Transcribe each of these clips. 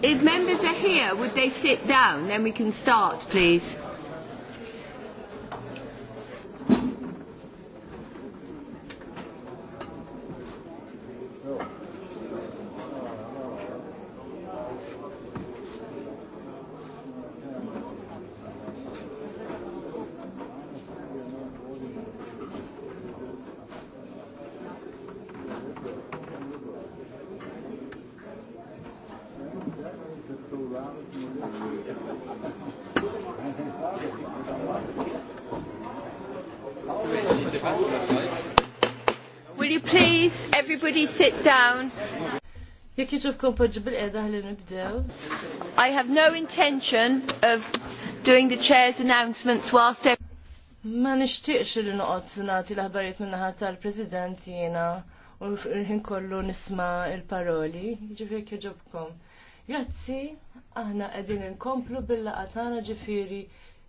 If members are here, would they sit down? Then we can start, please. Jekk bil nibdew. I have no intention of doing the chair's announcements whilst Ma nixtieqx li noqgħod nagħti l-aħbarijiet min naħa tal-President jiena u ħin kollu nisma' il-paroli, jiġifieri jekk Grazzi, aħna qegħdin inkomplu bil-laqgħa tagħna ġifieri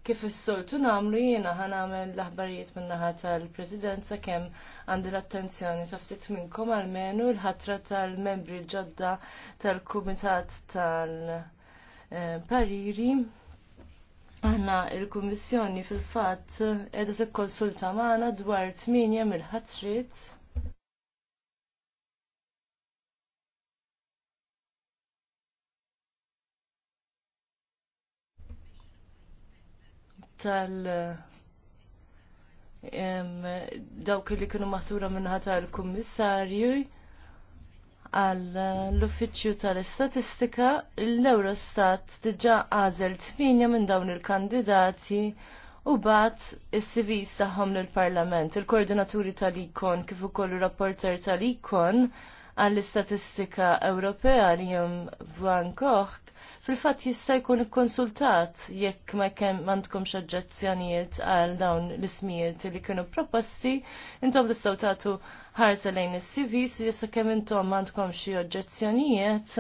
kif is-soltu nagħmlu jiena ħan nagħmel l-aħbarijiet min-naħa tal-Presidenza kemm għandi l-attenzjoni ta' ftit minnkom għalmenu l-ħatra tal-membri ġodda tal-Kumitat tal-Pariri. Aħna il-Kummissjoni fil-fatt qiegħda tikkonsulta magħna dwar tminja mill-ħatrit tal dawk li kienu maħtura minnaħa tal-kummissarju għal l-Uffiċċju tal-Istatistika l-Eurostat diġà għażel 8 minn dawn il-kandidati u bat is sivis tagħhom lill-Parlament. Il-koordinaturi tal-ikon kif ukoll ir-rapporter tal-ikon għall-Istatistika Ewropea li jum Van Koch fil-fatt jista' jkun ikkonsultat jekk ma kemm m'għandkomx oġġezzjonijiet għal dawn l-ismijiet li kienu proposti, intom tistgħu tagħtu ħarsa lejn is-CV su jista' kemm intom m'għandkom xi oġġezzjonijiet.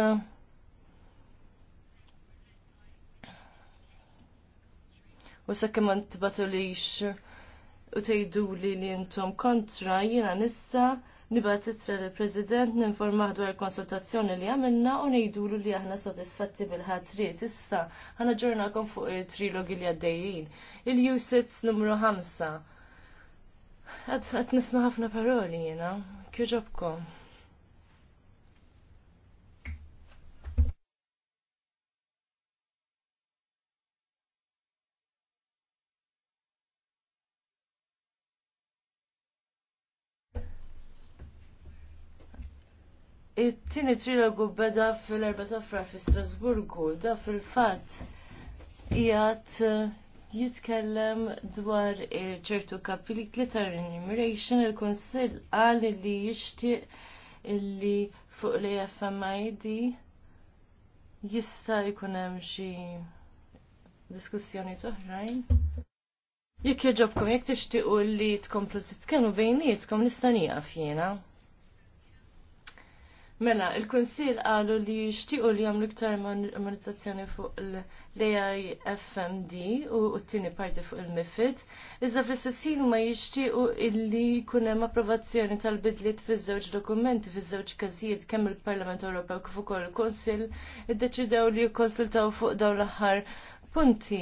U sakke ma tibatu u tejdu li li intom kontra jiena nista' nibgħat titra lill president ninformah dwar konsultazzjoni li għamilna u ngħidulu li aħna sodisfatti bil-ħatriet issa ħana ġurnalkom fuq il-trilogi li għaddejjin. Il-Usits numru 5. Għad nisma' ħafna paroli jiena. Kieġobkom. it-tini trilogu beda fil-4 ta' frar fi Strasburgu, da fil-fat jgħat eh, jitkellem dwar ċertu kapitli ta' remuneration il-Konsil għal li jixtieq illi fuq li FMID jista' jkun hemm xi diskussjoni toħrajn. Jekk jogħġobkom jekk tixtiequ li tkomplu titkellmu bejnietkom nista' nieqaf jiena. Mela, il-Kunsil għalu li xtiqu li għamlu iktar armonizzazzjoni fuq l-AIFMD u t-tini parti fuq il-MIFID, iżda fl-istessin ma jixtiqu illi kunem approvazzjoni tal-bidliet fi żewġ dokumenti fi żewġ kazijiet kemm il-Parlament Ewropew kif ukoll il-Kunsil iddeċidew li jikkonsultaw fuq dawn l-aħħar punti.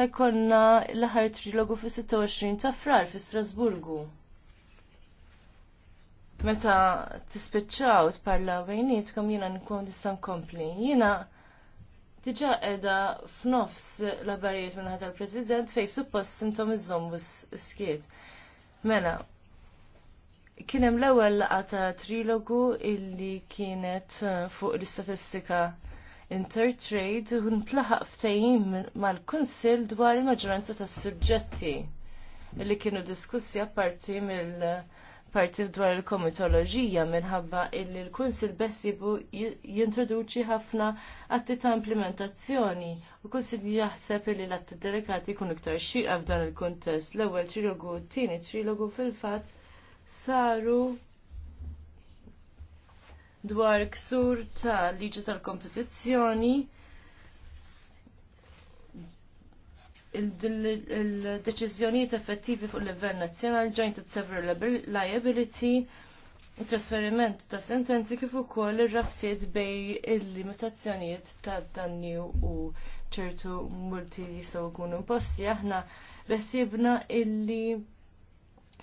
Ħajkonna l-aħħar trilogu fi 26 ta' frar fi Strasburgu meta tispiċċaw tparla bejnietkom jiena nkun tista' nkompli. Jiena diġà qiegħda f'nofs l-abbarijiet minn ħadd il-President fejn suppost intom iżommu skiet. Mela, kien hemm l-ewwel laqgħa ta' trilogu illi kienet uh, fuq l-istatistika Intertrade u ntlaħaq ftehim mal-Kunsill dwar il-maġġoranza tas-suġġetti li kienu diskussi apparti mill- parti dwar il-komitoloġija minħabba illi l-Kunsil jibu jintroduċi ħafna atti ta' implementazzjoni. u kunsil jaħseb illi l-atti delegati kun iktar xirqa f'dan il-kontest. L-ewwel trilogu, t-tieni trilogu fil-fatt saru dwar ksur ta' liġi tal-kompetizzjoni il deċizjoniet effettivi fuq livell nazzjonal joint and several liability, trasferiment ta' sentenzi kif ukoll ir-rabtiet bej il-limitazzjonijiet ta' danni u ċertu multi li so jkunu imposti aħna besibna illi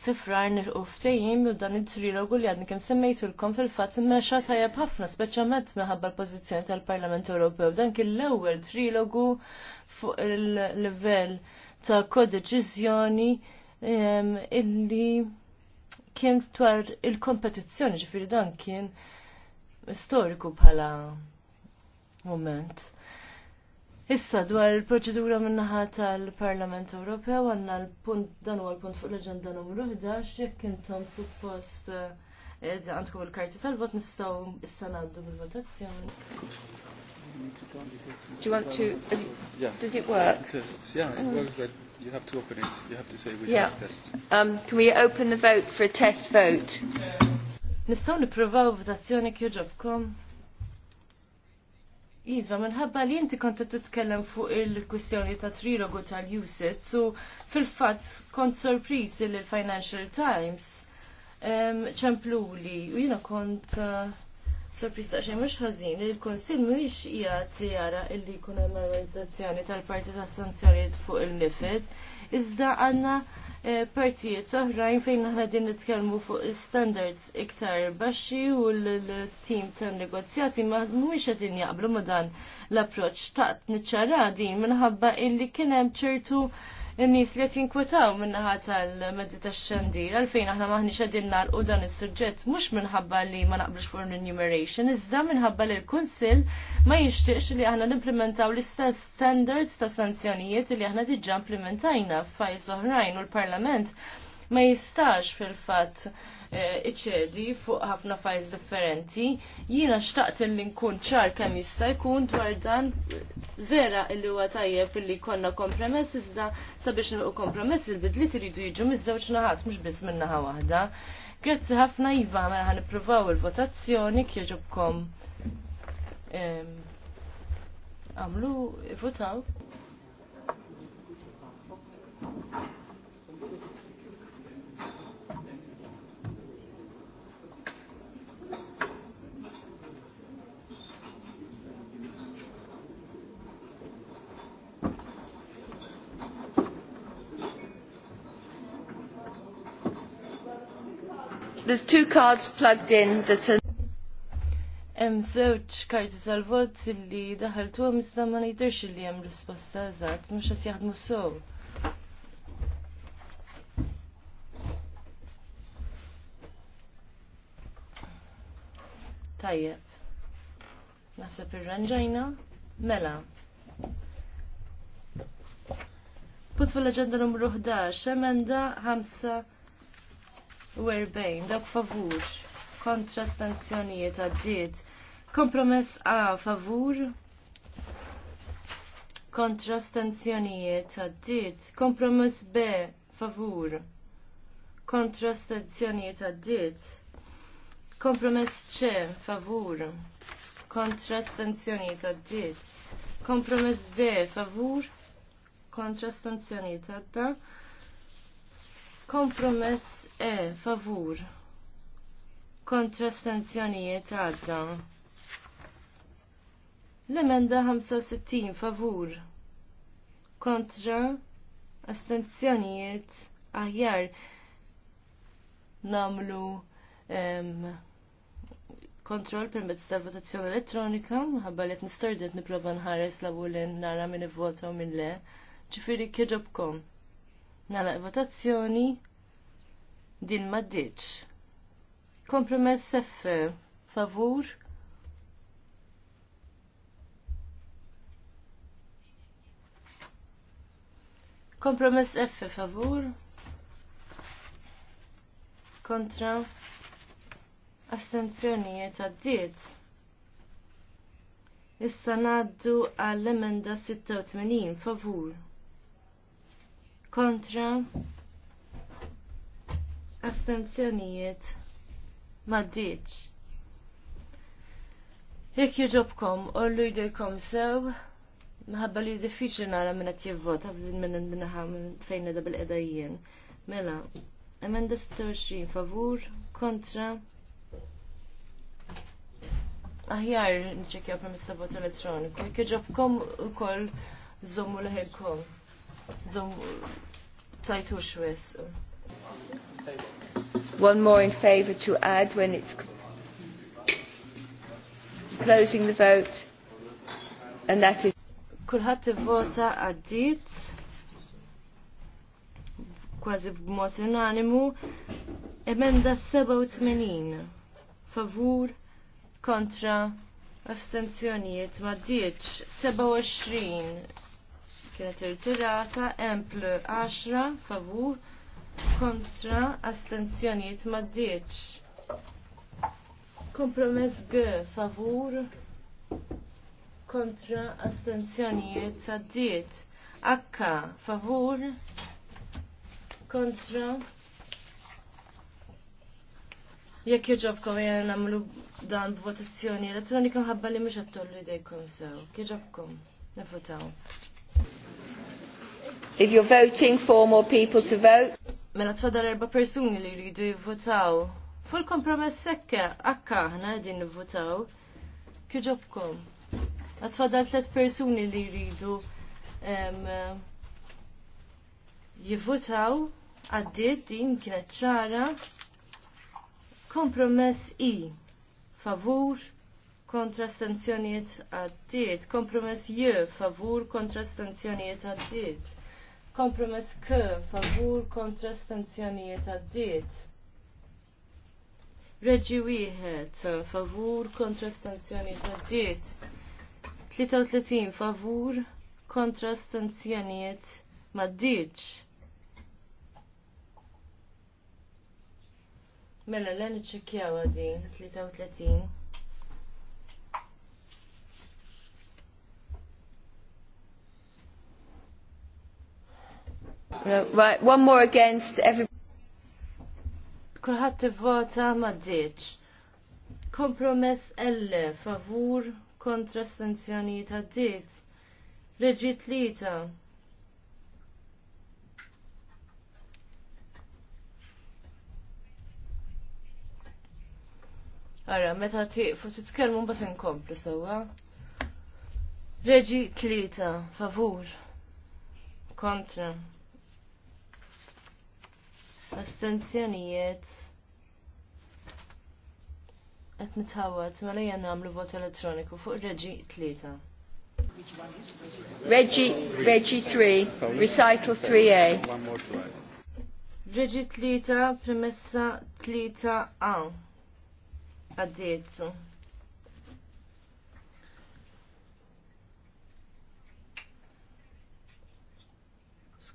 fifrar nirqu ftejjim u dan it-trilogu li għadni kem semmejtulkom fil-fat meċa tajab ħafna, speċjalment meħabba l-pozizjoni tal-Parlament Ewropew. Dan kien l-ewwel trilogu fuq il-livell ta' kodeċizjoni illi kien twar il-kompetizzjoni ġifiri dan kien storiku bħala moment. Issa dwar il-proċedura minnaħa tal-Parlament Ewropew għanna l-punt dan huwa l-punt fuq l-aġenda numru 11 jekk intom suppost eh, għandkom il-karti tal-vot nistgħu issa ngħaddu bil-votazzjoni. Do you want to? Uh, yeah. Does it work? Test. Yeah, it works, but you have to open it. You have to say which yeah. test. Um, can we open the vote for a test vote? Nistgħu nippruvaw votazzjoni kieġobkom. Yeah. Iva, minħabba li inti kont titkellem fuq il-kwistjoni ta' trilogu tal-Usit, so fil-fatt kont sorpris il-Financial Times ċempluli, u jina kont eh, sorpris ta' xejn mhux ħażin, il-Kunsill mhuwiex qiegħed jara illi jkun hemm organizzazzjoni tal-parti tas sanzjonijiet fuq il-MIFID, iżda għandna partijiet oħrajn fejn naħna din nitkellmu fuq standards iktar baxxi u l-tim tan negozjati ma mhuwiex qed jaqblu ma dan l-approċċ taqt niċċara din minħabba illi kien hemm ċertu n-nis li jinkwetaw minnaħa tal medzi tax-xandir, għalfejn aħna maħniċ nar u dan is-suġġett mhux minħabba li ma naqblux fuq l-enumeration, iżda minħabba li l-Kunsill ma jishtiqx li aħna nimplementaw l-istess standards ta' sanzjonijiet li aħna diġà implementajna f'fajs oħrajn u l-Parlament ma jistax fil-fatt Eh, iċedi fuq ħafna fajs differenti. Jiena xtaqt li nkun ċar kemm jista' jkun dwar dan vera illi huwa tajjeb illi konna kompromess iżda sabiex nilqu kompromess il-bidliet iridu jiġu miż-żewġ naħat mhux biss minn naħa waħda. Grazzi ħafna Iva mela ħanippruvaw il-votazzjoni kieġobkom. Għamlu, votaw. there's two cards plugged in that are Hemm żewġ karti tal-vot li daħaltuhom iżda ma ngħidirx li hemm risposta eżatt mhux qed jaħdmu sew. Tajjeb. Naħseb ranġajna Mela. Punt fil-aġenda numru 11, emenda 5 41 dak favur kontra stanzjonijiet għaddiet. Kompromess A favur kontra stanzjonijiet għaddiet. Kompromess B favur kontra stanzjonijiet għaddiet. Kompromess C favur kontra stanzjonijiet għaddiet. Kompromess D favur kontra stanzjonijiet għadda. Kompromess E, favur. Kontra stanzjonijiet għadda. L-emenda 65, favur. Kontra astenzjonijiet aħjar namlu um, kontrol permezz tal-votazzjoni elettronika, ħabba li nistordet niprofa nħares la bulin nara minn vota u minn le, ġifiri kħedġobkom. Nara votazzjoni din maddiċ. Kompromess F, favur. Kompromess F, favur. Kontra. Astenzjonijiet għaddiet. Issa naddu għall-emenda 86, favur. Kontra astenzjonijiet maddiċ. Jekk juġobkom u l-lujdilkom sew, maħabba li diffiċli nara minn qed minna minna minnaħa fejn da bil edajjen Mela, emenda 26 favur kontra aħjar nċekjaw permess mista vot elettroniku. Jekk iġobkom ukoll żommu leħilkom. Żommu tajtu xwes. One more in favour to add when it's closing the vote. And that is. Kulħat vota għaddit kważi b'mod unanimu emenda 87 favur kontra astenzjonijiet ma dieċ 27 kienet irtirata empl 10 favur kontra astenzjonijiet maddiċ. Kompromess G favur kontra astenzjonijiet għaddiet. H favur kontra Jekk jġobkom jgħan namlu dan b'votazzjoni elettronika ħabba li mhux għattollu jdejkom sew. Kieġobkom, nefutaw. If you're voting for more people to vote. Mela tfadal erba' persuni li jridu jivvotaw. Fu l-kompromess sekke, akka ħna din nivvotaw. Kieġobkom. Mela tfadal tliet persuni li jridu jivvotaw għaddiet din kienet ċara. Kompromess i. Favur kontra stanzjonijiet għaddiet. Kompromess j. Favur kontra stanzjonijiet għaddiet Kompromess k favur kontra stanzjonijiet għaddiet. Reġi wieħed favur kontra stanzjonijiet għaddiet. 33 favur kontra stanzjonijiet maddiċ. Mela l-għan ċekjawa 33. Uh, right, one more against every. Kulħadd tivvota ma ddiċ. Kompromess L favur kontra sanzjonijiet għaddiet. Reġit tlita. Ara, meta tiqfu titkellmu mbagħad inkomplu sewwa. Reġi tlita, favur. Kontra astenzjonijiet qed nitħawat mela lejja nagħmlu vot elettroniku fuq reġi tlieta. Reġi Reġi 3, Recital 3A. Reġi tlieta, premessa tlieta A. Għaddiet.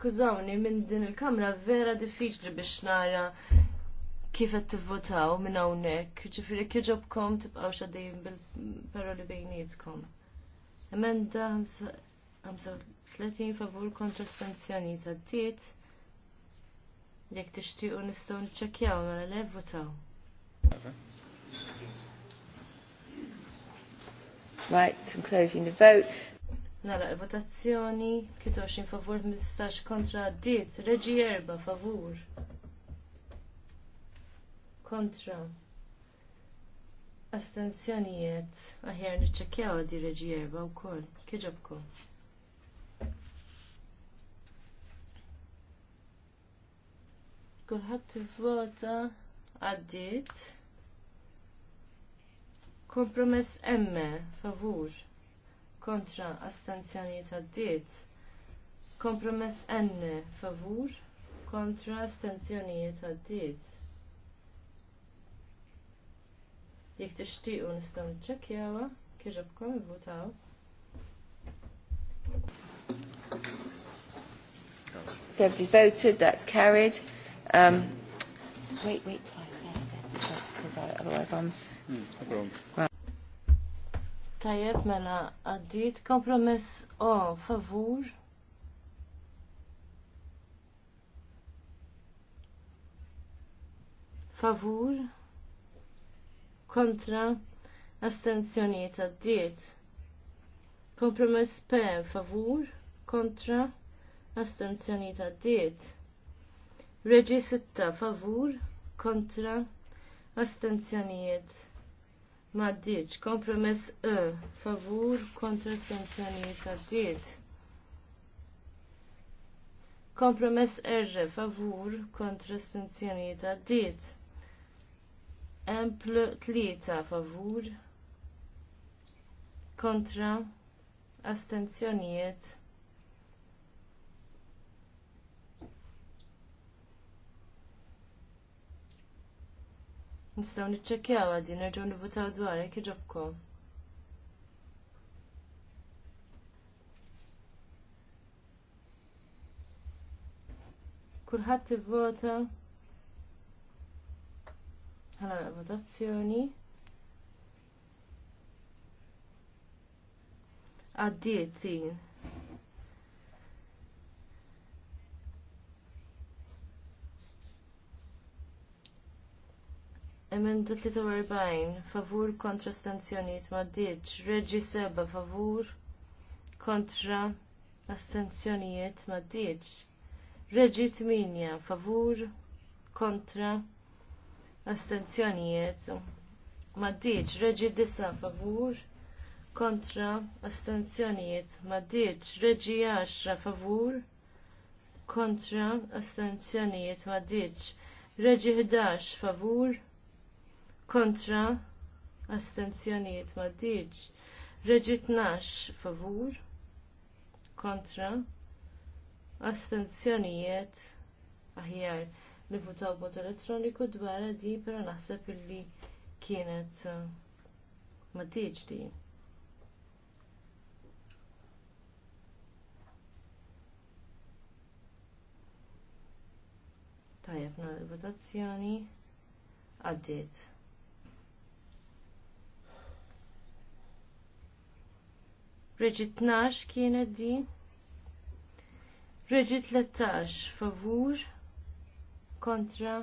skużawni minn din il-kamra vera diffiċli biex nara kif qed tivvotaw minn hawnhekk, ġifieri kieġobkom tibqgħu xaddejjin bil-paroli bejnietkom. Emenda 35 favur kontra sanzjoni tad ddiet. Jekk tixtiequ nistgħu niċċekkjaw mela le votaw. Right, I'm closing the vote. Nara il-votazzjoni 23 favur 15 kontra dit, reġi erba favur. Kontra. Astenzjonijiet, aħjar niċċekjaw di reġi erba u kol, kieġabko. Kulħat vota għaddit. Kompromess emme, favur kontra ta' diet Kompromess enne favur kontra ta' diet Jek tixtiequ nistgħu niċċekkjawha kieġobkom ivvutaw. So if you voted, that's carried. Um, wait, wait, because otherwise I'm. Mm, no Tajjeb mela għaddit kompromess o favur. Favur kontra astenzjoniet għaddit. Kompromess P favur kontra astenzjoniet għaddit. Reġi 6 favur kontra astenzjoniet Maddiċ, kompromess E, favur kontra sanzjonijiet għaddiet. Kompromess R, favur kontra sanzjonijiet għaddiet. Empl tlieta favur kontra astenzjonijiet Nistaw nitċekjaw għadi, nerġaw nivutaw dwar, jek iġobkom. Kulħadd ivvota għala votazzjoni. Għaddiet Emenda 43, favur kontra astenzjoniet ma ddiċ. Reġi seba, favur kontra astenzjoniet ma ddiċ. Reġi 8, favur kontra astenzjoniet ma ddiċ. Reġi 9, favur kontra astenzjoniet ma ddiċ. Reġi 10, favur kontra astenzjoniet ma ddiċ. Reġi 11, favur kontra kontra astenzjonijiet ma diġ reġit nax favur kontra astenzjonijiet aħjar nivutaw bot elettroniku dwar di pero naħseb illi kienet eh, ma diġ di. Tajab l-votazzjoni għaddit. Reġit nax kiena din. Reġi lettax favur kontra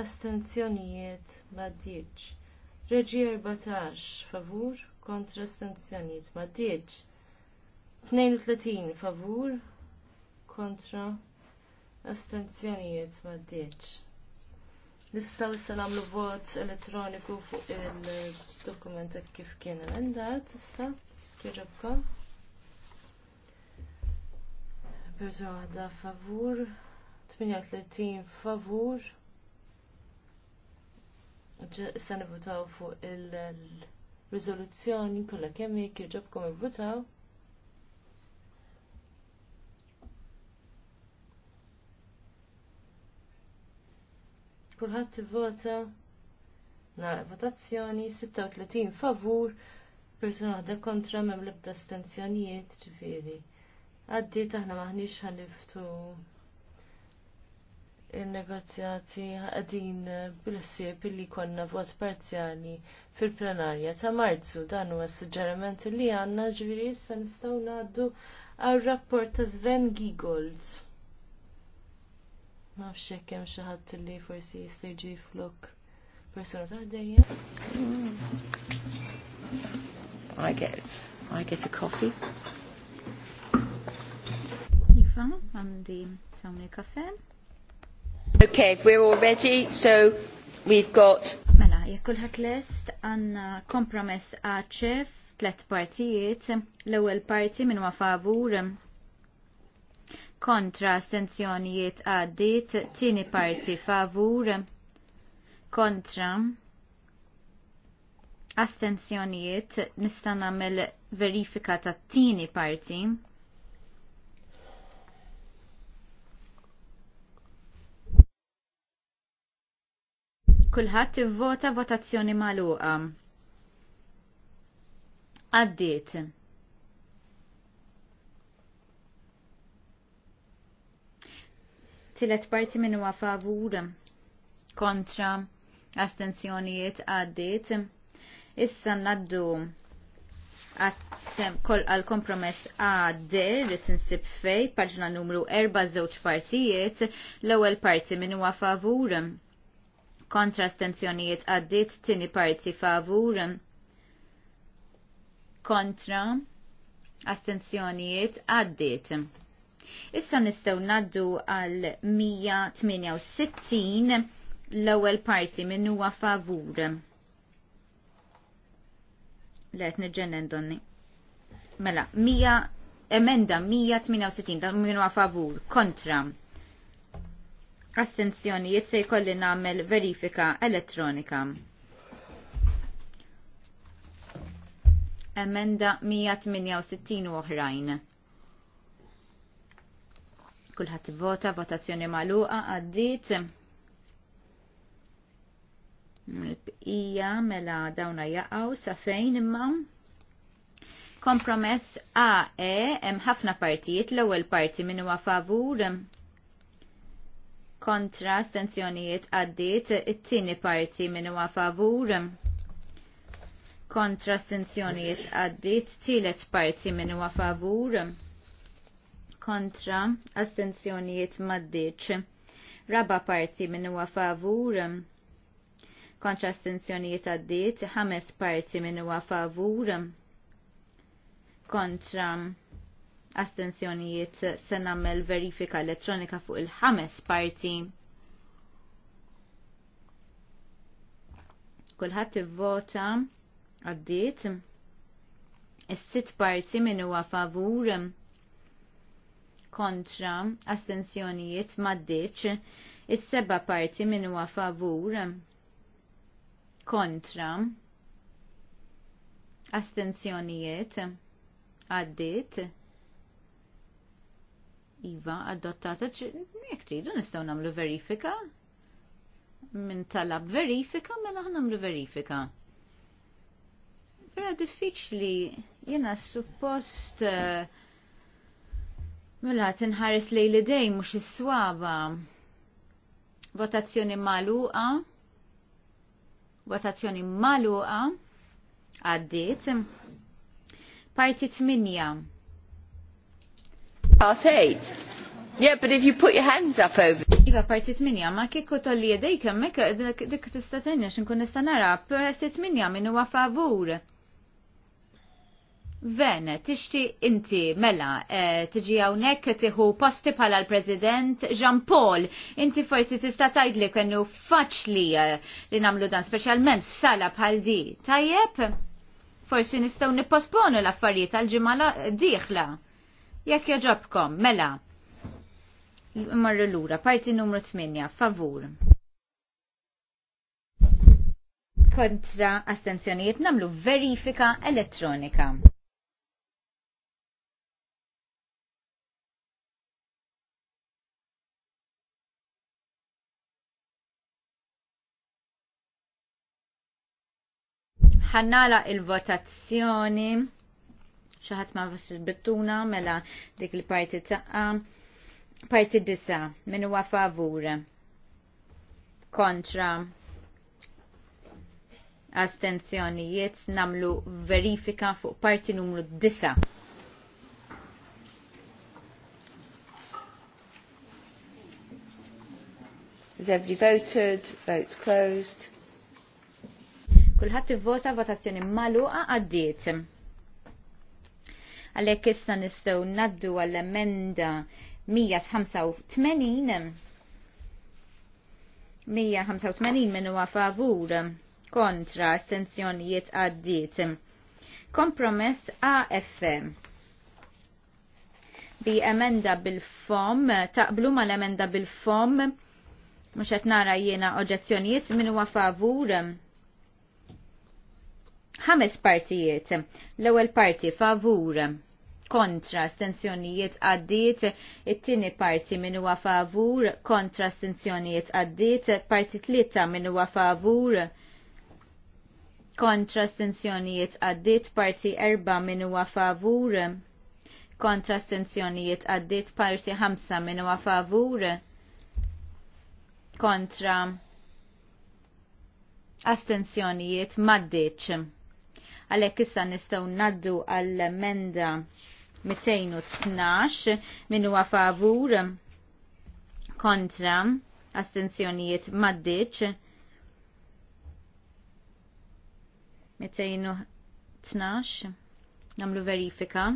astenzjonijiet maddiċ. Reġi 14 favur kontra astenzjonijiet maddiċ. 32 favur kontra astenzjonijiet maddiċ. Nistaw issa nagħmlu vot elettroniku fuq il-dokumenta kif kien emendat issa kieġobkom. Perso għada favur, 38 favur. Sani votaw fuq il-rizoluzzjoni kollha kemm jekk votaw. Kulħat Kulħadd vota na votazzjoni 36 favur, persuna għadda kontra mem lebda stenzjonijiet ġifiri. Għaddi taħna maħniċ ħaniftu il-negozjati għadin bil-sib li konna vot parzjali fil-plenarja ta' marzu dan huwa s-sġerament li għanna ġviri issa nistaw naddu għal rapport ta' Sven Giegold. Mafxek kem xaħat xi li forsi jista' jġi flok persuna ta' dejjem. I get, I get a coffee. Iva, okay, if we're all ready, so we've got... Mela, jekk kulħadd lest għandna kompromess għaċef tlet partijiet, l-ewwel parti minn huwa favur kontra astenzjonijiet għaddit, tini parti favur kontra astenzjonijiet nista' nagħmel verifika tat-tieni parti. Kulħadd ivvota votazzjoni magħluqa. Għaddiet. Tilet parti minn huwa favur kontra astenzjonijiet għaddiet. Issa naddu għal kompromess AD li tinsib fej, paġna numru 4 żewġ partijiet, l-ewwel parti minn huwa favur. Kontra stenzjonijiet għaddit tini parti favur. Kontra astenzjonijiet għaddit. Issa nistaw naddu għal 168 l-ewwel parti minn huwa favur let nġennen donni. Mela, mija, emenda 168 dan minu favur, kontra. Assenzjonijiet se jkolli namel verifika elettronika. Emenda 168 u oħrajn. Kulħat vota, votazzjoni maluqa, għaddit l-bqija mela dawna jaqaw sa fejn imma kompromess AE hemm ħafna partijiet l-ewwel parti minn huwa favur kontra stenzjonijiet għaddiet it-tieni parti minn huwa favur kontra stenzjonijiet għaddiet tielet parti minn huwa favur kontra astenzjonijiet maddiċ. Raba parti minn huwa favur kontra astenzjonijiet għaddit, ħames parti minn huwa favur kontra astenzjonijiet se nagħmel verifika elettronika fuq il-ħames parti. Kulħadd ivvota għaddit. Is-sitt parti minn huwa favur kontra astenzjonijiet maddiċ, is-seba parti minn huwa favur kontra astenzjonijiet għaddit Iva adottata jek tridu nistgħu nagħmlu verifika minn talab verifika mela nagħmlu verifika. Vera diffiċli jiena suppost eh, mela tinħares lejli dej mhux is-swaba. Votazzjoni magħluqa Votazzjoni maluqa għaddit. Parti 8. Part Yeah, but if you put your hands up over... Iva, parti 8, ma kikku tolli jedej kemmek, dik tista tenni, xinkun nista nara, parti 8 minu għafavur. favur. Ven, tixti inti, mela, eh, tiġi għawnek tiħu posti pala l-President Jean Paul. Inti forsi tista tajd eh, li faċli li namlu dan, specialment f'sala pal di. Tajjeb, forsi nistaw nipposponu l-affarijiet għal-ġimala diħla. Jekk joġobkom, mela. Marru l-ura, parti numru 8, favur. Kontra astenzjonijiet namlu verifika elettronika. ħannala il-votazzjoni xaħat ma bittuna mela dik il-parti taqqa parti disa minu huwa favur kontra astenzjonijiet namlu verifika fuq parti numru disa. Is every voted? Votes closed. Kulħadd ivvota votazzjoni magħluqa għaddiet. Għalhekk issa nistgħu naddu għall-emenda 185 185 minnu huwa favur kontra estensjonijiet għaddiet. Kompromess AF bi emenda bil-fom, taqblu ma l-emenda bil-fom, mux nara jiena oġezzjonijiet minn huwa favur ħames partijiet. L-ewwel parti favur kontra stenzjonijiet għaddiet, it-tieni parti minn huwa favur kontra stenzjonijiet għaddiet, parti tlieta minn huwa favur kontra stenzjonijiet għaddiet, parti erba minn huwa favur kontra stenzjonijiet għaddiet, parti ħamsa minn huwa favur kontra astenzjonijiet maddeċ għalek issa nistaw naddu għall-emenda 212 min għafavur kontra astenzjonijiet maddiċ 212 namlu verifika.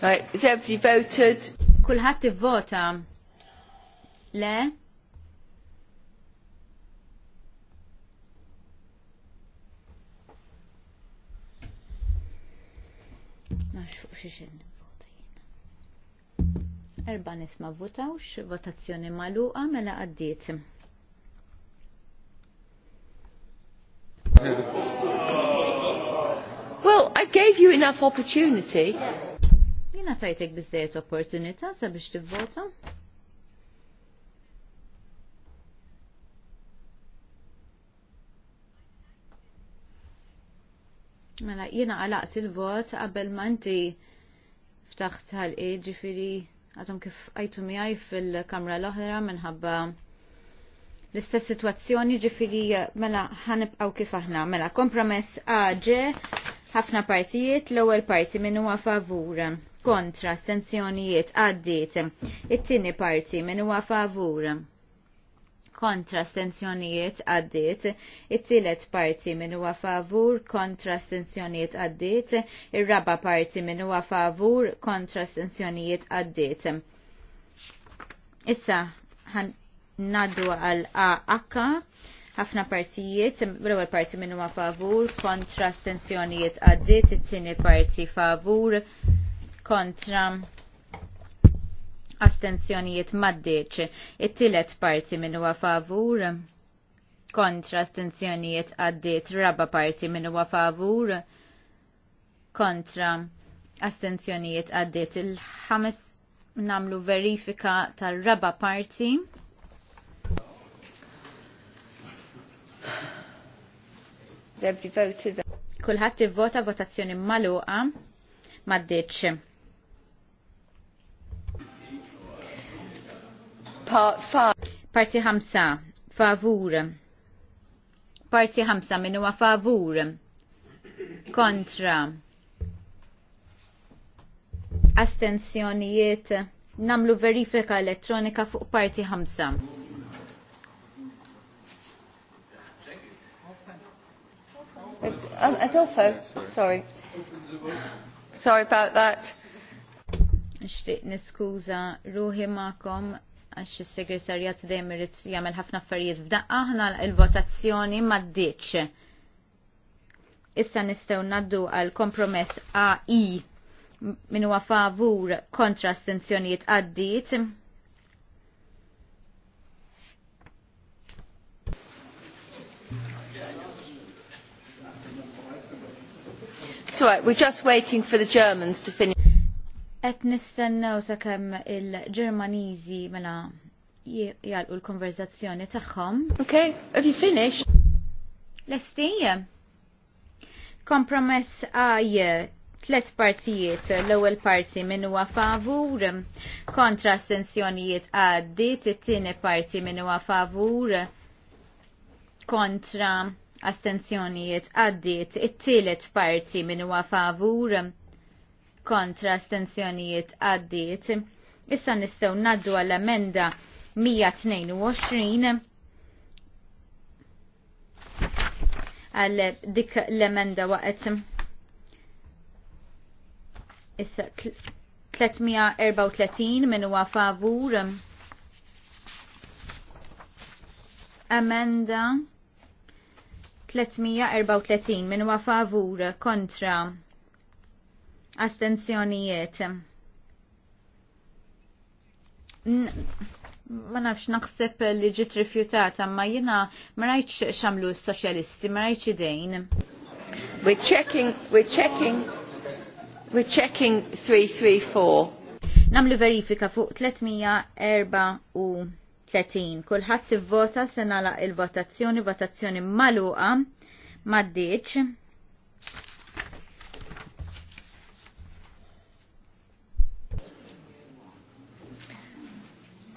Right, is everybody voted? Kulħadd vota le fuq xi Erba' nisma' votawx, votazzjoni magħluqa mela għaddiet. Well, I gave you enough opportunity. Jina tajtek bizzejt opportunita sabiex tivvota. Mela, jiena għalaqt il-vot qabel ma inti ftaħt ħalqi ġifiri għadhom kif għajtu miħaj fil-kamra l-oħra minħabba l-istess situazzjoni ġifiri mela ħanibqaw kif aħna. Mela, kompromess għagġe ħafna partijiet l-ewwel parti minn huwa favur kontra stenzjonijiet għaddiet. It-tieni parti minn huwa favur kontra stenzjonijiet għaddit, it-tielet parti minn huwa favur kontra stenzjonijiet għaddit, ir-raba parti minn huwa favur kontra stenzjonijiet għaddit. Issa ħan naddu għal AH ħafna partijiet, l-ewwel parti minn huwa favur kontra stenzjonijiet għaddit, it-tieni parti favur kontra astenzjonijiet maddeċ. It-tielet parti minnu huwa favur kontra astenzjonijiet għaddiet raba parti minnu huwa favur kontra astenzjonijiet għaddiet il-ħames namlu verifika tal-raba parti. Kulħadd ivvota votazzjoni maluqa maddeċ. Part 5. Parti 5. Favur. Parti 5 minu huwa favur. Kontra. Astensjonijiet. Namlu verifika elettronika fuq parti 5. Um, Adolfo, sorry. Sorry about that. Nishtiq niskuza ruhi ma'kom għax il segretarjat dejjem irid jagħmel ħafna affarijiet f'daqqa aħna l-votazzjoni m'għaddiċ. Issa nistgħu naddu għal kompromess AI min huwa favur kontra astenzjonijiet għaddiet. So we're just waiting for the Germans to finish. Et nistennew sakemm il-Ġermaniżi mela jgħalqu l-konverzazzjoni tagħhom. Okay, if you finish? Lesti? Kompromess għaj tlet partijiet, l-ewwel parti min huwa favur, kontra astensjonijiet għaddi, it-tieni parti min huwa favur, kontra astensjonijiet għaddit, it-tielet parti min huwa favur, kontra stenzjonijiet għaddiet. Issa nistgħu naddu għall-emenda 122 għal dik l-emenda waqt issa 334 minn huwa favur emenda 334 minn huwa favur kontra astenzjonijiet. Ma nafx naħseb li ġiet rifjutata, ma jina ma rajtx xamlu s-soċjalisti, ma rajtx idejn. We're checking, we're checking, we're checking 334. Namlu verifika fuq 334. Kulħadd ivvota se nagħlaq il-votazzjoni, votazzjoni maluqa, maddiċ.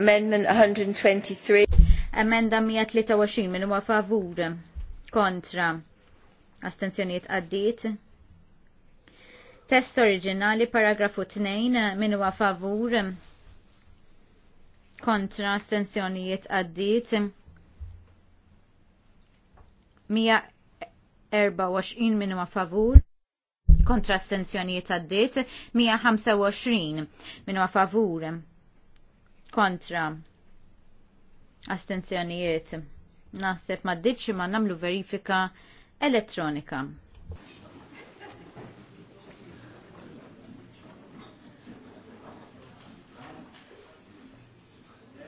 Amendment 123. Amenda 123 minu huwa favur kontra astenzjonijiet għaddiet. Test oriġinali paragrafu 2 minu huwa favur kontra astenzjonijiet għaddiet. 124 minu huwa favur kontra astenzjonijiet għaddiet, 125 minn huwa favur kontra astenzjonijiet. Naħseb ma dibx ma namlu verifika elettronika.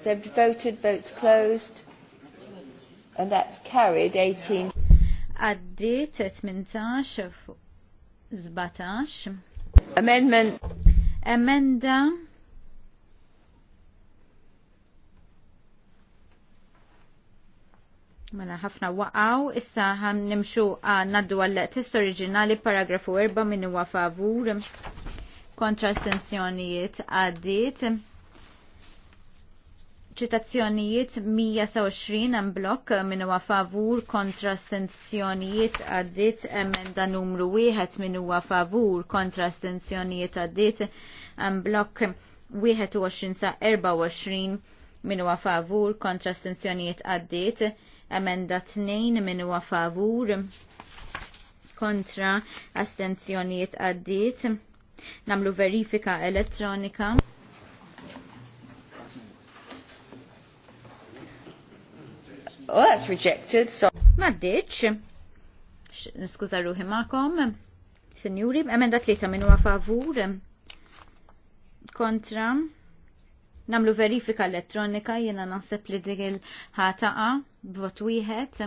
They've voted, votes closed, and that's carried 18. Addi 18 17. Amendment. Amenda. Mela ħafna waqaw, issa ħan nimxu għannaddu għall test oriġinali paragrafu 4 minn huwa favur kontra estensjonijiet għaddit. Ċitazzjonijiet 120 hemm blok minn huwa favur kontra estensjonijiet għaddit emenda numru 1 minn huwa favur kontra estensjonijiet għaddit hemm blok 21 sa 24 minn huwa favur kontra estensjonijiet għaddit Emenda 2 minn huwa favur kontra astenzjonijiet għaddiet. Namlu verifika elettronika. Oh, that's rejected, so... Maddiċ. nskuza ruħi maqom, Senjuri, emenda tlieta minn huwa favur. Kontra. Namlu verifika elettronika, jena naħseb li dik il-ħataqa b'vot wieħed.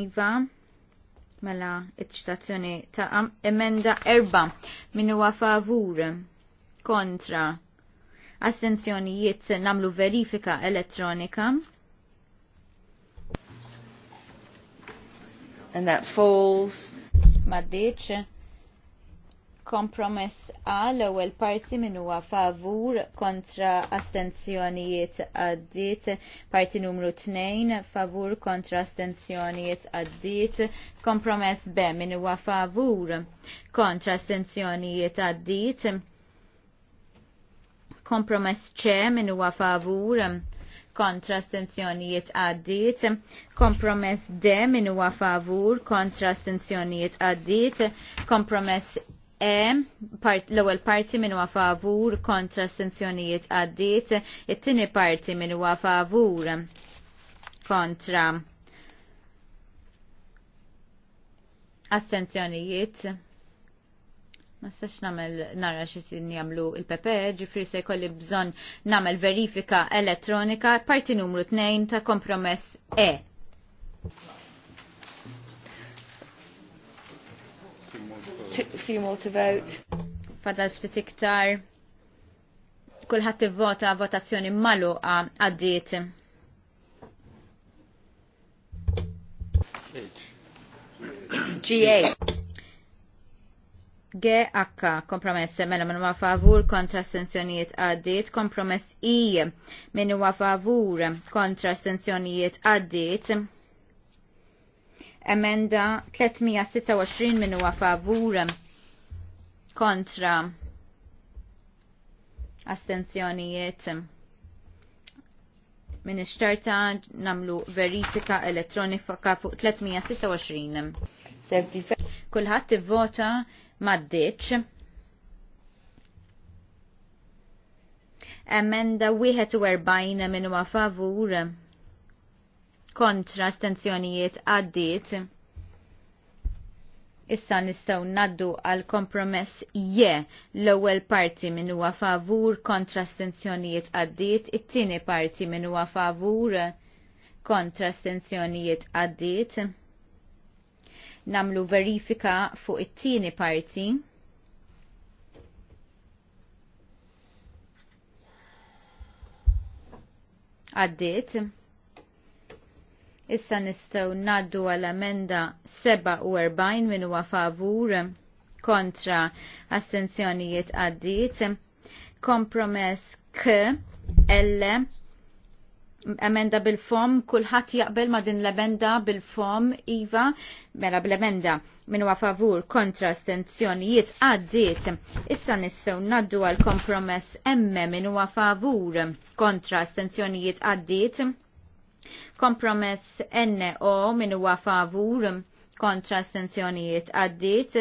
Iva, mela iċ ta' emenda erba min huwa favur kontra astenzjonijiet namlu verifika elettronika. And that falls. Maddiċ. Kompromess A l-ewwel parti min huwa favur kontra astenzjonijiet għaddiet, parti numru 2 favur kontra astenzjonijiet għaddiet, kompromess B min huwa favur kontra astenzjonijiet għaddiet, kompromess C min huwa favur kontra astenzjonijiet għaddit, kompromess D min huwa favur kontra astenzjonijiet għaddit, kompromess E, part, l-ewwel parti minn huwa favur kontra astensjonijiet għaddiet, it-tieni parti minn huwa favur kontra astenzjonijiet. Ma stax namel nara xi jamlu il-PP, ġifri se kolli bżon namel verifika elettronika, parti numru 2 ta' kompromess E. a few more to vote. Fadal ftit iktar. Kulħadd ivvota votazzjoni magħluqa għaddiet. GA. GH kompromess mela minn huwa favur kontra stenzjonijiet għaddiet, kompromess I minn huwa favur kontra stenzjonijiet għaddiet. Emenda 326 minn huwa favur kontra astenzjonijiet minn ixtarta namlu verifika elettronika fuq 326. Kulħadd ivvota m'għaddiċ. Emenda 41 minn huwa favur kontra stenzjonijiet għaddit. Issa nistaw naddu għal kompromess je l-ewwel parti minn huwa favur kontra stenzjonijiet għaddit, it-tieni parti minn huwa favur kontra stenzjonijiet għaddit. Namlu verifika fuq it-tieni parti. Għaddit. Issa nistaw naddu għal-amenda 47 minn huwa favur kontra assenzjonijiet għaddit. Kompromess K L emenda bil-fom, kullħat jaqbel ma din l-emenda bil-fom, Iva, mela bil-emenda minn huwa favur kontra assenzjonijiet għaddiet. Issa nistaw naddu għal kompromess M minn huwa favur kontra assenzjonijiet għaddit. Kompromess NO min huwa favur kontra astenzjonijiet għaddit.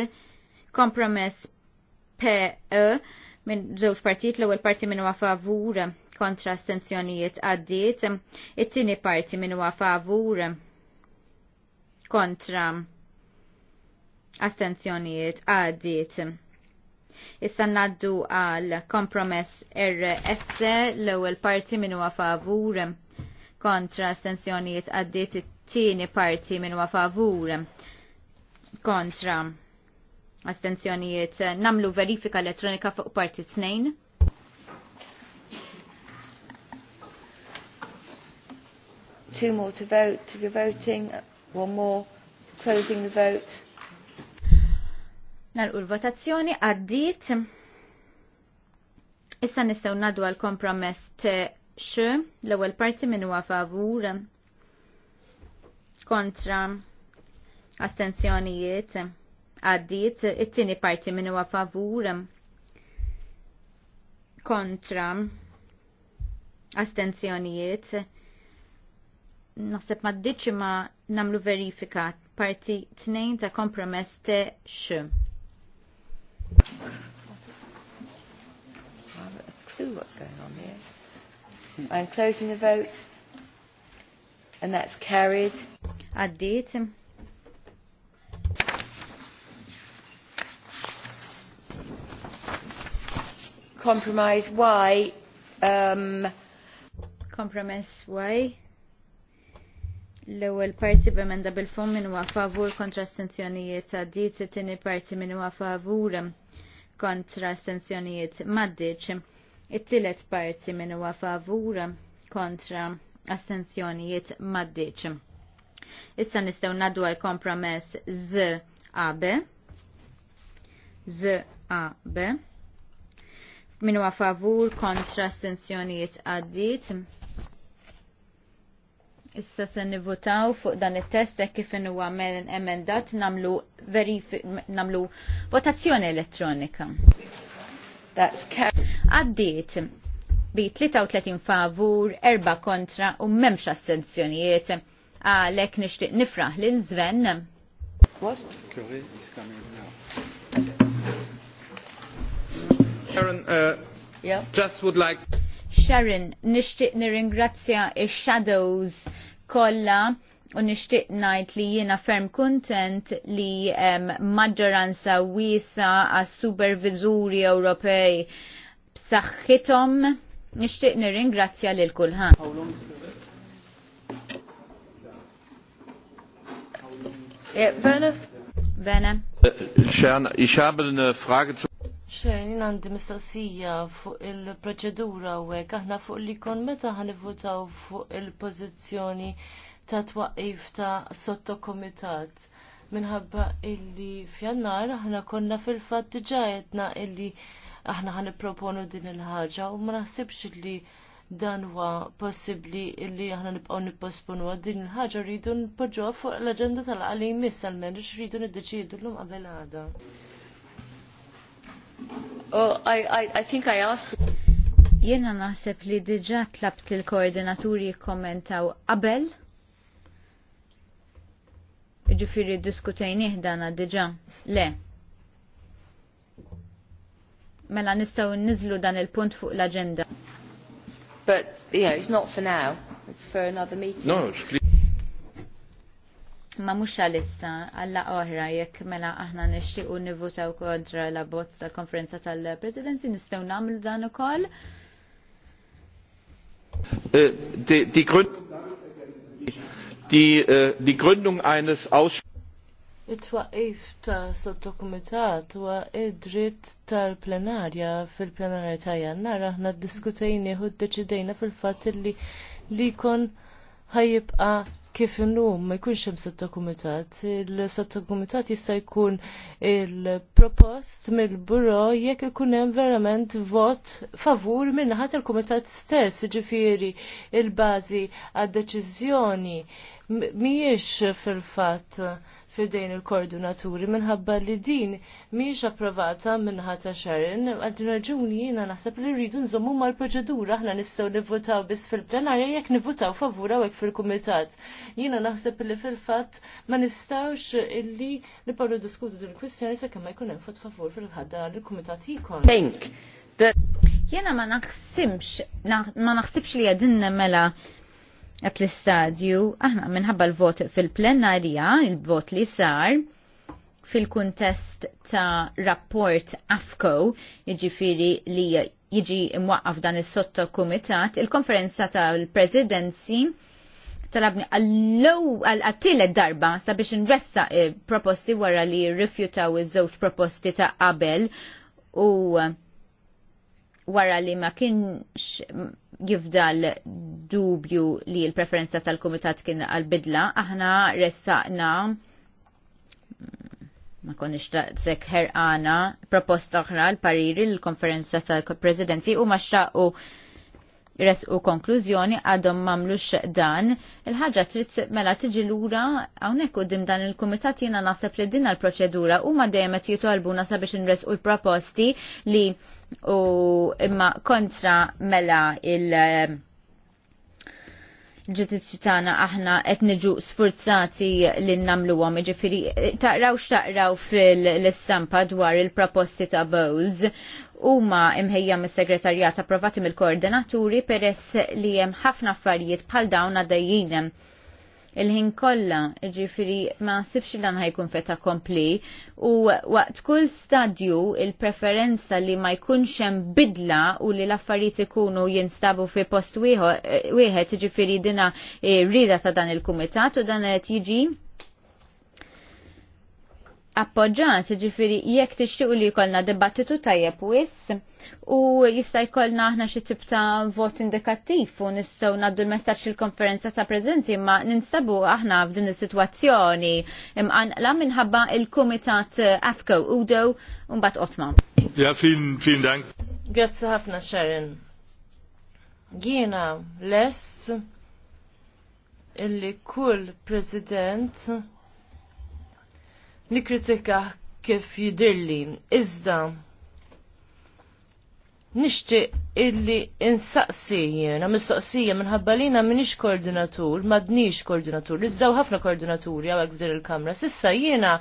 Kompromess PE minn żewġ partijiet l-ewwel parti minn huwa favur kontra astenzjonijiet għaddit. it-tieni parti minn huwa favur kontra astenzjonijiet għaddit. Issa naddu għal kompromess RS l-ewwel parti minn huwa favur kontra astensjonijiet għaddit it-tieni parti minn huwa favur kontra astensjonijiet namlu verifika elettronika fuq parti tnejn. Two more to vote, to be voting, one more, closing the vote. Nalqu l-votazzjoni għaddit. Issa nistgħu nadu għal kompromess x l-ewwel parti minn huwa favur kontra astenzjonijiet għaddit, it-tieni parti minn huwa favur kontra astenzjonijiet naħseb ma ddiċ ma namlu verifika parti 2 ta' kompromess te x. what's going on here. I'm closing the vote. And that's carried. Addit. Compromise Y. Um, Compromise Y. L-ewwel parti b'emenda bil-fond minn huwa favur kontra astenzjonijiet għaddit, it-tieni parti minn huwa favur kontra astenzjonijiet m'għaddiċ. It-tielet parti minn huwa favur kontra astenzjonijiet maddiċ. Issa nistgħu ngħaddu għal kompromess z AB. Z AB. Min huwa favur kontra astenzjonijiet għaddit. Issa se nivutaw fuq dan it-test hekk kif huwa emendat namlu namlu votazzjoni elettronika. That's Għaddiet bi 33 favur, 4 kontra u memx astenzjonijiet. Għalek nishtiq nifraħ lil Zven. What? Curry is coming now. Sharon, uh, yeah. just would like... Sharon, nishtiq nir-ingrazzja i shadows kolla u nishtiq najt li jiena ferm kontent li um, maġġoranza wisa għas supervizuri Ewropej b'saħħithom nishtiq nirringrazzja lil kulħadd. Bene. Xejn, jien għandi mistoqsija fuq il-proċedura u għek, aħna fuq li kon meta ħanivutaw fuq il-pozizjoni ta' twaqif ta' sottokomitat minħabba illi f'jannar aħna konna fil-fatt diġà qedna illi aħna ħan proponu din il-ħaġa u ma naħsibx illi dan huwa possibbli illi aħna nibqgħu nipposponu din il-ħaġa rridu npoġġuha fuq l-aġenda tal-qalim miss għalmen rridu niddeċiedu llum qabel għada. Oh, I, I, I think I asked. Jena naħseb li diġa tlabt il-koordinaturi jikkommentaw qabel Ġifiri diskutejn iħdana diġa. Le. Mela nistaw nizlu dan il-punt fuq l-agenda. But, you know, it's not for now. It's for another meeting. No, it's clear. Ma mux għalissa, għalla oħra, jekk mela aħna nivuta u kontra la bozz tal-konferenza tal-presidenzi, nistaw namlu dan u koll. Uh, eh, di, di die, äh, die Gründung eines Ausschusses it ta' sottokumitat huwa tal-plenarja fil-plenarja ta' aħna u ddeċidejna fil-fatt li kif illum ma jkunx hemm sottokumitat, il-sottokumitat jista' jkun il-propost mill-buro jekk ikun hemm verament vot favur minnaħa il kumitat stess, ġifieri il-bażi għad-deċiżjoni mhijiex fil-fatt fidejn il-koordinaturi minħabba li din miex approvata minħata xarin. Għaddin raġuni jina naħseb li rridu nżommu mal proċedura aħna nistgħu nivvotaw biss fil-plenarja jekk nivvotaw favura u fil-kumitat. Jina naħseb li fil-fatt ma nistgħux illi parlu diskutu din il-kwistjoni sakemm ma jkun hemm favur fil-ħadda l-kumitat jikon. Jena ma naħsibx, ma naħsibx li għadin mela għat l-istadju, aħna minħabba l-vot fil-plenarja, il-vot li sar, fil-kuntest ta' rapport AFCO, iġifiri li jiġi imwaqqaf dan is sotto komitat, il-konferenza tal-presidenzi talabni għal-attilet darba sabiex nressa eh, proposti wara li rifjutaw iż-żewġ proposti ta' qabel u eh, wara li ma kienx jifdal dubju li l-preferenza tal-Kumitat kien għal-bidla, aħna ressaqna ma konniex daqsek ħerqana proposta oħra l-pariri l-konferenza tal-presidenzi u ma res u konklużjoni għadhom mamlux dan, il-ħagġa trid mela tiġi lura hawnhekk qudiem dan il-kumitat jiena naħseb li din l-proċedura huma dejjem qed jitolbuna sabiex inres u l-proposti li u imma kontra mela il- ġitizzju tagħna aħna qed niġu sfurzati li nagħmluhom jiġifieri taqraw x'taqraw fil-istampa dwar il-proposti ta' Bowles huma imħejja mis-segretarjat approvati mill-koordinaturi peress li hemm ħafna affarijiet bħal dawn għaddejjin il-ħin kollha, ġifiri ma sibx dan ħajkun feta kompli u waqt kull stadju il-preferenza li ma jkunx hemm bidla u li l-affarijiet ikunu jinstabu fi post wieħed ġifiri dina eh, rida ta' dan il-kumitat u dan qed jiġi appoġġat, ġifiri jekk tixtiequ li jkollna dibattitu tajjeb wis u jista' jkollna aħna xi tip ta' vot indikattiv u nistgħu ngħaddu l-messaġġ il-konferenza ta' preżenti imma ninsabu aħna f'din is-sitwazzjoni la minħabba il-Kumitat AFCO Udo u mbagħad Otma. Ja, fin, fin dank. Grazzi ħafna Sharon. Gina less illi kull president nikritika kif jidirli. Iżda, nishtiq illi insaqsi jena mistoqsija minħabba li jena minix koordinatur, madnix koordinatur, izzaw ħafna koordinaturi għawek f'din il-kamra. Sissa jena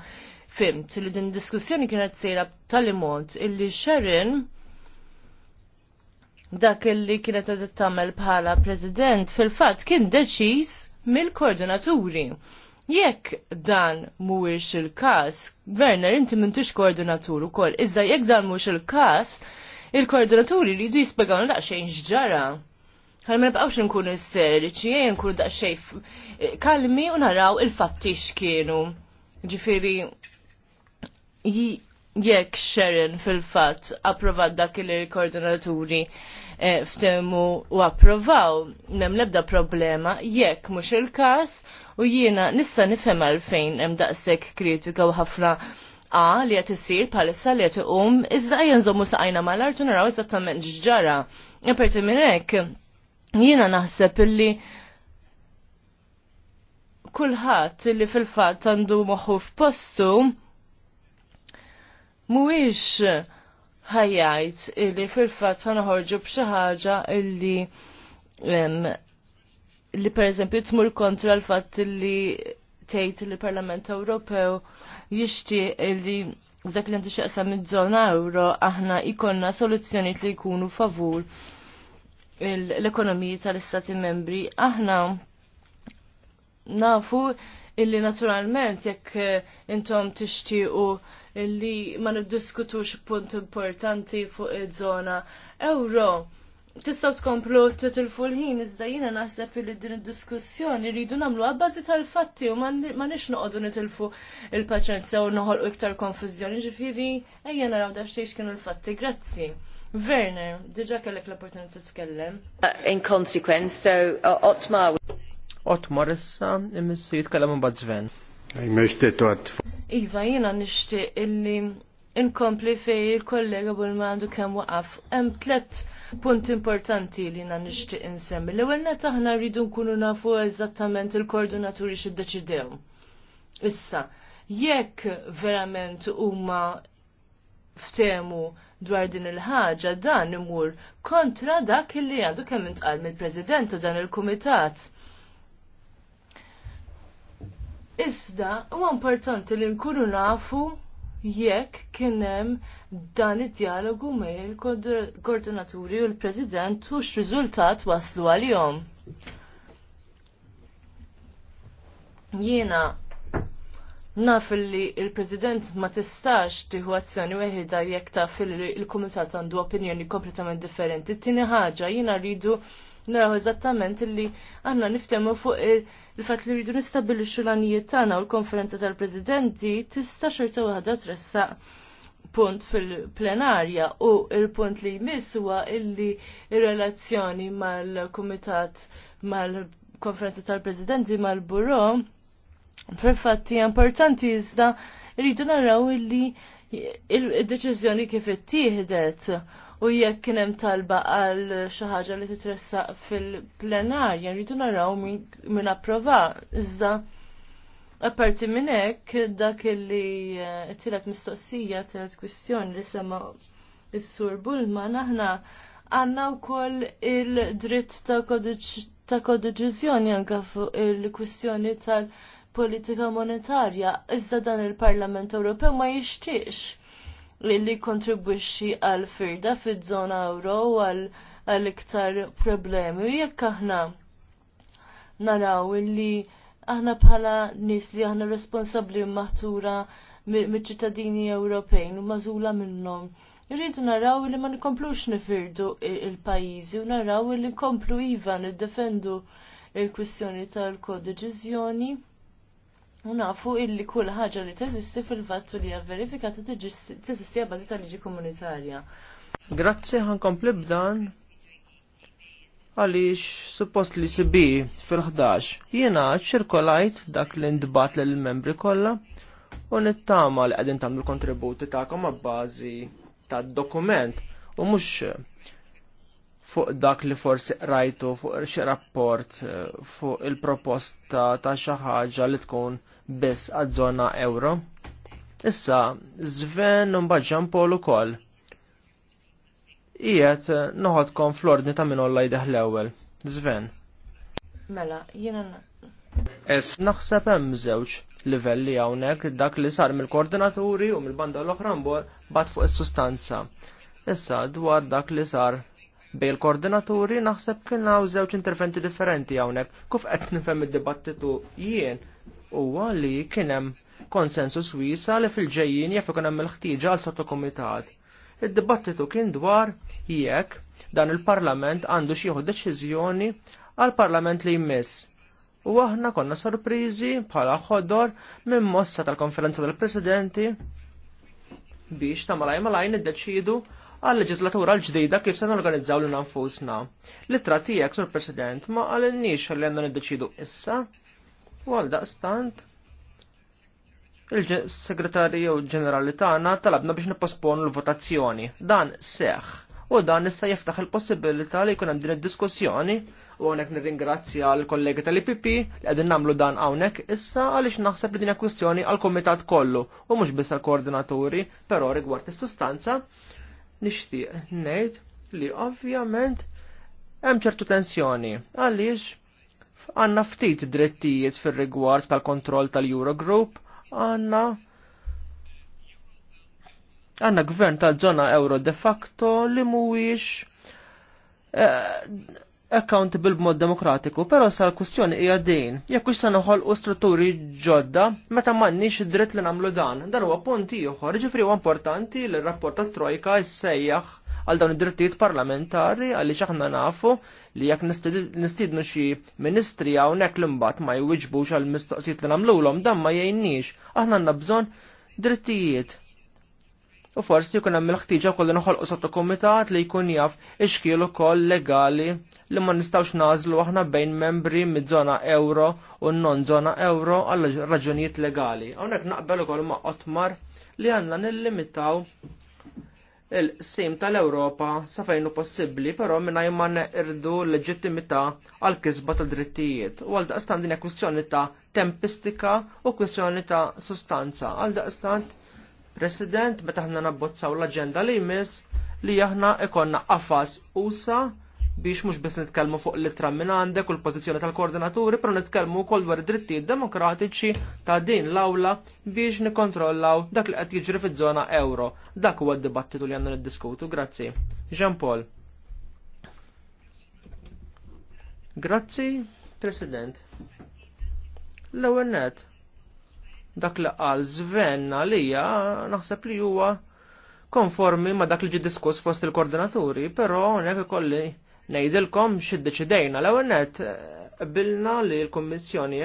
fimt li din diskussjoni kienet sejra tal-imont illi xerin dak illi kienet għedet tamel bħala prezident fil-fat kien deċis mill-koordinaturi. Jekk dan mhuwiex il-każ, Werner inti m'intix koordinatur ukoll, iżda jekk dan mhuwiex il-każ, il-koordinaturi li jdu jispjegaw daqsxejn x'ġara. Għal ma nibqawx nkunu isteriċi, jgħin nkunu daqsxej eh, kalmi u naraw il-fatti x'kienu. Ġifieri jekk Sharon fil-fatt approvat dak il-koordinaturi Eh, ftemu u approvaw. nem lebda problema jekk mhux il-każ u jiena nista' nifhem għalfejn hemm daqshekk kritika u ħafna A li għat issir palissa li għat iqum, iżda jenżommu saqajna mal-artu naraw eżattament ġġara. minn minnek, jiena naħseb illi kulħadd li fil-fat għandu moħu f'postu mhuwiex ħajjajt illi fil-fatt ħanħorġu b'xi ħaġa illi li per eżempju tmur kontra l-fatt illi tgħid li l-Parlament Ewropew jixtieq illi dak li għandu xaqsa mid-żona euro aħna ikonna soluzzjonijiet li jkunu favur l-ekonomiji tal-istati membri. Aħna nafu illi naturalment jekk intom tixtiequ li ma niddiskutux punt importanti fuq id żona euro. Tistaw tkomplu t l-ħin, iżda jina naħseb li din id-diskussjoni rridu namlu għabbażi tal-fatti u ma nix noqogħdu nitilfu il-paċenzja u noħolqu iktar konfuzjoni ġifiri, ejja naraw daxtiex kienu l-fatti. Grazzi. Werner, diġa kellek l-opportunità tkellem. Uh, in consequence, so uh, Otmar. Otmar issa immissi jitkellem un Sven. Iva, jina nishti illi inkompli fej il-kollega mandu kem waqaf. Hemm tlet punt importanti li jina nixtieq insemmi. L-ewwel net aħna rridu nkunu nafu eżattament il-koordinaturi xid-deċidew. Issa, jekk verament huma ftemu dwar din il-ħaġa dan imur kontra dak li għandu kemm intqal mill-President ta' dan il-Kumitat Iżda, huwa importanti li nkunu nafu jekk kien hemm dan id-dialogu me il-koordinaturi u l-President u x-riżultat waslu għal-jom. Jiena naf li il-President ma tistax tieħu azzjoni weħida jekk taf l kumitat għandu opinjoni kompletament differenti. Tieni ħaġa jiena rridu naraw eżattament illi għanna niftemu fuq il-fat li rridu nistabili l-għanijiet tagħna u l-konferenza tal-Presidenti tista' xorta waħda tressaq punt fil-plenarja u il-punt li jmiss huwa illi ir-relazzjoni mal-Kumitat mal-Konferenza tal-Presidenti mal-Buro fil-fatti importanti iżda rridu naraw illi il-deċiżjoni kif ittieħdet u jekk kien hemm talba għal xi ħaġa li titressaq fil-plenarja rridu naraw min approva iżda Apparti minn hekk dak li eh, tielet mistoqsija, tielet kwistjoni li sema is-sur Bulman aħna għandna wkoll il-dritt ta' ta' kodeċiżjoni anke fuq il-kwistjoni tal- politika monetarja, iżda dan il-Parlament Ewropew ma jixtiex li kontribwixi għal firda fiż-żona euro għal iktar problemi U jekk aħna naraw li aħna bħala nies li aħna responsabbli maħtura miċ-ċittadini Ewropej u mażula minnhom. Irridu naraw li ma nkomplux nifirdu il-pajjiżi u naraw li nkomplu iva niddefendu il-kwistjoni tal-kodeċiżjoni U nafu illi kull ħaġa li teżisti fil-vattu li hija verifikata teżisti għabbażi tal liġi komunitarja. Grazzi ħankompli b'dan għaliex suppost li sibi fil-11 jiena ċirkolajt dak li ndbat lill membri kollha u nittama li qegħdin tagħmlu kontributi tagħkom bazi tad dokument u mhux fuq dak li forsi rajtu fuq xi rapport eh, fuq il-proposta ta' xi ħaġa li tkun biss għaż-żona euro. Issa, Sven mbagħad Jean ukoll. Ijet eh, noħodkom fl-ordni ta' minn olla jdeħ l-ewwel. Żven. Mela, jiena Es naħseb hemm żewġ livelli hawnhekk dak li sar mill-koordinaturi u mill-banda l-oħra mbor bat fuq is-sustanza. Issa dwar dak li sar Bej il-koordinaturi naħseb kien hawn żewġ interventi differenti hawnhekk. Kuf qed nifhem id-dibattitu jien huwa li kien hemm konsensus wisa li fil-ġejjin jaf ikun hemm il-ħtieġa għal sottokumitat. Id-dibattitu kien dwar jekk dan il-Parlament għandu xieħu deċiżjoni għal Parlament li jmiss u aħna konna sorprizi bħala ħodor minn mossa tal-konferenza tal-presidenti biex tamalaj malaj malajn id-deċidu għal leġislatura l-ġdida kif se norganizzaw lil nanfusna L-ittra tiegħek sur President ma għalinniex li għandna niddeċidu issa u għal daqstant il-segretarju ġenerali tagħna talabna biex nipposponu l-votazzjoni. Dan seħ u dan issa jiftaħ il-possibilità li jkun hemm din id-diskussjoni u hawnhekk nirringrazzja l kollegi tal-IPP li qegħdin nagħmlu dan hawnhekk issa għaliex naħseb li din kwistjoni għall kumitat kollu u mhux biss għal koordinaturi però rigward is-sustanza nixtieq ngħid li ovvjament hemm ċertu tensjoni għaliex għandna ftit drittijiet fir-rigward tal-kontroll tal-Eurogroup għandna għanna gvern tal-ġona euro de facto li mhuwiex eh, accountable b'mod demokratiku, però sa l-kustjoni hija din, jekk hux se noħolqu strutturi ġodda meta m'għandniex id-dritt li nagħmlu dan. Dan huwa punt ieħor, jiġifieri huwa importanti li r-rapport tat-Trojka jsejjaħ għal dawn id-drittijiet parlamentari għaliex aħna nafu li jekk nistidnu xi ministri hawnhekk l imbagħad ma jwiġbux għal mistoqsijiet li nagħmluhom dan ma jgħinniex. Aħna għandna bżonn drittijiet U forsi jkun hemm il-ħtiġa kolli noħolqu sottokumitat li jkun jaf ix-xkiel ukoll legali li ma nistgħux nażlu aħna bejn membri mid-żona euro u non-żona euro għal raġunijiet legali. Hawnhekk naqbel ukoll ma' Otmar li għandna nillimitaw il-sim tal-Ewropa sa fejn hu possibbli, però mingħajr ma neqirdu l-leġittimità għal kisba ta' drittijiet. U għal daqstant din kwistjoni ta' tempistika u kwistjoni ta' sustanza. Għal daqstant Resident meta ħna nabbozzaw l-aġenda li jmiss li aħna ikonna qafas usa biex mhux biss nitkellmu fuq l-ittra minn għandek u l-pożizzjoni tal-koordinaturi, però nitkellmu wkoll dwar id-drittijiet demokratiċi ta' din l-awla biex nikkontrollaw dak li qed jiġri fiż-żona euro. Dak huwa d-dibattitu li għandna niddiskutu. Grazzi. Jean Paul. Grazzi, President. L-ewwel dak li qal Sven għalija naħseb li huwa konformi ma dak li ġi diskuss fost il-koordinaturi, però hawnhekk ikolli ngħidilkom x'iddeċidejna l-ewwel net bilna li l-Kummissjoni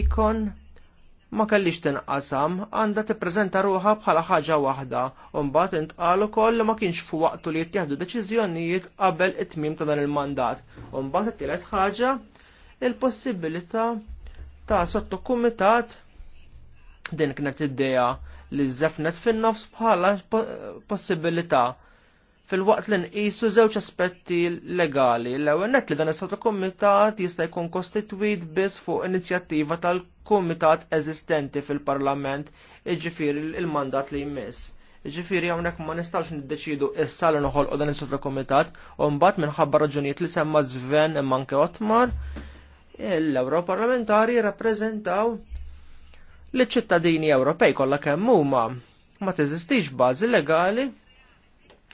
ikon ma kellix tinqasam għandha tippreżenta ruħa bħala ħaġa waħda u mbagħad intqal ukoll ma kienx waqtu li jittieħdu deċiżjonijiet qabel it-tmiem ta' dan il-mandat. U mbagħad it-tielet ħaġa il-possibilità ta' sottokumitat Din kienet id-deja li żefnet fin-nofs bħala possibilità fil-waqt li nqisu żewġ aspetti legali. L-ewwel nett li dan is komitat kumitat jista' jkun kostitwit biss fuq inizjattiva tal-kumitat eżistenti fil-Parlament, iġifieri il-mandat li jmiss. Ġifiri hawnhekk ma nistax niddeċidu issa li noħolqu dan is komitat kumitat u mbagħad minħabba raġunijiet li semma Zven imma anke Otmar l ewro Parlamentari rappreżentaw li ċittadini Ewropej kollha kemm huma ma teżistix bażi legali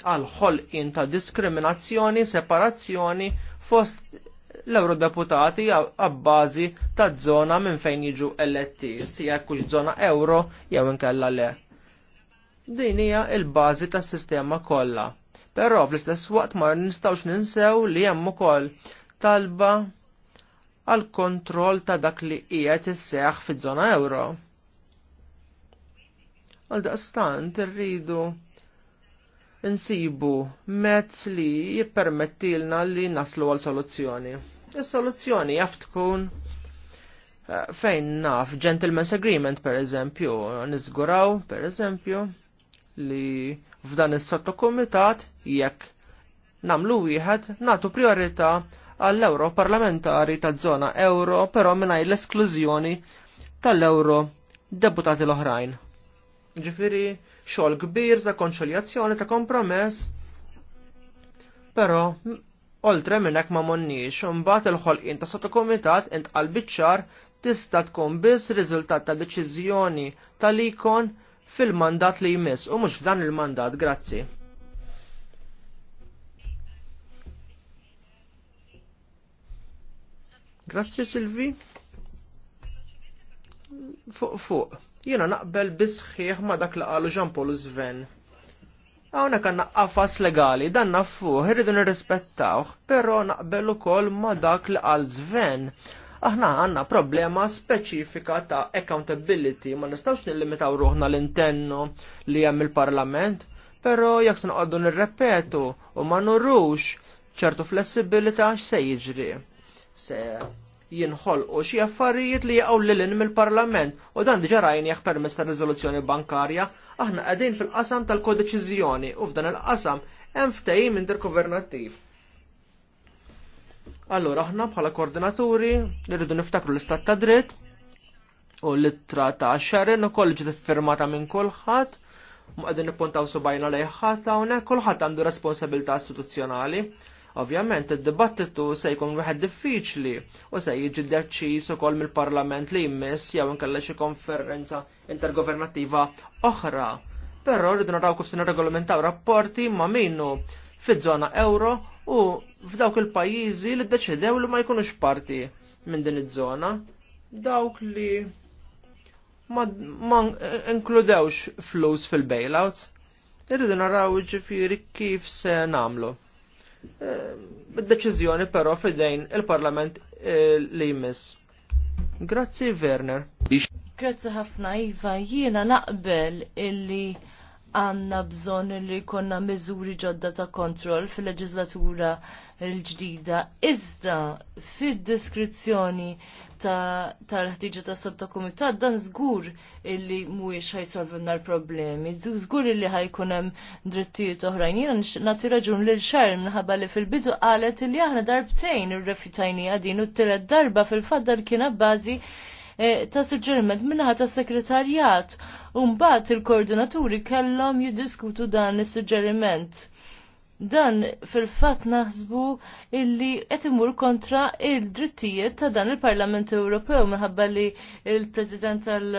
għal ħolqien ta' diskriminazzjoni, separazzjoni fost l-eurodeputati għabbażi ta' zona minn fejn jiġu eletti, si jekkux zona euro jew inkella le. Din hija l-bażi tas-sistema kollha. Però fl-istess waqt ma nistgħux ninsew li hemm ukoll talba għal kontroll ta' dak li qiegħed isseħħ fiż-żona euro. Għal daqstant irridu insibu mezz li jippermettilna li naslu għal soluzzjoni. Is-soluzzjoni jaf tkun eh, fejn naf gentleman's agreement per eżempju, nizguraw per eżempju li f'dan is-sottokumitat jekk namlu wieħed natu priorità għall-euro parlamentari ta' zona euro però mingħajr l-esklużjoni tal-euro deputati l-oħrajn. Ġifiri, xogħol kbir ta' konċoljazzjoni ta' kompromess, però oltre minn hekk ma monniex, imbagħad il-ħolqien ta' sottokomitat int għal-bicċar tista' tkun biss riżultat ta' deċiżjoni tal-ikon fil-mandat li jmiss u mhux f'dan il-mandat, grazzi. Grazzi Silvi. Fuq fuq. Jiena naqbel bisħiħ ma dak li qalu Jean Paul Sven. Hawnhekk għandna qafas legali, dan nafuh, irridu nirrispettawħ, però naqbel ukoll ma dak li qal Sven aħna għanna problema speċifika ta' accountability, ma nistawx nillimitaw ruħna l-intennu li hemm il-parlament, pero jekk se noqogħdu nirrepetu u ma nurrux ċertu flessibilità x'se jiġri. Se u xi affarijiet li jaqgħu lilin mill-Parlament u dan diġà jgħak permess permezz ta' riżoluzzjoni bankarja, aħna qegħdin fil-qasam tal kodeċizjoni u f'dan il-qasam hemm ftehim intergovernattiv. Allura aħna bħala koordinaturi nirridu niftakru l-istat ta' dritt u l-ittra ta' xarin u koll firmata minn kulħadd ma qegħdin nipuntaw subajna lejħata u hawnhekk kulħadd għandu responsabilità istituzzjonali Ovvjament id-dibattitu se jkun wieħed diffiċli u se jiġi deċiż ukoll mill-Parlament li jmiss jew inkella xi konferenza intergovernattiva oħra. Però rridu naraw kif se nirregolamentaw rapporti ma' minnu fiż-żona euro u f'dawk il-pajjiżi li ddeċidew li ma jkunux parti minn din iż-żona dawk li ma, ma inkludewx flus fil-bailouts. Irridu naraw ġifiri kif se namlu. Eh, deċiżjoni però fidejn il-Parlament eh, li jmiss. Grazzi Werner. Grazzi ħafna Iva, jiena naqbel illi għanna bżon li konna miżuri ġodda ta' kontrol fil-leġislatura l-ġdida. Iżda fil ta' l ħtiġa ta' sabta komitat dan zgur illi mhuwiex ħajsolvunna l-problemi, zgur illi ħajkunem drittijiet oħrajn. Jiena nagħti raġun lil xarm minħabba li fil-bidu qalet illi aħna darbtejn irrefitajni għadin u t-telet darba fil-faddal kina bażi Eh, ta' suġġeriment minnaħa tas sekretarjat u mbagħad il-koordinaturi kellhom jiddiskutu dan is-suġġeriment dan fil-fat naħsbu illi qed imur kontra il-drittijiet ta' dan il-Parlament Ewropew minħabba li il-President tal-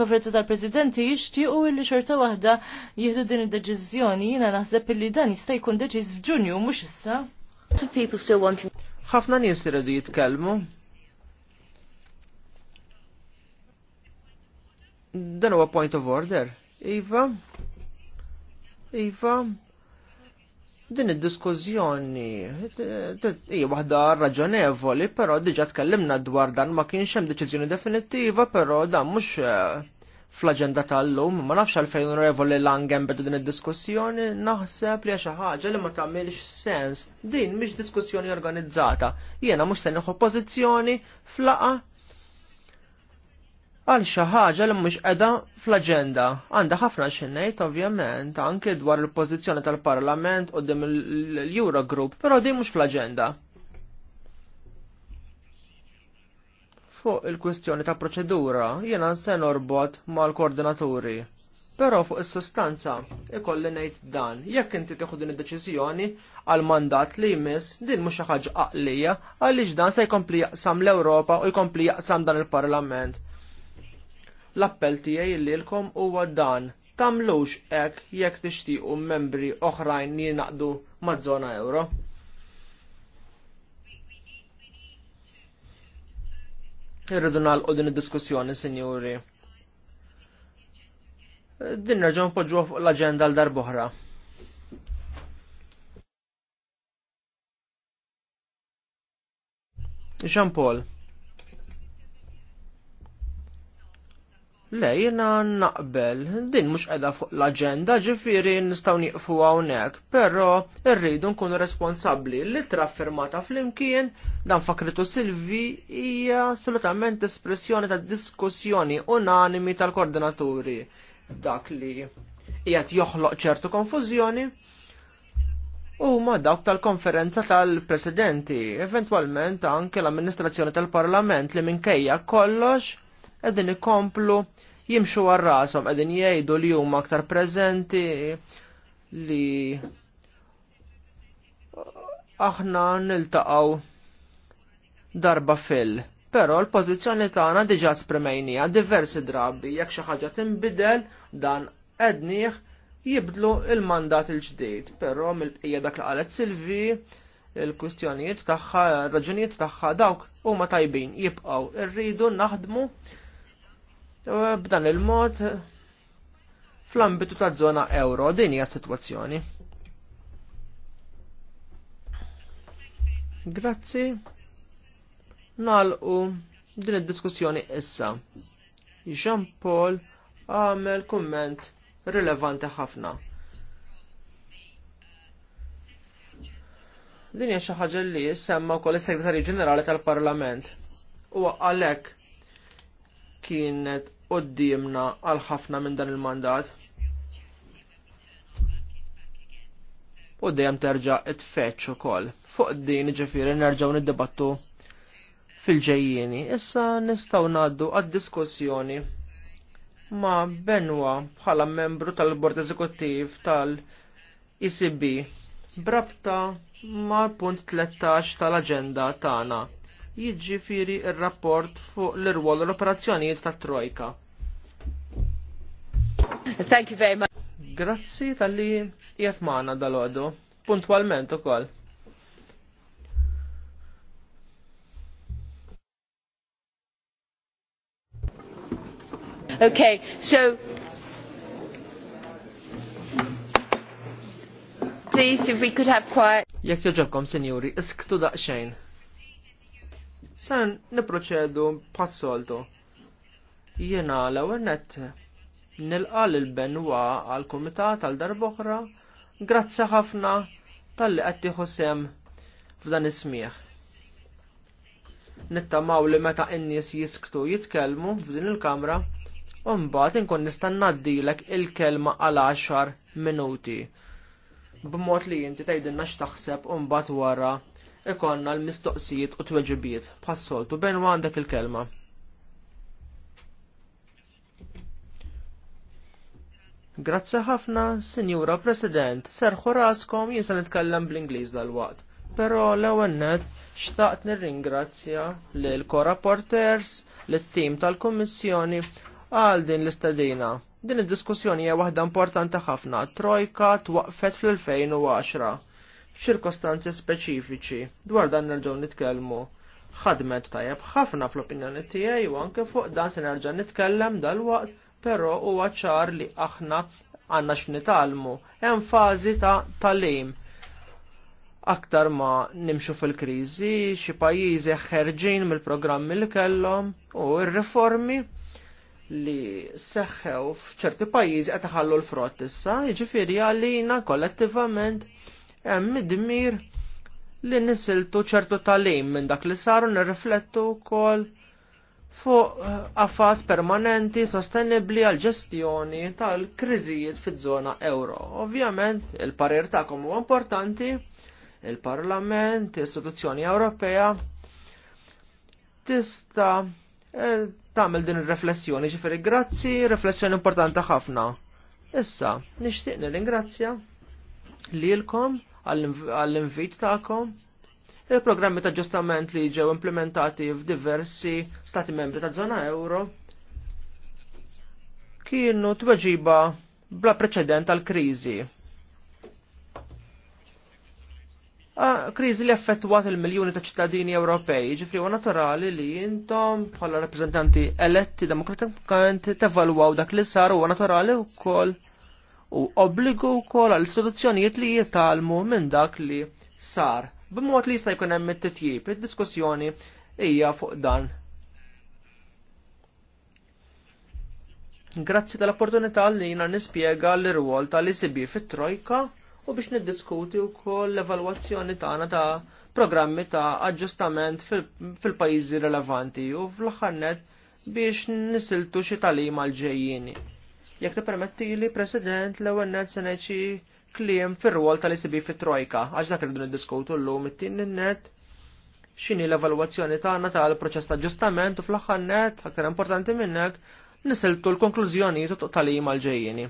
konferenza tal-Presidenti jixtiequ illi xorta waħda jieħdu din id-deċiżjoni jiena naħseb illi dan jista' jkun deċiż f'Ġunju mhux issa. Ħafna nies iridu jitkellmu. Dan huwa point of order. Iva, Iva, din id-diskużjoni hija waħda raġonevoli, però diġà tkellimna dwar dan ma kienx hemm deċiżjoni definittiva, però dan mhux eh, fl-aġenda tal-lum, ma nafx għalfejn l-angem bedu din id-diskussjoni, naħseb li xi ħaġa li ma tagħmilx sens. Din mhix diskussjoni organizzata. Jiena mhux se nieħu pożizzjoni flaqa għal xi ħaġa li mhux qiegħda fl-aġenda. Għanda ħafna xinnejt, ovvjament anke dwar il-pożizzjoni tal-Parlament dim l-Eurogroup, però din mhux fl-aġenda. Fuq il-kwestjoni ta' proċedura jiena se norbot mal-koordinaturi. Però fuq is-sustanza ikolli ngħid dan, jekk inti tieħu din id-deċiżjoni għal mandat li jmiss din mhux xi ħaġa għaqlija għaliex dan se jkompli jaqsam l-Ewropa u jkompli jaqsam dan il-Parlament L-appell tiegħi lilkom huwa dan. Tamlux hekk jekk tixtiequ membri oħrajn jinaqdu maż-żona euro. Irridu nagħlqu din id-diskussjoni, sinjuri. Din nerġgħu npoġġuha fuq l-aġenda l darboħra. Jean Paul. Le, jina naqbel, din mux edha fuq l-agenda ġifiri nistaw niqfu għawnek, pero irridu nkunu responsabli li traffermata fl-imkien dan fakritu Silvi hija assolutament espressjoni ta' diskussjoni unanimi tal-koordinaturi dak li jgħat joħloq ċertu konfużjoni u ma dawk tal-konferenza tal-presidenti, eventualment anke l-amministrazzjoni tal-parlament li minkejja kollox qegħdin ikomplu jimxu għarrasom, rashom qegħdin jgħidu li huma aktar prezenti li aħna niltaqgħu darba fil. Però l-pożizzjoni tagħna diġà spremejnija diversi drabi jekk xi ħaġa tinbidel dan qednieh jibdlu il-mandat il-ġdejt, però mill-bqija dak li qalet Silvi, il-kustjonijiet tagħha, raġunijiet tagħha dawk huma tajbin jibqgħu irridu naħdmu b'dan il-mod fl-ambitu ta' zona euro din hija situazzjoni. Grazzi. Nalqu din id-diskussjoni issa. Jean Paul għamel kumment rilevanti ħafna. Din hija xi ħaġa li semma wkoll is-Segretarju Ġenerali tal-Parlament. Huwa għalhekk kienet qoddimna għal ħafna minn dan il-mandat. U dejjem terġa' tfeċċ ukoll. Fuq din ġifieri nerġgħu niddibattu fil-ġejjieni. Issa nistgħu ngħaddu għad-diskussjoni ma' Benwa bħala membru tal-Bord Eżekuttiv tal-ECB brabta ma' punt 13 tal-aġenda tagħna Jiġifieri r-rapport fuq l-irwol l-operazzjonijiet tat-Trojka. Thank you very much. Grazzi tal-li jgħat maħna dal-ħodu, puntualment u koll. Okay, so please if we could have quiet. Jekk joġobkom, senjuri, isktu daqxejn. San niproċedu soltu. Jena l-ewwel nilqal il-benwa għal kumitat għal darboħra, grazzi ħafna tal-li qed tieħu sem f'dan ismiħ. Nittamaw li meta n-nies jisktu jitkellmu f'din il-kamra, u mbagħad inkun nista' ngħaddilek il-kelma għal 10 minuti b'mod li inti tgħidilna x'taħseb u mbagħad wara ikonna l-mistoqsijiet u tweġibiet. Passoltu, ben għandek il-kelma. Grazzi ħafna, Sinjura President, serħu raskom jisan nitkellem bl-Ingliż dal-waqt. Però l-ewwel net xtaqt nirringrazzja lil rapporters, lit-tim tal-Kummissjoni għal din l-istadina. Din id-diskussjoni hija waħda importanti ħafna, trojka twaqfet fl-2010 ċirkostanzi speċifiċi dwar dan nerġgħu nitkellmu. Ħadmet tajjeb ħafna fl-opinjoni tiegħi u anke fuq dan se nerġa' nitkellem dal-waqt, però huwa ċar li aħna għandna x'nitalmu. Hemm fażi ta' talim. Aktar ma nimxu fil-kriżi, xi pajjiżi ħerġin mill-programmi li kellhom u r-riformi li seħħew f'ċerti pajjiżi qed iħallu l-frott issa, jiġifieri għalina kollettivament hemm id-dmir li nisiltu ċertu talim minn dak li saru nirriflettu wkoll fuq eh, affas permanenti sostenibli għal ġestjoni tal-kriżijiet fiż-żona euro. Ovvjament, il-parir tagħkom huwa importanti, il-Parlament, l-Istituzzjoni Ewropea tista' eh, tagħmel din ir-riflessjoni, ġifieri grazzi, riflessjoni importanti ħafna. Issa, nixtieq nirringrazzja lilkom għall-invit tagħkom. Il-programmi ta' ġustament li ġew implementati f'diversi stati membri ta' zona euro kienu tweġiba bla preċedent għal kriżi. Kriżi li affettwat il-miljoni ta' ċittadini Ewropej, ġifri huwa naturali li intom bħala rappreżentanti eletti demokratikament tevalwaw dak li sar huwa naturali wkoll u obbligu wkoll għal istituzzjonijiet li jitalmu minn dak li sar. B'mod li jista' jkun hemm it-titjib, id-diskussjoni hija fuq dan. Grazzi tal-opportunità li jina nispjega l irwol tal isb fit-Trojka u biex niddiskuti wkoll l-evalwazzjoni tagħna ta' programmi ta' aġġustament fil-pajjiżi rilevanti u fl-aħħar biex nisiltu xi talim l ġejjieni. Jekk permetti li President l-ewwel net se ngħid kliem fir-rwol tal-ECB fit-Trojka, għax dak irridu niddiskutu llum it-tien net x'inhi l-evalwazzjoni tagħna tal-proċess ta' ġustament u fl-aħħar net, aktar importanti minnek, nisiltu l-konklużjonijiet tal mal ġejjini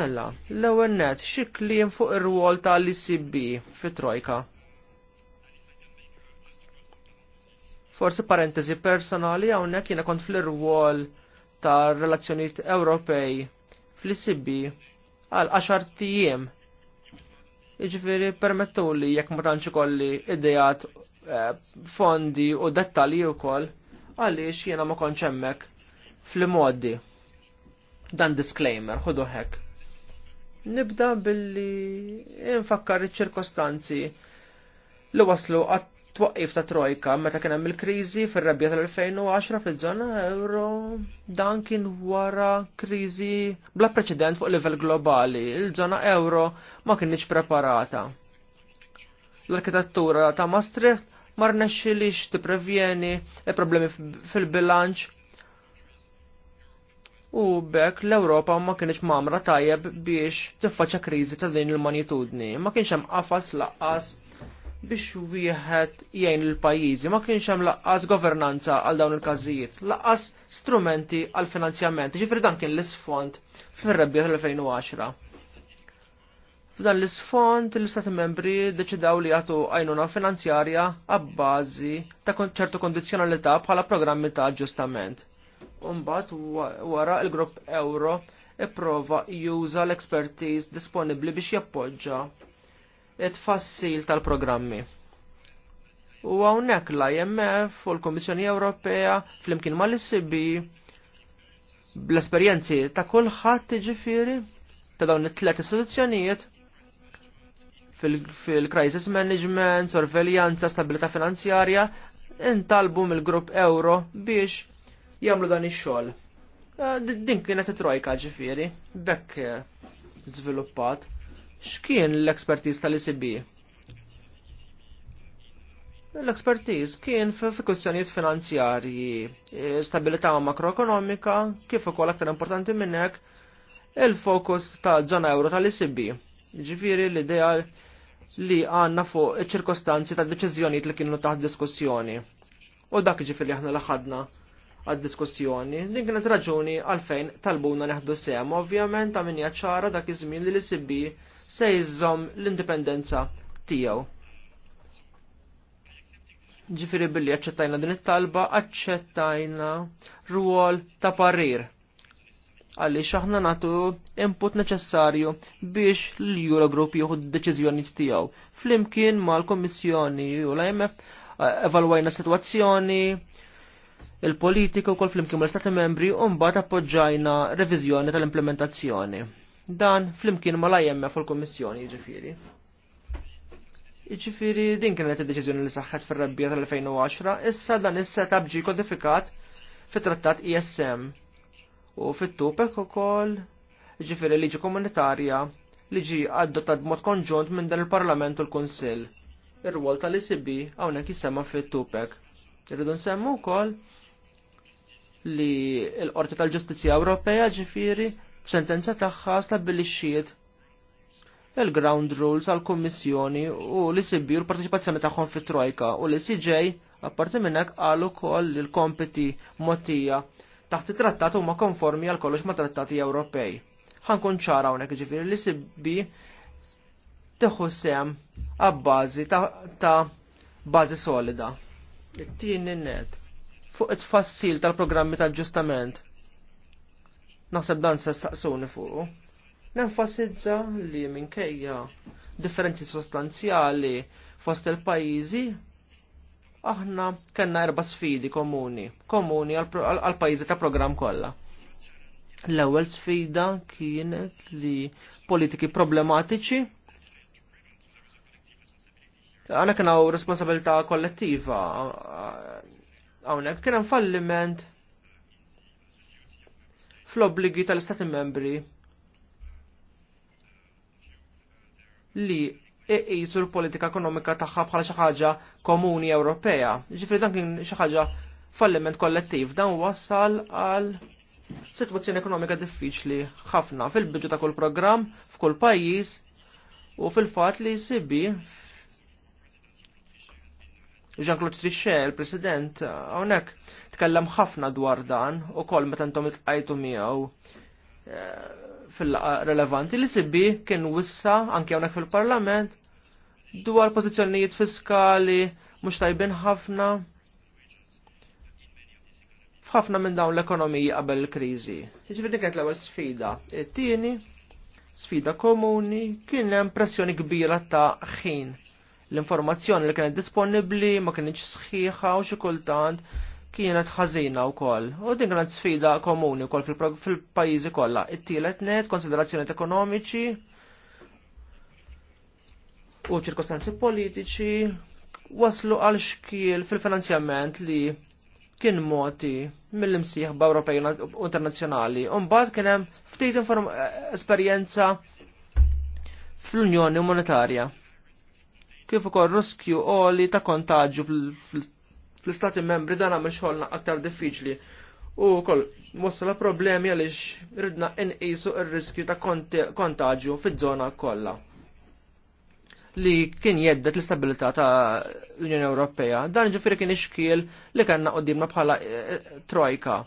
Mela, l-ewwel net xi kliem fuq ir-rwol tal-ECB fit-Trojka. Forsi parentesi personali hawnhekk jiena kont fl-irwol ta' relazzjoniet Ewropej fl-sibbi għal 10 tijiem. Iġifiri permettu li jekk ma tantx ikolli idejat eh, fondi u dettalji wkoll għaliex jiena ma kontx hemmhekk fl moddi Dan disclaimer, ħodu hekk. Nibda billi infakkar iċ-ċirkostanzi li waslu għat Twaqqif ta' trojka meta kien hemm il-kriżi fir-rebbja tal-2010 fiż-żona euro dan kien wara kriżi bla preċedent fuq livell globali. Il-żona euro ma kienx preparata. L-arkitettura ta' Maastricht ma rnexxilix tipprevjeni problemi fil-bilanċ u bekk l-Ewropa ma kienx mamra tajjeb biex tiffaċċa kriżi ta' din il-manitudni. Ma kienx hemm qafas laqqas biex wieħed jgħin il-pajjiżi ma kienx hemm laqqas governanza għal dawn il-każijiet, laqqas strumenti għal finanzjament. Ġifri dan kien l-isfond fir-rebbija tal-2010. F'dan l-isfond l-Istati membri deċidaw li jagħtu għajnuna finanzjarja għabbażi ta' ċertu kondizzjonalità bħala programmi ta' aġġustament. Umbat wara il-grupp Euro ipprova juża l-expertise disponibbli biex jappoġġa it-fassil tal-programmi. U għawnek l-IMF u l-Komissjoni Ewropea fl-imkien ma l-ICB bl-esperienzi ta' kullħat ġifiri ta' dawn it-tlet istituzzjonijiet fil-crisis management, sorveljanza, stabilità finanzjarja, intalbu mill-grupp euro biex jagħmlu dan ix-xogħol. Eh, din kienet it-trojka ġifieri, bekk eh, żviluppat x'kien l-ekspertiż tal-ECB? L-ekspertiż kien fi kwistjonijiet finanzjarji, e, stabilità makroekonomika, kif ukoll aktar importanti minn hekk il-fokus ta' żona euro tal-ECB. Ġifieri l-idea li għanna fuq ċirkostanzi ta' deċiżjonijiet li kienu taħt diskussjoni. U dak li aħna l-ħadna għad-diskussjoni. Din kienet raġuni għalfejn talbuna neħdu sem. Ovvjament ta' minja ċara dak iż-żmien li l-ECB se jizzom l-indipendenza tijaw. Ġifiri billi għacċettajna din it-talba, aċċettajna ruol ta' parir għalli xaħna natu input neċessarju biex l-Eurogroup jieħu d-deċizjoni tijaw. Flimkien ma l-Komissjoni u l-IMF eh, evalwajna situazzjoni, il-politika u kol flimkien ma l-Stati membri un bat appoġġajna revizjoni tal-implementazzjoni. Dan flimkien ma l fuq il l-Kommissjoni ġifiri. Ġifiri din kienet id-deċiżjoni li saħħet fir-rebbija tal-2010, issa dan is-setup ġi kodifikat fit-trattat ISM. u fit-tupek ukoll ġifiri liġi komunitarja li ġi adottat b'mod konġunt minn dan il-Parlament u l-Kunsill. Ir-rwol tal icb hawnhekk jisema fit-tupek. Irridu nsemmu wkoll li l-Qorti tal-Ġustizzja Ewropea ġifiri Sentenza tagħha stabbilixxiet il-ground rules għal kommissjoni u li sibbi u l-parteċipazzjoni tagħhom fit-trojka u li CJ apparti minnek għal ukoll l kompeti motija taħt it-trattat huma konformi għal kollox ma' trattati Ewropej. Ħankun ċara hawnhekk ġifiri li sibbi teħu sem għabbazi ta' bażi solida. It-tieni net fuq it-fassil tal-programmi tal-ġustament Naħseb dan se staqsuni fuqu. Nenfasizza li minkejja differenzi sostanzjali fost il-pajjiżi aħna kellna erba' sfidi komuni, komuni għal pajjiżi ta' programm kollha. L-ewwel sfida kienet li politiki problematiċi għana u responsabilità kollettiva Għana kien hemm falliment fl-obbligi tal-Istati membri li iqisu l-politika ekonomika tagħha bħala xi ħaġa komuni Ewropea. Ġifri dan kien xi ħaġa falliment kollettiv dan wassal għal sitwazzjoni ekonomika diffiċli ħafna fil-bidu ta' kull programm f'kull pajjiż u fil-fatt li sibi Jean-Claude Trichet, il-President, hawnhekk tkellem ħafna dwar dan u kol meta it itqajtu miegħu eh, fil relevanti li sibbi kien wissa anke hawnhekk fil-Parlament dwar pożizzjonijiet fiskali mhux tajbin ħafna f'ħafna minn dawn l ekonomiji qabel il-kriżi. Jiġifieri kienet l-ewwel sfida. It-tieni sfida komuni kien hemm pressjoni kbira ta' ħin. L-informazzjoni li kienet disponibbli ma kienx sħiħa u xi kultant kienet ħażina wkoll u din kienet sfida komuni wkoll fil-pajjiżi kollha. It-tielet net konsiderazzjonijiet ekonomiċi u ċirkostanzi politiċi waslu għal xkiel fil-finanzjament li kien moti mill-imsieħba Ewropej u internazzjonali. Umbagħad kien hemm ftit esperjenza fl-Unjoni Monetarja. Kif ukoll riskju qoli ta' kontaġġju fl-istati membri dan għamil xogħolna aktar diffiċli. U kol, la problemi għalix ridna nqisu il-riskju ta' kontagju fi żona kollha li kien jeddet l istabilita ta' Unjoni Ewropea. Dan ġifiri kien iċkiel li kanna qoddimna bħala e, e, trojka.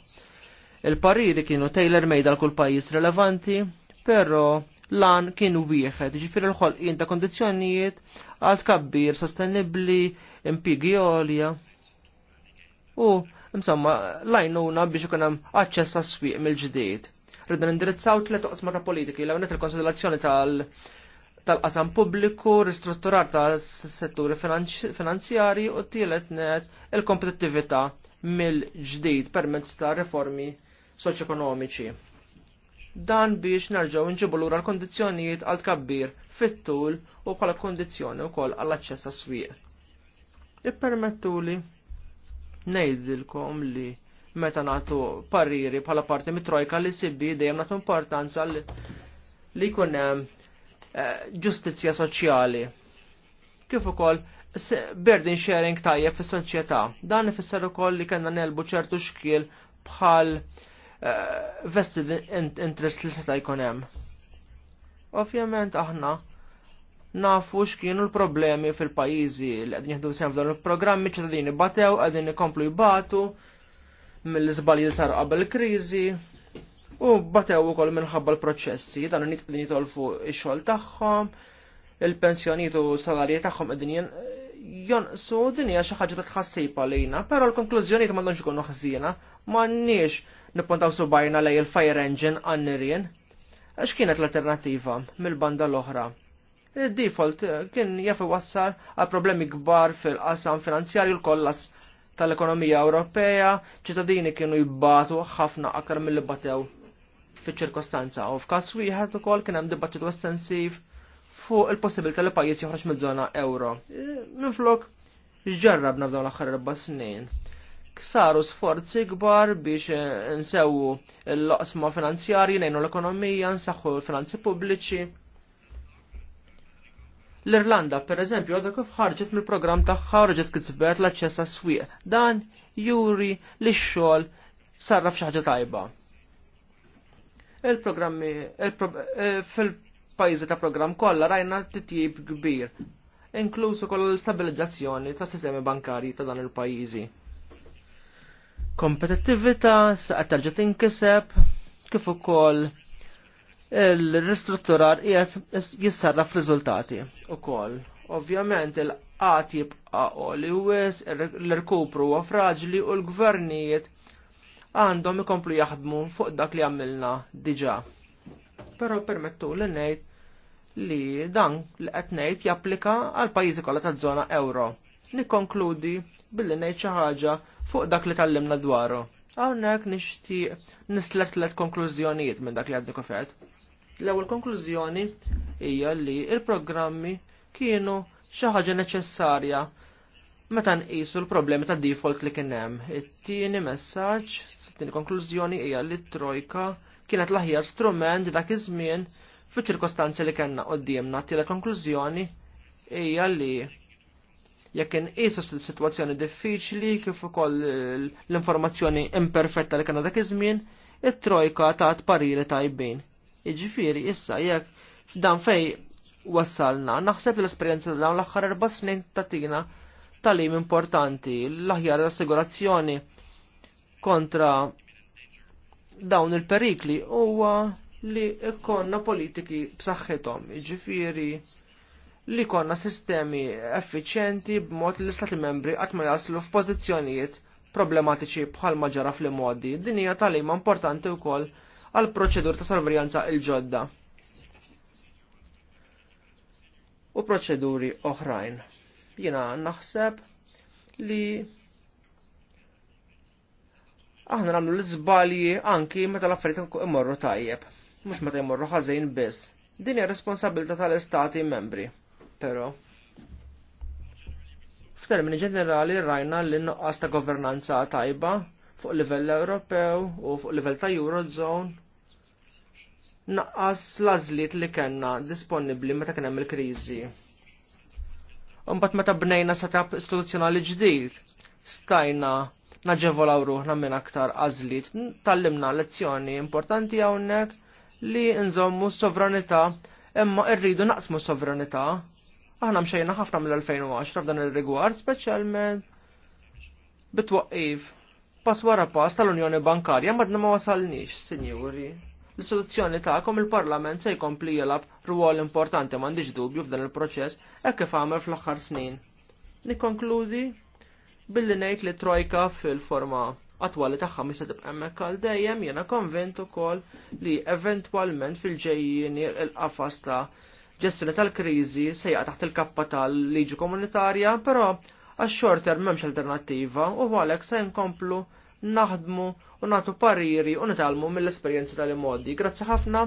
Il-pariri kienu tailor made għal kull pajjiż relevanti, però lan kien wieħed, ġifiri l-ħolqien ta' kondizzjonijiet għal kabbir sostenibbli, impigjolja, għolja u insomma lajnuna biex ikun hemm aċċess għas swieq mill-ġdid. Rridu nindirizzaw tliet oqsma ta' politiki l għonet il-konsiderazzjoni tal- qasam pubbliku, ristrutturar tas-setturi finanzjari u tielet net il-kompetittività mill-ġdid permezz ta' reformi soċ-ekonomiċi. Dan biex nerġaw nġibu lura l-kondizzjonijiet għal tkabbir fit-tul u kondizjoni kondizzjoni wkoll għall-aċċess s swieq Ippermettuli ngħidilkom li meta nagħtu pariri bħala parti mit-trojka li sibbi dejjem nagħtu importanza li jkun hemm eh, ġustizzja soċjali. Kif ukoll burden sharing tajjeb fis-soċjetà. Dan ifisser ukoll li kellna nelbu ċertu xkiel bħal eh, vested interest li seta' jkun hemm. Ovvjament aħna nafu x'kienu l-problemi fil-pajjiżi li qegħdin jieħdu sehem f'dan il-programmi ċittadini batew qegħdin ikomplu jbatu mill-iżbalji li sar qabel kriżi u batew ukoll minħabba l-proċessi dan nit qegħdin jitolfu x-xogħol tagħhom, il-pensjonijiet u salarji tagħhom qegħdin jonqsu din hija xi ħaġa ta' tħassib għalina, però l-konklużjonijiet m'għandhomx ikunu ħżiena, m'għandniex nippuntaw subajna lej il-fire engine għan nirien. Għax kienet l-alternattiva mill-banda l-oħra? default eh, kien jaf wassar għal problemi kbar fil-qasam finanzjarju l-kollas tal-ekonomija Ewropea, ċittadini kienu jibbatu ħafna aktar mill batew fiċ-ċirkostanza. U f'każ wieħed ukoll kien hemm dibattitu estensiv fuq il-possibilità li pajjiż joħroġ miż-żona euro. E, Minflok ġarrabna nafdaw l-aħħar erba' snin. Ksaru sforzi kbar biex eh, nsewu l-loqsma finanzjarji, nejnu l-ekonomija, nsaħħu l-finanzi pubbliċi, L-Irlanda, per eżempju, għadha kif ħarġet mill-programm tagħha ħarġet kitbet l-aċċess għas-swieq. Dan juri li x-xogħol sarra f'xi tajba. Il-programmi eh, fil-pajjiżi ta' programm kollha rajna titjib kbir, inklusu kollha l-stabilizzazzjoni ta' sistemi bankarji ta' dan il-pajjiżi. Kompetittività saqgħet terġa' tinkiseb kif ukoll il-ristrutturar f-rizultati riżultati kol. Ovvjament il-qat jibqa' li wis, l-irkupru huwa fraġli u l-gvernijiet għandhom ikomplu jaħdmu fuq dak li għamilna diġà. Però permettu li ngħid li dan li qed ngħid japplika għal pajjiżi kollha taż-żona euro. Nikkonkludi billi ngħid xi ħaġa fuq dak li tallimna dwaru. Hawnhekk nixtieq nislet tliet konklużjonijiet minn dak li għadni kofet L-ewwel konklużjoni hija li il-programmi kienu xi ħaġa neċessarja meta nqisu l-problemi ta' default li kien hemm. It-tieni messaġġ, it-tieni konklużjoni hija li t-trojka kienet l-aħjar strument dak iż-żmien fiċ-ċirkostanzi li kellna qudiemna. Tiela konklużjoni hija li jekk inqisu sitwazzjoni diffiċli kif ukoll l-informazzjoni imperfetta li kellna dak iż-żmien, it-trojka tat parili tajbin. Iġifiri, issa jekk dan fej wassalna, naħseb l-esperjenza ta' dawn l-aħħar erba' snin tatina talim importanti, l-aħjar l-assigurazzjoni kontra dawn il-perikli huwa li ikkonna politiki b'saħħithom, jiġifieri li konna sistemi effiċjenti b'mod li l-istati membri qatt ma jaslu f'pożizzjonijiet problematiċi bħal ma ġara fl-modi. Din hija talima importanti wkoll għal proċedur ta' sorveljanza il-ġodda u proċeduri oħrajn. Jina naħseb li aħna nagħmlu l-żbalji anki meta l-affarijiet imorru tajjeb, mhux meta jmorru ħażin biss. Din hija responsabilità tal-istati membri, però. F'termini ġenerali rajna l nuqqas ta' governanza tajba fuq livell Ewropew u fuq livell ta' Eurozone naqqas l li kellna disponibbli meta kien hemm il-kriżi. Imbagħad meta bnejna setup istituzzjonali ġdid, stajna naġevolaw ruħna minn aktar għażliet, tallimna lezzjoni importanti hawnhekk li nżommu s-sovranità imma rridu naqsmu s-sovranità. Aħna mxejna ħafna mill-2010 f'dan ir-rigward, speċjalment bitwaqqif pass wara pass tal-Unjoni Bankarja madna ma wasalniex, sinjuri l soluzzjoni tagħkom il-Parlament se jkompli jilab ruol importanti m'għandix dubju f'dan il-proċess hekk kif għamel fl-aħħar snin. Nikkonkludi billi ngħid li trojka fil-forma attwali tagħha mi se tibqa' għal dejjem jiena konvent ukoll li eventwalment fil ġejjini il-qafas ta' ġestjoni tal-kriżi se jaqa' taħt il-kappa tal-liġi komunitarja, però għax xorter memx m'hemmx alternattiva u għalhekk se nkomplu naħdmu u nagħtu pariri u nitalmu mill-esperjenzi tal-modi. Grazzi ħafna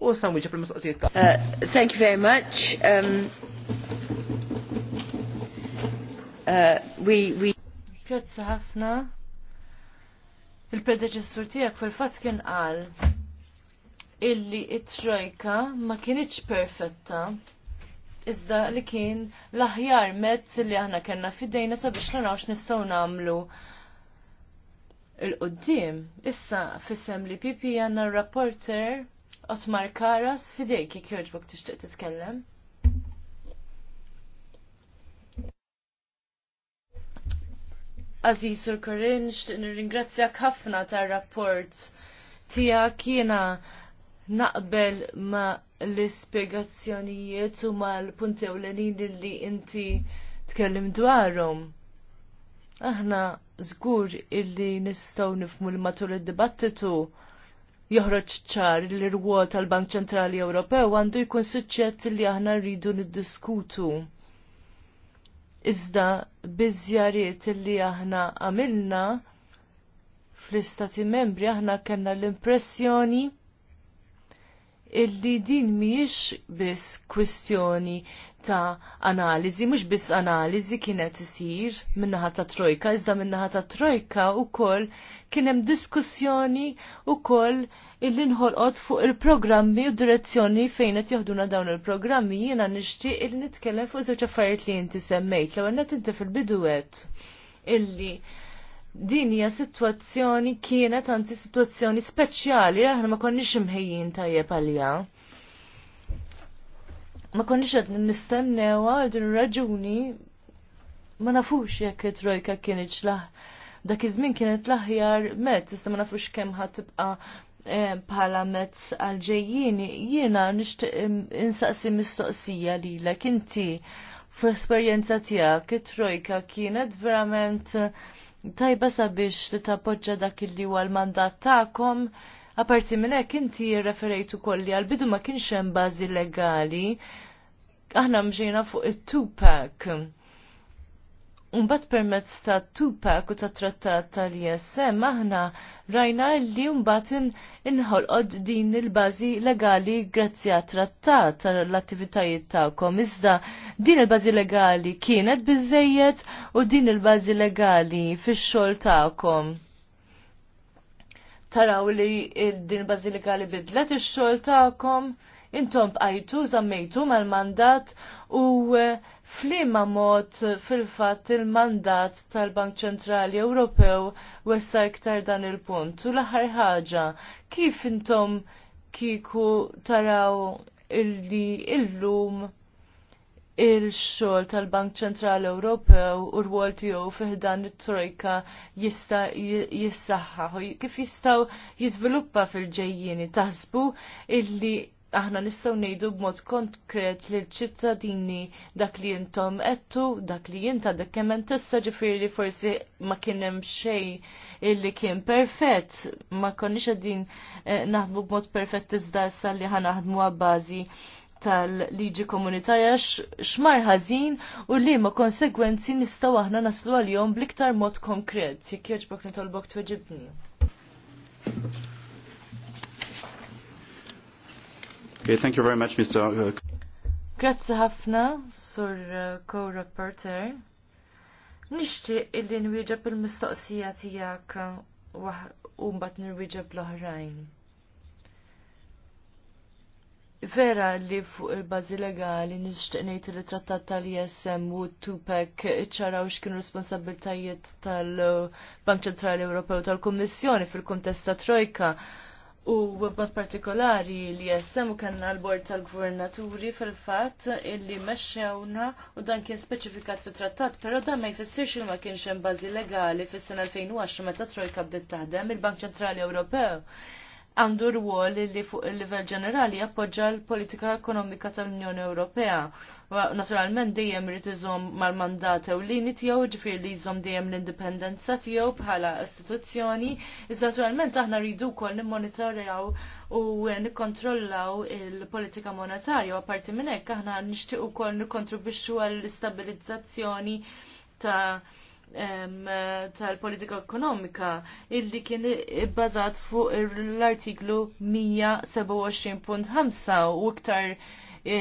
u samwiċa fil-mistoqsijiet ta' uh, Thank you very much. Um, uh, we, we... Grazzi ħafna. Il-predeċessur tiegħek fil-fatt kien qal illi it-trojka ma kienieċ perfetta iżda li kien l-aħjar mezz li aħna kena fidejna sabiex naraw x'nistgħu nagħmlu il-qoddim. Issa fissem li pipi għanna rapporter Otmar Karas fidejk jek joġbok tixtieq titkellem. Aziz Sur Korin, nirringrazzjak ħafna tar-rapport Tija kiena naqbel ma l-ispjegazzjonijiet u ma l-punti ewlenin li inti tkellim dwarhom. Aħna żgur illi nistgħu nifmu li matul id-dibattitu joħroġ ċar li rwol tal-Bank Ċentrali Ewropew għandu jkun suċċett li aħna rridu niddiskutu. Iżda biżjariet li aħna għamilna fl-istati membri aħna kellna l-impressjoni illi din miex biss kwistjoni ta' analiżi, mhux biss analiżi kienet isir minnaħat naħa ta' trojka, iżda min-naħa ta' trojka wkoll kien hemm diskussjoni wkoll illi nħolqot fuq il-programmi u direzzjoni fejn qed dawn il-programmi jiena nixtieq illi nitkellem fuq żewġ affarijiet li jinti semmejt l għanet inti fil-biduet illi din hija sitwazzjoni kienet anzi sitwazzjoni speċjali aħna ma konniex imħejjin tajjeb għalija ma konniex qed nistennewha għal din raġuni ma nafux jekk it-trojka kienet xlaħ. Dak iż-żmien kienet l-aħjar met, issa ma nafux kemm ħadd tibqa' eh, bħala mezz għal ġejjini, jiena nixtieq insaqsi mistoqsija lilek inti f'esperjenza tiegħek it-trojka kienet verament tajba sabiex li tappoġġa dak illi huwa l-mandat tagħkom Aparti minn hekk inti referejtu kolli għal bidu ma kienx hemm bażi legali aħna mġejna fuq it-Tupac. Umbat permezz ta' Tupac u ta' trattat tal-ISM aħna rajna li umbat inħolqod din il-bazi legali grazzi għat trattat tal-attivitajiet ta'kom. Iżda din il-bazi legali kienet biżejjed u din il-bazi legali fix-xogħol ta'kom taraw li din bazilika li bidlet ix-xogħol tagħkom, intom bqajtu żammejtu mal-mandat u e, flima mod fil-fatt il-mandat tal-Bank Ċentrali Ewropew wessa iktar dan il-punt. U l-aħħar ħaġa, kif intom kiku taraw illi illum il-xol tal-Bank Ċentrali Ewropew u r-wol tiegħu fiħdan it-trojka jista' jissaħħaħ kif jistgħu jiżviluppa fil-ġejjieni taħsbu illi aħna nistgħu ngħidu b'mod konkret lil ċittadini dak li intom qedtu, dak li jinta dak kemm hemm issa ġifieri forsi ma kien hemm xejn illi kien perfett, ma konniex qegħdin eh, naħdmu b'mod perfett iżda issa li ħana għabbażi bażi tal-liġi komunitarja xmar ħażin u li ma konsegwenzi nistgħu aħna naslu għal-jom bliktar mod konkret. Jekk jogħġbok nitolbok tweġibni. Okay, thank you very much, Mr. Uh, Grazzi ħafna, Sur uh, Co-Reporter. Nixtieq illi nwieġeb il-mistoqsija tiegħek uh, u mbagħad nirwieġeb l-oħrajn. Vera li fuq il-bazi legali nixtieq ngħid li trattat tal-ISM u Tupek ċaraw x'kienu responsabiltajiet tal-Bank Ċentrali Ewropew tal-Kummissjoni fil-kuntest ta' Trojka. U b'mod partikolari li u kanna l-bord tal-gvernaturi fil-fat illi meċċewna u dan kien speċifikat fit trattat pero dan ma jfissirx il ma kienx hemm bażi legali fis-sena 2010 meta Trojka bdiet taħdem il-Bank Ċentrali Ewropew għandu rwol li fuq il-livell ġenerali jappoġġa l-politika ekonomika tal-Unjoni Ewropea. Naturalment dejjem irid iżomm mal-mandat ewlieni tiegħu ġifier li jżomm dejjem l-indipendenza tiegħu bħala istituzzjoni, iżda naturalment aħna rridu wkoll nimmonitorjaw u nikkontrollaw il-politika monetarja u apparti minn hekk aħna nixtieq ukoll nikkontribwixxu għall-istabilizzazzjoni ta' tal-politika ekonomika illi kien bazat fuq l-artiklu 127.5 u iktar e,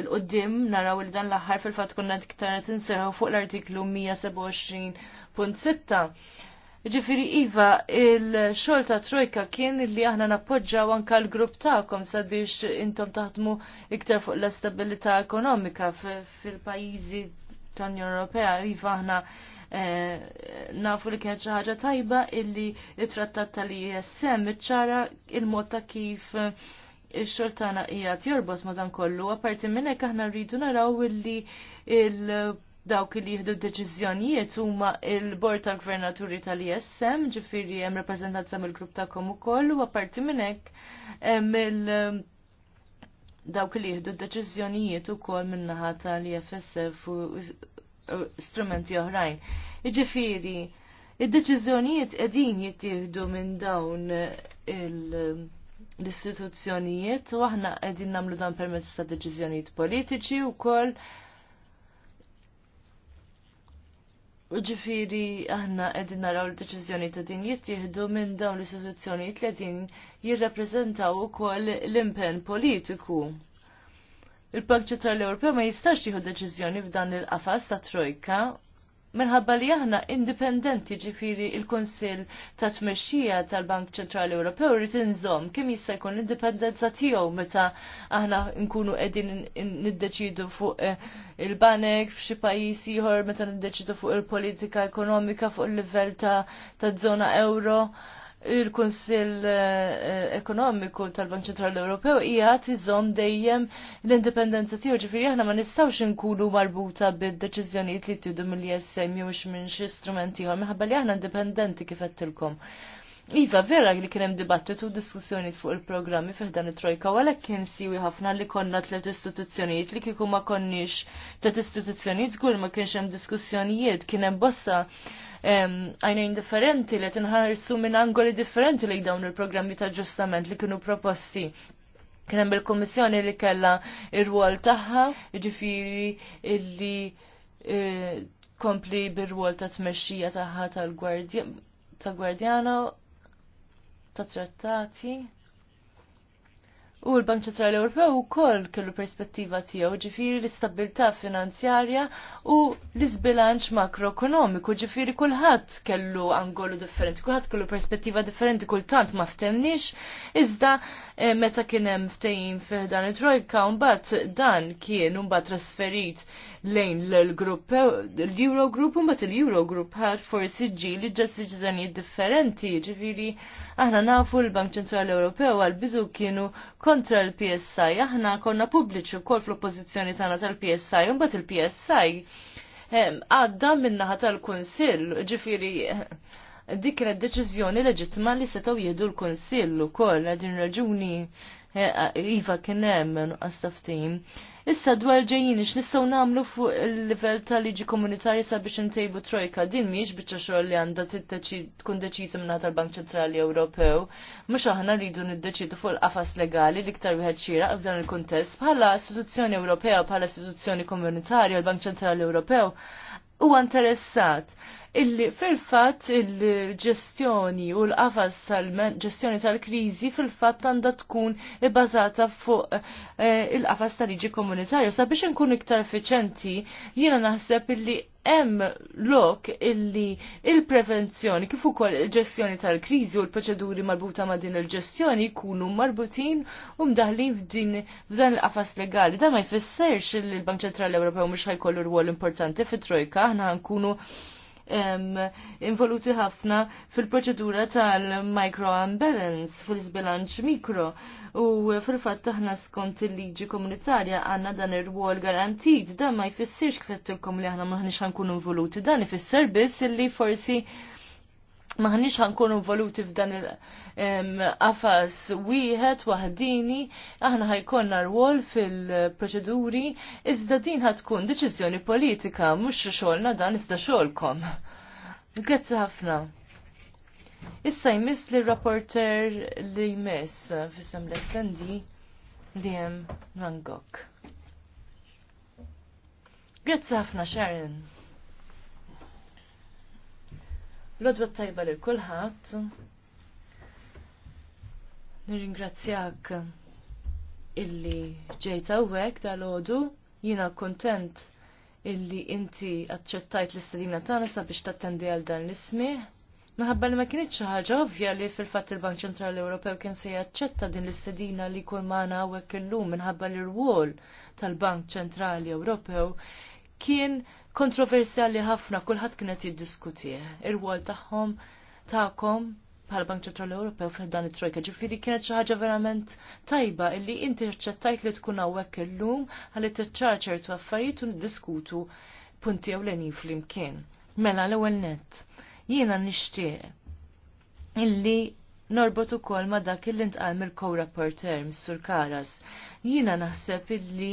il-qoddim naraw il dan l-aħħar fil-fatt kunna iktar tinserħu fuq l-artiklu 127.6. Ġifiri Iva, il-xol ta' Trojka kien li aħna nappoġġaw anka l-grupp ta'kom sabiex intom taħdmu iktar fuq l stabilita ekonomika fil-pajizi unjoni ewropea Iva aħna Eh, nafu li kienet xi ħaġa tajba illi it-trattat tal-ISM iċċara il-mod ta' kif eh, ix-xortana hija jorbot modan kollu, apparti minn hekk aħna rridu naraw illi il- dawk li jihdu deċiżjonijiet huma il-Bord tal-Gvernaturi tal-ISM, ġifieri hemm rappreżentanza mill-grupp tagħkom ukoll u apparti minn hekk dawk li jihdu deċiżjonijiet ukoll min-naħa tal-IFSF u strumenti oħrajn. Iġifiri, id-deċiżjonijiet qegħdin jittieħdu minn dawn l-istituzzjonijiet u aħna qegħdin nagħmlu dan permezz ta' deċiżjonijiet politiċi wkoll. Ġifiri aħna qegħdin naraw l deċizjonijiet ta' din jittieħdu minn dawn l-istituzzjonijiet li qegħdin jirrappreżentaw ukoll l-impenn politiku il-Bank Ċentrali Ewropew ma jistax jieħu deċiżjoni f'dan il-qafas ta' trojka minħabba li aħna indipendenti ġifiri il-Konsil ta' tmexxija tal-Bank Ċentrali Ewropew rrid inżomm kemm jista' jkun l-indipendenza tiegħu meta aħna nkunu qegħdin niddeċidu fuq eh, il-banek f'xi pajjiż ieħor meta niddeċidu fuq il-politika ekonomika fuq il-livell ta' żona euro il-Kunsill eh, Ekonomiku tal-Bank Ċentrali Ewropew hija tiżomm dejjem l-indipendenza tiegħu ġifieri aħna ma nistgħux inkunu marbuta bid-deċiżjonijiet li tiedu mill-ISM jew minn xi strumenti ieħor minħabba li aħna indipendenti kif qedtilkom. Iva, vera li kienem dibattitu diskussjoni fuq il-programmi fiħdan it-trojka, għalek kien siwi ħafna li konna tlet istituzzjonijiet li kiku ma konniex tlet istituzzjonijiet, zgur ma kienx hemm diskussjonijiet, kienem bossa għajnejn differenti li tinħarsu minn angoli differenti li dawn il-programmi ta' ġustament li kienu proposti kien hemm il-kummissjoni li kellha ir-rwol tagħha, jiġifieri illi e, kompli bir-rwol ta' tmexxija tagħha tal-gwardjana ta' trattati. U l-Bank Ċentrali Ewropew ukoll kellu perspettiva tiegħu ġifieri l-istabilità finanzjarja u l-isbilanċ makroekonomiku, ġifieri kulħadd kellu angolu differenti, kulħadd kellu perspettiva differenti kultant ma ftemniex, iżda eh, meta kien hemm ftehim fih dan it-trojka mbagħad dan kien mbagħad trasferit lejn l-grupp l-Eurogroup u mbagħad il-Eurogroup ħad forsi ġieli ġed siġdanijiet differenti, ġifieri aħna nafu l-Bank Ċentrali Ewropew għal bidu kienu kontra l-PSI, aħna konna pubbliċi wkoll fl-oppożizzjoni tagħna tal-PSI, un il-PSI ehm, għadda minnaħa tal-Kunsill, ġifiri eh, dik kienet deċiżjoni leġitma li setgħu jieħdu l-Kunsill ukoll għadin raġuni iva kien hemm nuqqas taftim. Issa dwar ġejjin ix nistgħu nagħmlu fuq il-livell ta' liġi komunitarja sabiex intejbu trojka din mhijiex biċċa xogħol li għandha tkun deċiża mingħata tal-Bank Ċentrali Ewropew. Mhux aħna rridu niddeċidu fuq il-qafas legali li iktar wieħed xieraq f'dan il-kuntest bħala istituzzjoni Ewropea bħala istituzzjoni komunitarja l-Bank Ċentrali Ewropew huwa interessat illi fil-fatt il-ġestjoni u l-qafas tal-ġestjoni tal-kriżi fil-fatt għandha tkun ibbażata fuq eh, il-qafas tal-liġi komunitarju. Sabiex nkun iktar effiċenti, jiena naħseb illi hemm lok illi il-prevenzjoni kif ukoll il-ġestjoni tal-kriżi u l-proċeduri marbuta ma' din il-ġestjoni jkunu marbutin u mdaħlin f'din f'dan il-qafas legali. Da ma jfissirx il bank Ċentrali Ewropew mhux ħajkollu rwol importanti fit-trojka, aħna nkunu involuti ħafna fil-proċedura tal-micro imbalance, fil-sbilanċ mikro. U fil-fat taħna skont il-liġi komunitarja għanna dan ir wol garantit, dan ma jfissirx kfettilkom li aħna maħniex ħankun involuti, dan ifisser biss li forsi maħniċ ħankun involuti f'dan il-qafas wieħed waħdini, aħna ħajkonna rwol fil-proċeduri, iżda din ħatkun deċiżjoni politika, mhux xogħolna dan iżda xogħolkom. Grazzi ħafna. Issa jmiss li rapporter li jmiss fissam l sendi li jem Rangok. Grazzi ħafna, Sharon. L-odwa tajba li kulħadd. Nirringrazzjak illi ġejta għek dal-għodu. Jiena kontent illi inti aċċettajt l-istedina tagħna sabiex tattendi għal dan l ismi Minħabba li ma kienit xi ħaġa ovvja li fil-fatt il-Bank Ċentrali Ewropew kien se jaċċetta din l-istedina li jkun magħna hawnhekk illum minħabba l-irwol tal-Bank Ċentrali Ewropew kien kontroversjali ħafna, kulħadd kienet jiddiskutih ir wol tagħhom tagħkom bħal Bank Ċentrali Ewropew fil dan it-trojka. Ġifieri kienet xi ħaġa verament tajba illi inti rċettajt li tkun hawnhekk illum ħalli tiċċar ċertu affarijiet u niddiskutu punti ewlenin flimkien. Mela l-ewwel nett. Jiena nixtieq illi norbot ukoll ma dak il intqal mill-co-rapporter Mr. Karas. Jina naħseb illi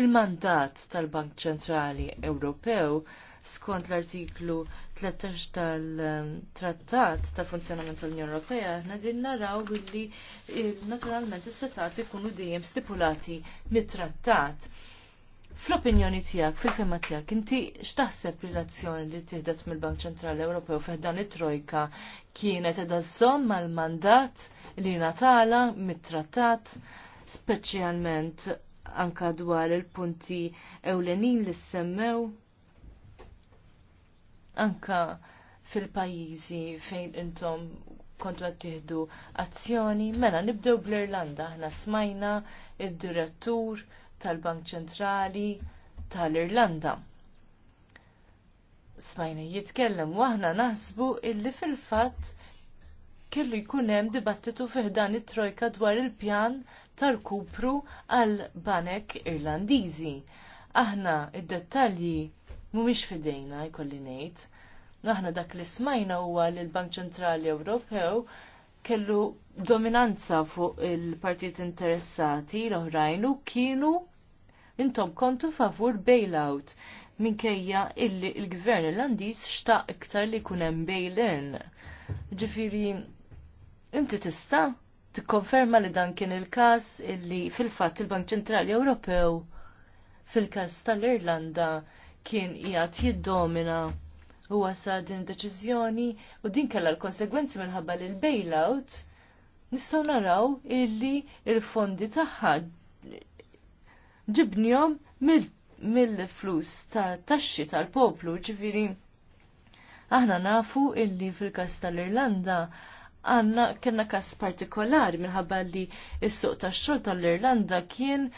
il-mandat tal-Bank Ċentrali Ewropew skont l-artiklu 13 tal-trattat tal-funzjonament tal-Unjoni Ewropea, nadin naraw billi naturalment is-setat ikunu dejjem stipulati mit-trattat. Fl-opinjoni tijak, fil-fema tijak, inti xtaħseb relazzjoni li tiħdet mill-Bank Ċentrali Ewropew fiħdan it-Trojka kienet edha zom mal mandat li natala mit-trattat, speċjalment anka dwar il-punti ewlenin li semmew anka fil-pajizi fejn intom kontu għattieħdu azzjoni. Mela, nibdew bl-Irlanda, ħna smajna id-direttur tal-Bank Ċentrali tal-Irlanda. Smajna jitkellem waħna naħsbu illi fil-fatt kellu jkun hemm dibattitu fiħdan it-trojka dwar il-pjan tal-kupru għal banek Irlandiżi. Aħna id-dettalji mhumiex fidejna jkolli ngħid. Aħna dak li smajna huwa li l-Bank Ċentrali Ewropew kellu dominanza fuq il-partijiet interessati l-oħrajn u kienu intom kontu favur bailout minkejja illi il-gvern irlandiż xtaq iktar li jkun hemm bail-in. Ġifieri inti tista' tikkonferma li dan kien il-każ illi fil-fatt il-Bank Ċentrali Ewropew fil-każ tal-Irlanda kien qiegħed jiddomina u wasal din deċiżjoni u din kellha l-konsegwenzi minħabba l bailout nistgħu naraw illi il-fondi tagħha ġibnjom mill-flus ta' taxxi tal-poplu ġifiri. Aħna nafu illi fil-kas tal-Irlanda għanna kena kas partikolari minħabba li s-suq tax-xogħol tal-Irlanda kien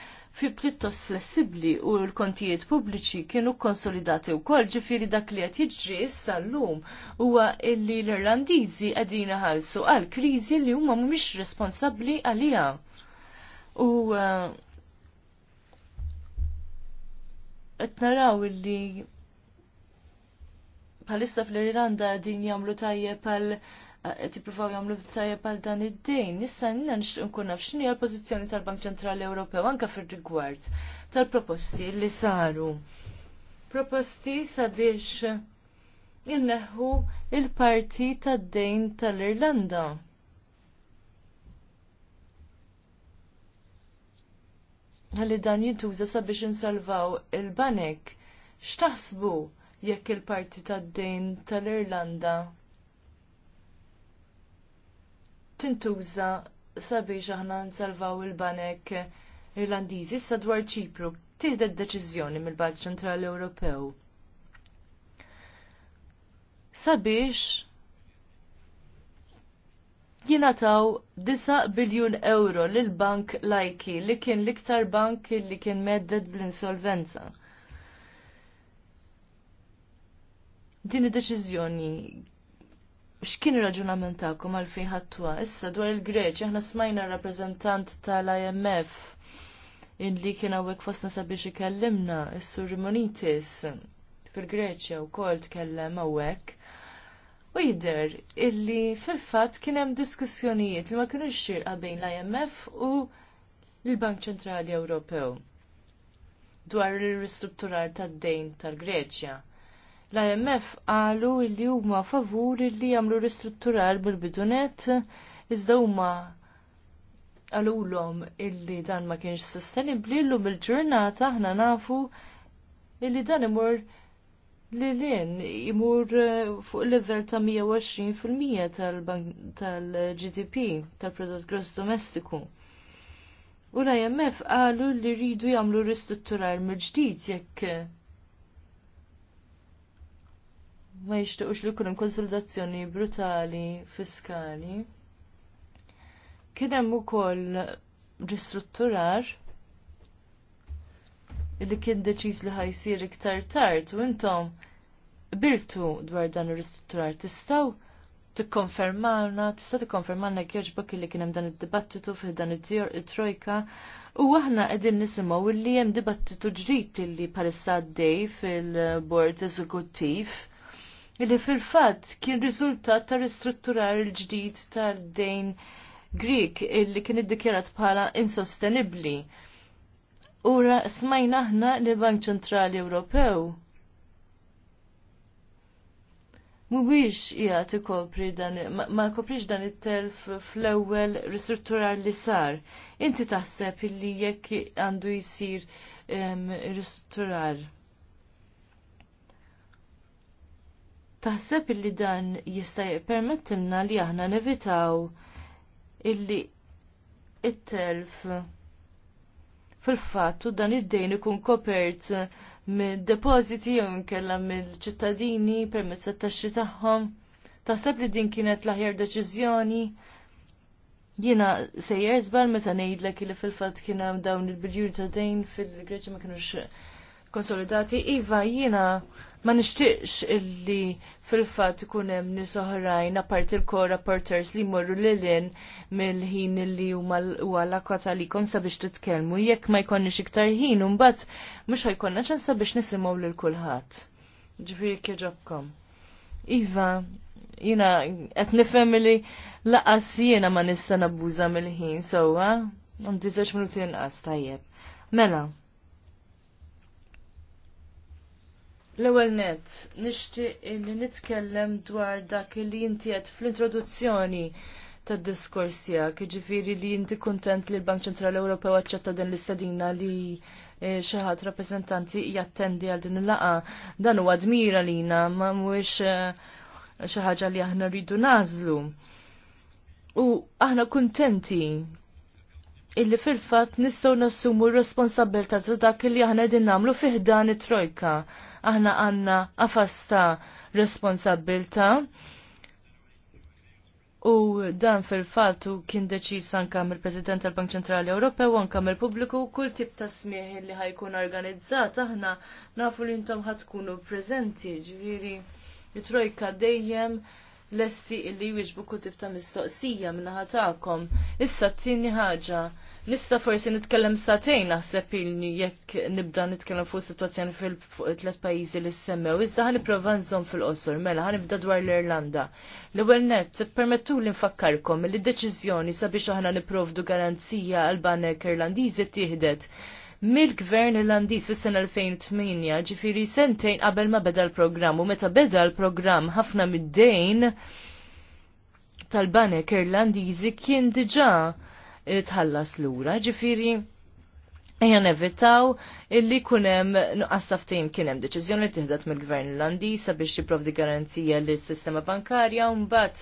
fi plittos flessibli u l-kontijiet pubbliċi kienu konsolidati u kol ġifiri dak li għat jġri issa l-lum huwa illi l-Irlandizi għadin ħalsu għal krizi li huma mhumiex responsabbli għalija. U uh, qed naraw illi bħalissa fl-Irlanda din jagħmlu tajjeb għal tippruvaw eh, jagħmlu tajjeb għal dan id-dejn. Issa nina nkun naf x'inhi l-pożizzjoni tal-Bank Ċentrali Ewropew anke fir-rigward tal-proposti li saru. Proposti sabiex inneħħu il-parti tad-dejn tal-Irlanda. ħalli dan jintuża sabiex insalvaw il-banek. X'taħsbu jekk il-parti tad-dejn tal-Irlanda tintuża sabiex aħna nsalvaw il-banek Irlandiżi issa dwar Ċipru tieħdet deċiżjoni mill-Bank Ċentrali Ewropew. Sabiex taw 9 biljun euro lil bank lajki li kien l-iktar bank li kien meddet bl-insolvenza. Din id-deċiżjoni x'kien ir-raġunament tagħkom għal fejn Issa dwar il-Greċ aħna smajna rappreżentant tal-IMF li kien hawnhekk fosna sabiex ikellimna is-Sur Monitis fil-Greċja wkoll tkellem hawnhekk U jidher illi fil-fatt kien hemm diskussjonijiet li ma kienu xirqa bejn l-IMF u l-Bank Ċentrali Ewropew dwar il-ristrutturar tad-dejn tal-Greċja. L-IMF qalu li huma favur li jagħmlu ristrutturar bil-bidunet iżda huma l-om illi dan ma kienx sostenibli l-lum il-ġurnata ħna nafu illi dan imur li l-in imur eh, fuq level ta' 120% tal-GDP, tal-prodott gross domestiku. U l-IMF għalu li rridu jamlu ristrutturar mġdijt jekk ma jishtiqux li kunem konsolidazzjoni brutali fiskali. Kienem u koll ristrutturar li kien deċiż li ħajsir iktar tard u intom biltu dwar dan ir-ristrutturar tistgħu tikkonfermalna, tista' tikkonfermalna kieġbok li kien hemm dan id-dibattitu fih dan it-trojka u aħna qegħdin nisimgħu li hemm dibattitu ġrid li palissa għaddej fil-bord eżekuttiv li fil-fatt kien riżultat ta' ristrutturar il-ġdid tal-dejn Greek illi kien iddikjarat bħala insostenibbli. Ura smajna ħna li l-Bank Ċentrali Ewropew mhuwiex qiegħed ikopri dan ma koprix dan it-telf fl-ewwel ristrutturar li sar. Inti taħseb illi jekk għandu jsir ristrutturar. Taħseb illi dan jista' jippermettilna li aħna nevitaw illi it-telf it telf fil-fattu dan id-dejn ikun kopert eh, mid-depositi jew inkella mill-ċittadini permezz tat-taxxi tagħhom. Taħseb li din kienet l-aħjar deċiżjoni. Jiena sejjer żball meta ngħidlek li fil-fatt kien hemm dawn il-biljuni ta' dejn fil-Greċja ma kinux konsolidati, iva jiena ma nixtieqx illi fil-fatt ikun hemm nies oħrajn apart il-co-rapporters li jmorru lilin mill-ħin illi huwa l-akwata li kon sabiex titkellmu jekk ma jkollniex iktar ħin un bat mhux ħajkonna ċans sabiex nisimgħu lil kulħadd. Ġifieri kieġobkom. Iva, jina qed nifhem li laqas jiena ma nista' nabbuża mill-ħin sewwa, għandi żewġ minuti inqas tajjeb. Mela, L-ewwel net, nixtieq li nitkellem dwar dak li inti qed fl-introduzzjoni tad-diskors tiegħek, jiġifieri li inti kuntent li l-Bank Ċentrali Ewropew aċċetta din l-istadina li e, xaħat rappresentanti jattendi għal din il-laqa. Dan huwa dmira lina, ma mhuwiex e, xi ħaġa li aħna rridu nażlu. U aħna kuntenti illi fil-fatt nistgħu nassumu r responsabbilta ta' dak li aħna din nagħmlu fih dan it-trojka aħna għanna għafasta responsabilta. U dan fil-fatu kien deċis anka mill-President tal-Bank Ċentrali Ewropew u anka mill-pubbliku kull tip ta' smieħ li ħajkun organizzat aħna nafu li intom ħatkunu prezenti, ġifieri li trojka dejjem lesti li jwiġbu kull tip ta' mistoqsija minnaħa tagħkom. Issa t-tieni ħaġa Nista forsi nitkellem satejn naħseb ilni jekk nibda nitkellem fuq situazzjoni fil tliet pajjiżi li semmew, iżda ħan nipprova nżomm fil-qosor, mela ħan nibda dwar l-Irlanda. L-ewwel nett permettu li nfakkarkom li d-deċiżjoni sabiex aħna nipprovdu garanzija għal banek Irlandiżi tieħdet mill-gvern irlandiż fis-sena 2008, ġifiri sentejn qabel ma beda l-programm u meta beda l-programm ħafna mid-dejn tal-banek irlandiżi kien diġà tħallas lura. Ġifiri, Eja nevitaw illi kunem nuqqas taftim kienem deċizjoni li tiħdat mill-gvern Irlandisa sabiex jipprovdi garanzija li s-sistema bankarja un mbagħad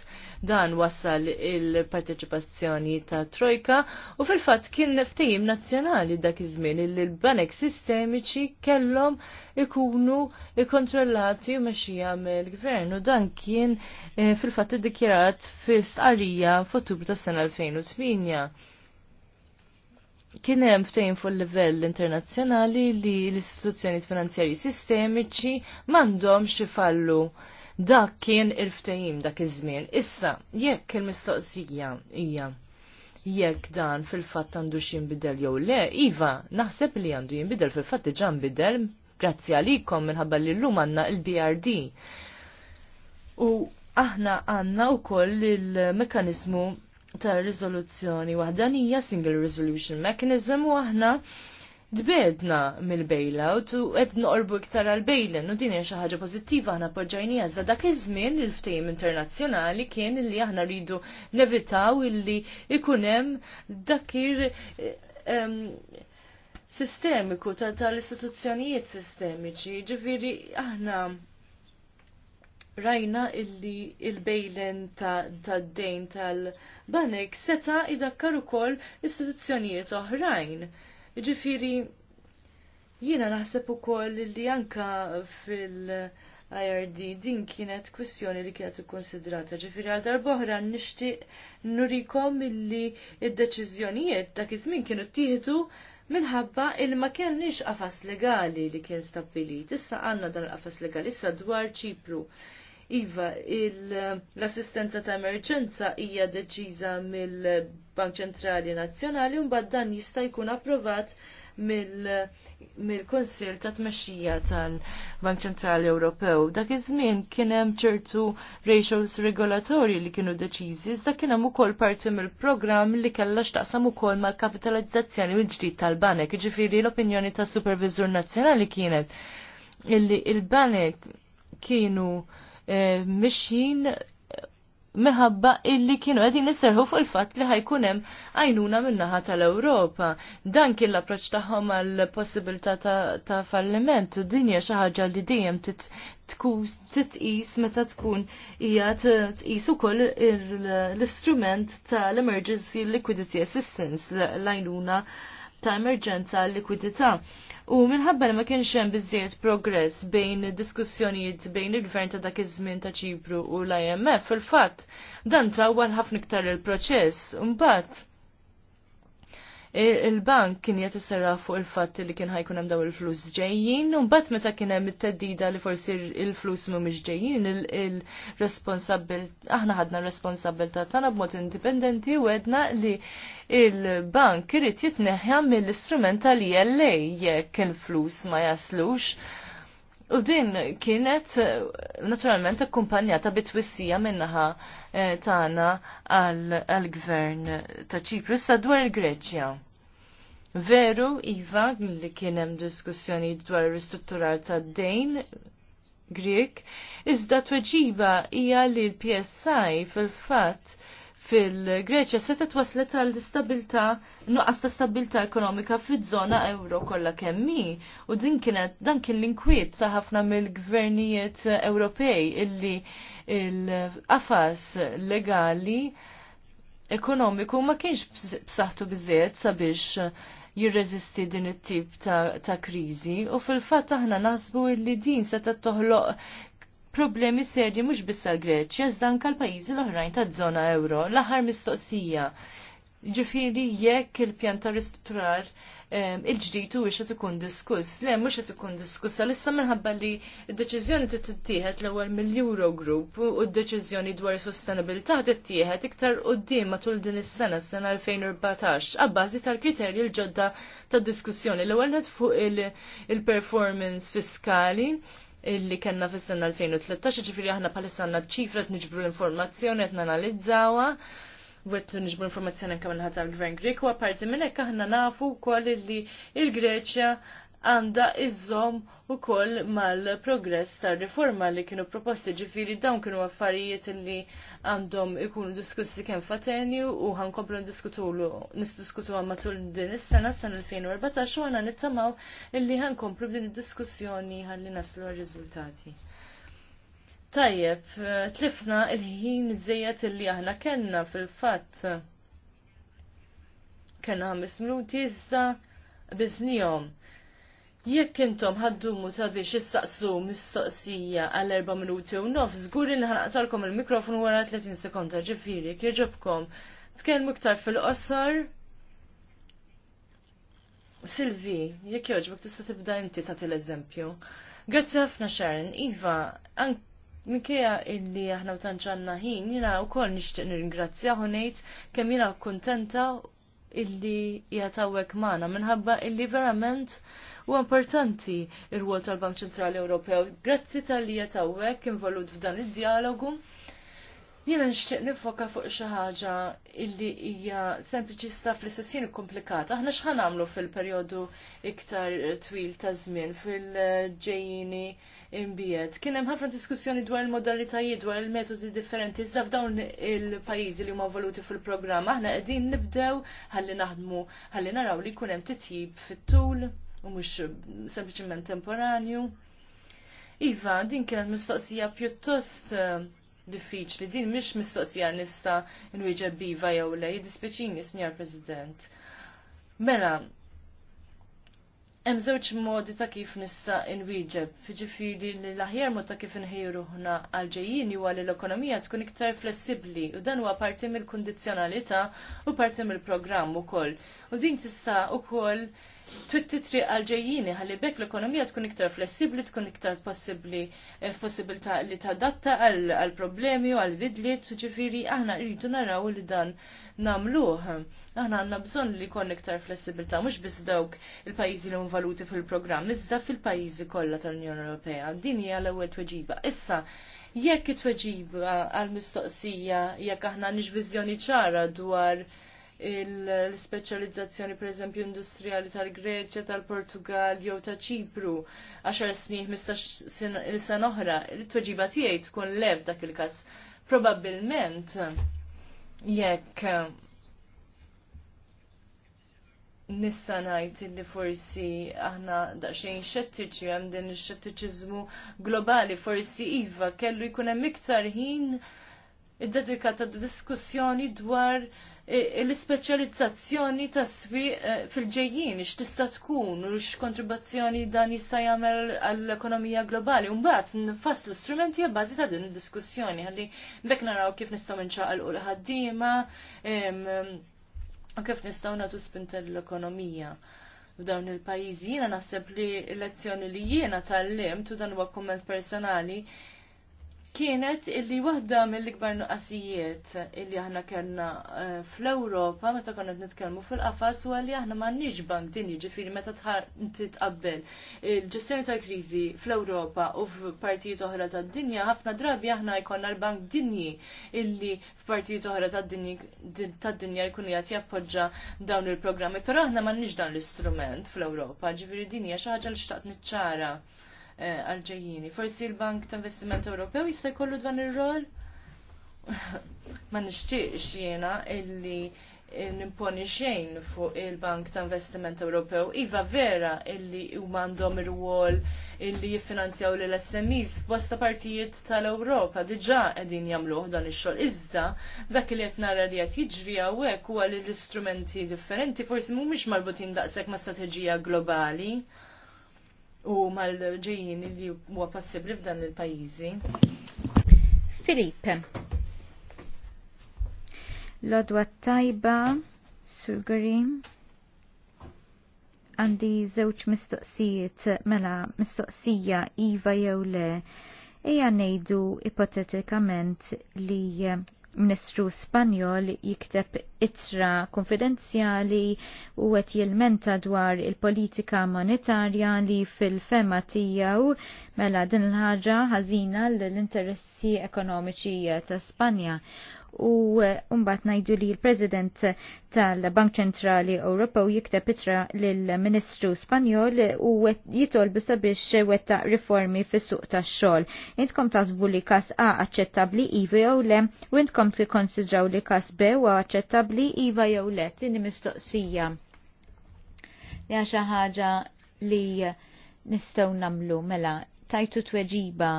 dan wassal il-parteċipazzjoni ta' Trojka u fil-fatt kien ftejim nazzjonali dak iż-żmien illi l-banek sistemiċi kellhom ikunu ikkontrollati u mexxija mill-gvern u dan kien eh, fil-fatt iddikjerat fi stqarrija f'Ottubru tas-sena 2008 kien hemm ftehim fuq livell internazzjonali li l-istituzzjoni finanzjarji sistemiċi m'għandhomx ifallu dak kien il-ftehim dak iż-żmien. Issa, jekk il-mistoqsija hija jekk dan fil-fatt għandu jinbidel jew le, iva, naħseb li għandu jinbidel fil-fatt diġà nbidel, grazzi għalikom minħabba li llum għandna il-BRD. U aħna għandna wkoll il-mekanizmu ta' rizoluzzjoni wahdanija single resolution mechanism u aħna dbedna mill-bailout u qed noqorbu iktar għal-bailin u din hija xi ħaġa pożittiva aħna appoġġajnija iżda dak iż-żmien il-ftehim internazzjonali kien li aħna rridu nevitaw illi ikun hemm dakir ehm, sistemiku tal-istituzzjonijiet sistemiċi, ġifiri aħna rajna illi il-bejlen ta' d-dejn tal-banek seta' idakkar ukoll istituzzjonijiet oħrajn. Ġifiri, jiena naħseb ukoll illi anka fil-IRD din kienet kwestjoni li kienet ikkonsidrata. Ġifiri, għal darboħra nixtieq nurikom illi id-deċiżjonijiet dak iż-żmien kienu ttieħdu minħabba il ma kellniex qafas legali li kien stabbili. Issa għanna dan qafas legali, issa dwar ċipru. Iva, l-assistenza ta' emerġenza hija deċiża mill-Bank Ċentrali Nazzjonali u mbagħad dan jista' jkun approvat mill-Konsil ta' tmexxija tal-Bank Ċentrali Ewropew. Dak iż-żmien kien hemm ċertu ratios regolatorji li kienu deċiżi, iżda kien hemm ukoll parti mill-programm li kellha x'taqsam ukoll mal-kapitalizzazzjoni mill-ġdid tal-banek, jiġifieri l-opinjoni tas-Supervisur Nazzjonali kienet illi il-banek kienu Eh, mixin eh, meħabba illi kienu għedin nisserħu fuq il-fat li ħajkunem għajnuna minnaħa tal-Europa. Dan kien l-approċ taħħom għal possibilità ta' falliment u dinja xaħġa li dejjem titqis meta tkun hija tqis ukoll l-istrument tal-Emergency Liquidity Assistance l-għajnuna ta' emerġenza likwidità. liquidità U minħabba li ma kienx hemm biżżejjed progress bejn diskussjonijiet bejn il-gvern ta' dak iż-żmien ta' Ċipru u l-IMF, fil-fatt dan tawwal ħafna iktar il-proċess. Imbagħad il-bank kien qed fuq il fat li kien ħajkun hemm daw il-flus ġejjin, u mbagħad meta kien hemm it-teddida li forsi il-flus mhumiex ġejjin, il-responsabil aħna ħadna r-responsabilità tagħna b'mod indipendenti u għedna li il-bank irid jitneħħa mill-istrument tal-ILA jekk il-flus ma jaslux U din kienet eh, naturalment akkumpanjata bitwissija minnaħa eh, tagħna għal-gvern ta' Ċipru sa dwar il-Greċja. Veru, Iva, li kien hemm diskussjoni dwar ir-ristruttural ta' dejn Grieg, iżda tweġiba hija li l-PSI fil-fatt fil-Greċja seta twaslet għal stabilta, nuqqas ta' stabilta ekonomika fil-żona euro kollha kemmi. U din kienet dan kien l-inkwiet sa' ħafna mill-gvernijiet Ewropej illi l qafas legali ekonomiku ma kienx b'saħħtu biżiet sabiex jirreżisti din it-tip ta', ta kriżi u fil-fatt aħna naħsbu li din se toħloq problemi serji mhux biss għall-Greċja iżda anke l-pajjiżi l-oħrajn taż-żona euro. L-aħħar mistoqsija. Ġifieri jekk il-pjan ta' ristrutturar ehm, il ġdid u qed ikun diskuss. Le, mhux qed ikun diskuss, għalissa minħabba li d-deċiżjoni trid tittieħed l ewwel mill-Euro Group u d-deċiżjoni dwar sostenibilità tittieħed iktar quddiem matul din is-sena, s-sena 2014, għabbażi tal-kriterji l-ġodda tad diskussjoni. l ewwel fuq il-performance fiskali illi kena fis-sena 2013, ġifiri aħna palissa għanna ċifra t-nġbru l-informazzjoni qed nanalizzawa, u qed nġbru informazzjoni anke minnħat tal-Gvern Grek, u apparti minn hekk aħna nafu wkoll illi il-Greċja għanda iżom u koll mal-progress ta' riforma li kienu proposti ġifiri dawn kienu affarijiet li għandhom ikunu diskussi kien fateni u għankomplu n-diskutulu nisdiskutu għamatul din is-sena sena 2014 u għana nittamaw illi għankomplu din il-diskussjoni għalli naslu għal-rizultati. Tajjeb, tlifna il-ħin zejjat illi aħna kenna fil-fatt kena 5 minuti iżda biznijom. Jekk intom ħaddumu ta' biex issaqsu mistoqsija għal erba' minuti u nof, żgur li ħanaqtalkom il-mikrofon wara 30 sekonda ġifieri jogħġobkom. Tkellmu iktar fil-qosor. Silvi, jekk jogħġbok tista' tibda inti tagħti l-eżempju. Grazzi ħafna Sharon, Iva, Minkejja illi aħna u tanċanna ħin, jina u kol nishtiq nirringrazzja ngħid kemm jina kontenta illi jatawek maħna minħabba illi verament u importanti il-wol tal-Bank Ċentrali Ewropew. Grazzi tal-li jatawek involut f'dan id dialogu Jiena nixtieq nifoka fuq xi ħaġa illi hija sempliċi sta fl-istessin komplikata. Aħna x'ħan nagħmlu fil-perjodu iktar twil ta' żmien fil-ġejjini imbiet. Kien hemm ħafna diskussjoni dwar il-modalitajiet, dwar il-metodi differenti iżda f'dawn il-pajjiżi li huma voluti fil-programm. Aħna qegħdin nibdew ħalli naħdmu ħalli naraw li jkun hemm titjib fit-tul u mhux sempliċiment temporanju. Iva, din kienet mistoqsija pjuttost uh, diffiċli. Din mhix mistoqsija nista' nwieġeb biva jew le, jiddispjaċini, sinjar President. Mela, hemm żewġ modi ta' kif nista' nwieġeb. Jiġifieri li l-aħjar mod ta' kif inħejru ħna għal ġejjin huwa li l-ekonomija tkun iktar flessibbli u dan huwa parti mill-kundizzjonalità u parti mill-programm ukoll. U din tista' ukoll twittitri għalġejjini ħalli bekk l-ekonomija tkun iktar flessibli, tkun iktar possibli f'possibilità eh, li tadatta għal problemi u għal bidliet, tuġifiri aħna rridu naraw li dan namluħ. Aħna għanna bżon li kon iktar flessibilta mux biss dawk il-pajizi li valuti fil-programm, iżda fil-pajizi kollha tal-Unjoni Ewropea. Din hija l-ewwel tweġiba. Issa, jekk it-tweġiba għal-mistoqsija, jekk aħna nix viżjoni ċara dwar l per eżempju industrijali tal-Greċja, tal-Portugal jew ta' Ċipru għaxar snin 15 sena oħra, il tweġiba tiegħi tkun lev dak il-każ. Probabbilment jekk nista ngħid li forsi aħna daqsxejn xettiċi hemm din ix-xettiċiżmu globali forsi iva kellu jkun hemm iktar ħin id dedikata ta' diskussjoni dwar l-ispeċjalizzazzjoni ta' svi eh, fil-ġejjin, x'tista' tkun u x'kontribuzzjoni dan jista' jagħmel għall-ekonomija globali. Mbagħad nfasslu strumenti għabbażi ta' din id-diskussjoni ħalli bekk naraw kif nistgħu nċaqalqu l-ħaddiema u kif nistgħu nagħtu spinta l-ekonomija f'dawn il-pajjiżi. Jiena naħseb li l-lezzjoni li jiena tal-lim tu dan huwa komment personali kienet illi waħda mill-ikbar nuqqasijiet illi aħna kellna eh, fl-Ewropa meta konna nitkellmu fil-qafas u li aħna m'għandniex bank dinji ġifieri meta titqabbel il-ġestjoni tal-kriżi fl-Ewropa u f'partijiet oħra tad-dinja ħafna drabi aħna jkollna l-bank dinji illi f'partijiet oħra tad-dinja jkun qed jappoġġa dawn il-programmi, però aħna m'għandniex dan l-istrument fl-Ewropa, ġifieri din hija xi ħaġa li xtaqt niċċara. Eh, għalġejjini. Forsi l-Bank ta' Investiment Ewropew jista' jkollu dan ir-rol? Ma nixtieqx jiena illi eh, nimponi xejn fuq il-Bank ta' Investiment Ewropew. Iva vera illi huma għandhom ir-wol illi jiffinanzjaw lil SMEs f'bosta partijiet tal-Ewropa diġà qegħdin jagħmluh dan ix-xogħol. Iżda dak li qed nara li qed jiġri hawnhekk huwa li l-istrumenti differenti forsi mhumiex marbutin daqshekk ma' strateġija globali u mal-ġejjin li huwa possibbli f'dan il-pajjiżi. Filip. Lodwa tajba, sugari. Għandi żewġ mistoqsijiet mela mistoqsija iva jew le. Eja nejdu ipotetikament li Ministru Spanjol jikteb itra konfidenzjali u għet jilmenta dwar il-politika monetarja li fil-fema tijaw mela din l-ħagġa ħazina l-interessi ekonomiċi ta' Spanja u eh, mbagħad ngħidu li l-President tal-Bank Ċentrali Ewropew jikteb itra lill-Ministru Spanjol u jitolbu sabiex wettaq riformi fis-suq tax-xogħol. Intkom tasbu li kas A aċċettabbli iva jew le u intkom tikkonsidraw li kas B huwa aċċettabbli iva jew le tieni mistoqsija. Ja xi ħaġa li nistgħu nagħmlu mela tajtu tweġiba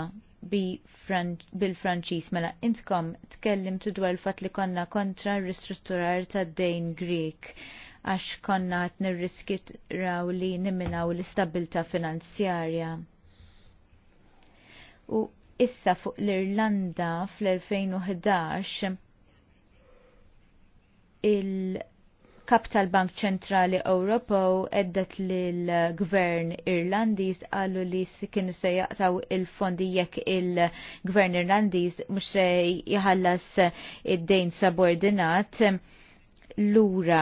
bil-Franċis mela intkom tkellim dwar fat li konna kontra r-ristrutturar ta' dejn Grek għax konna għat nirriskit raw li niminaw l-istabilta finanzjarja. U issa fuq l-Irlanda fl-2011 il- kap tal-Bank ċentrali Ewropew eddet lil gvern Irlandiż qalu li kienu se jaqtaw il-fondi jekk il-gvern Irlandiż mhux se jħallas id-dejn subordinat lura.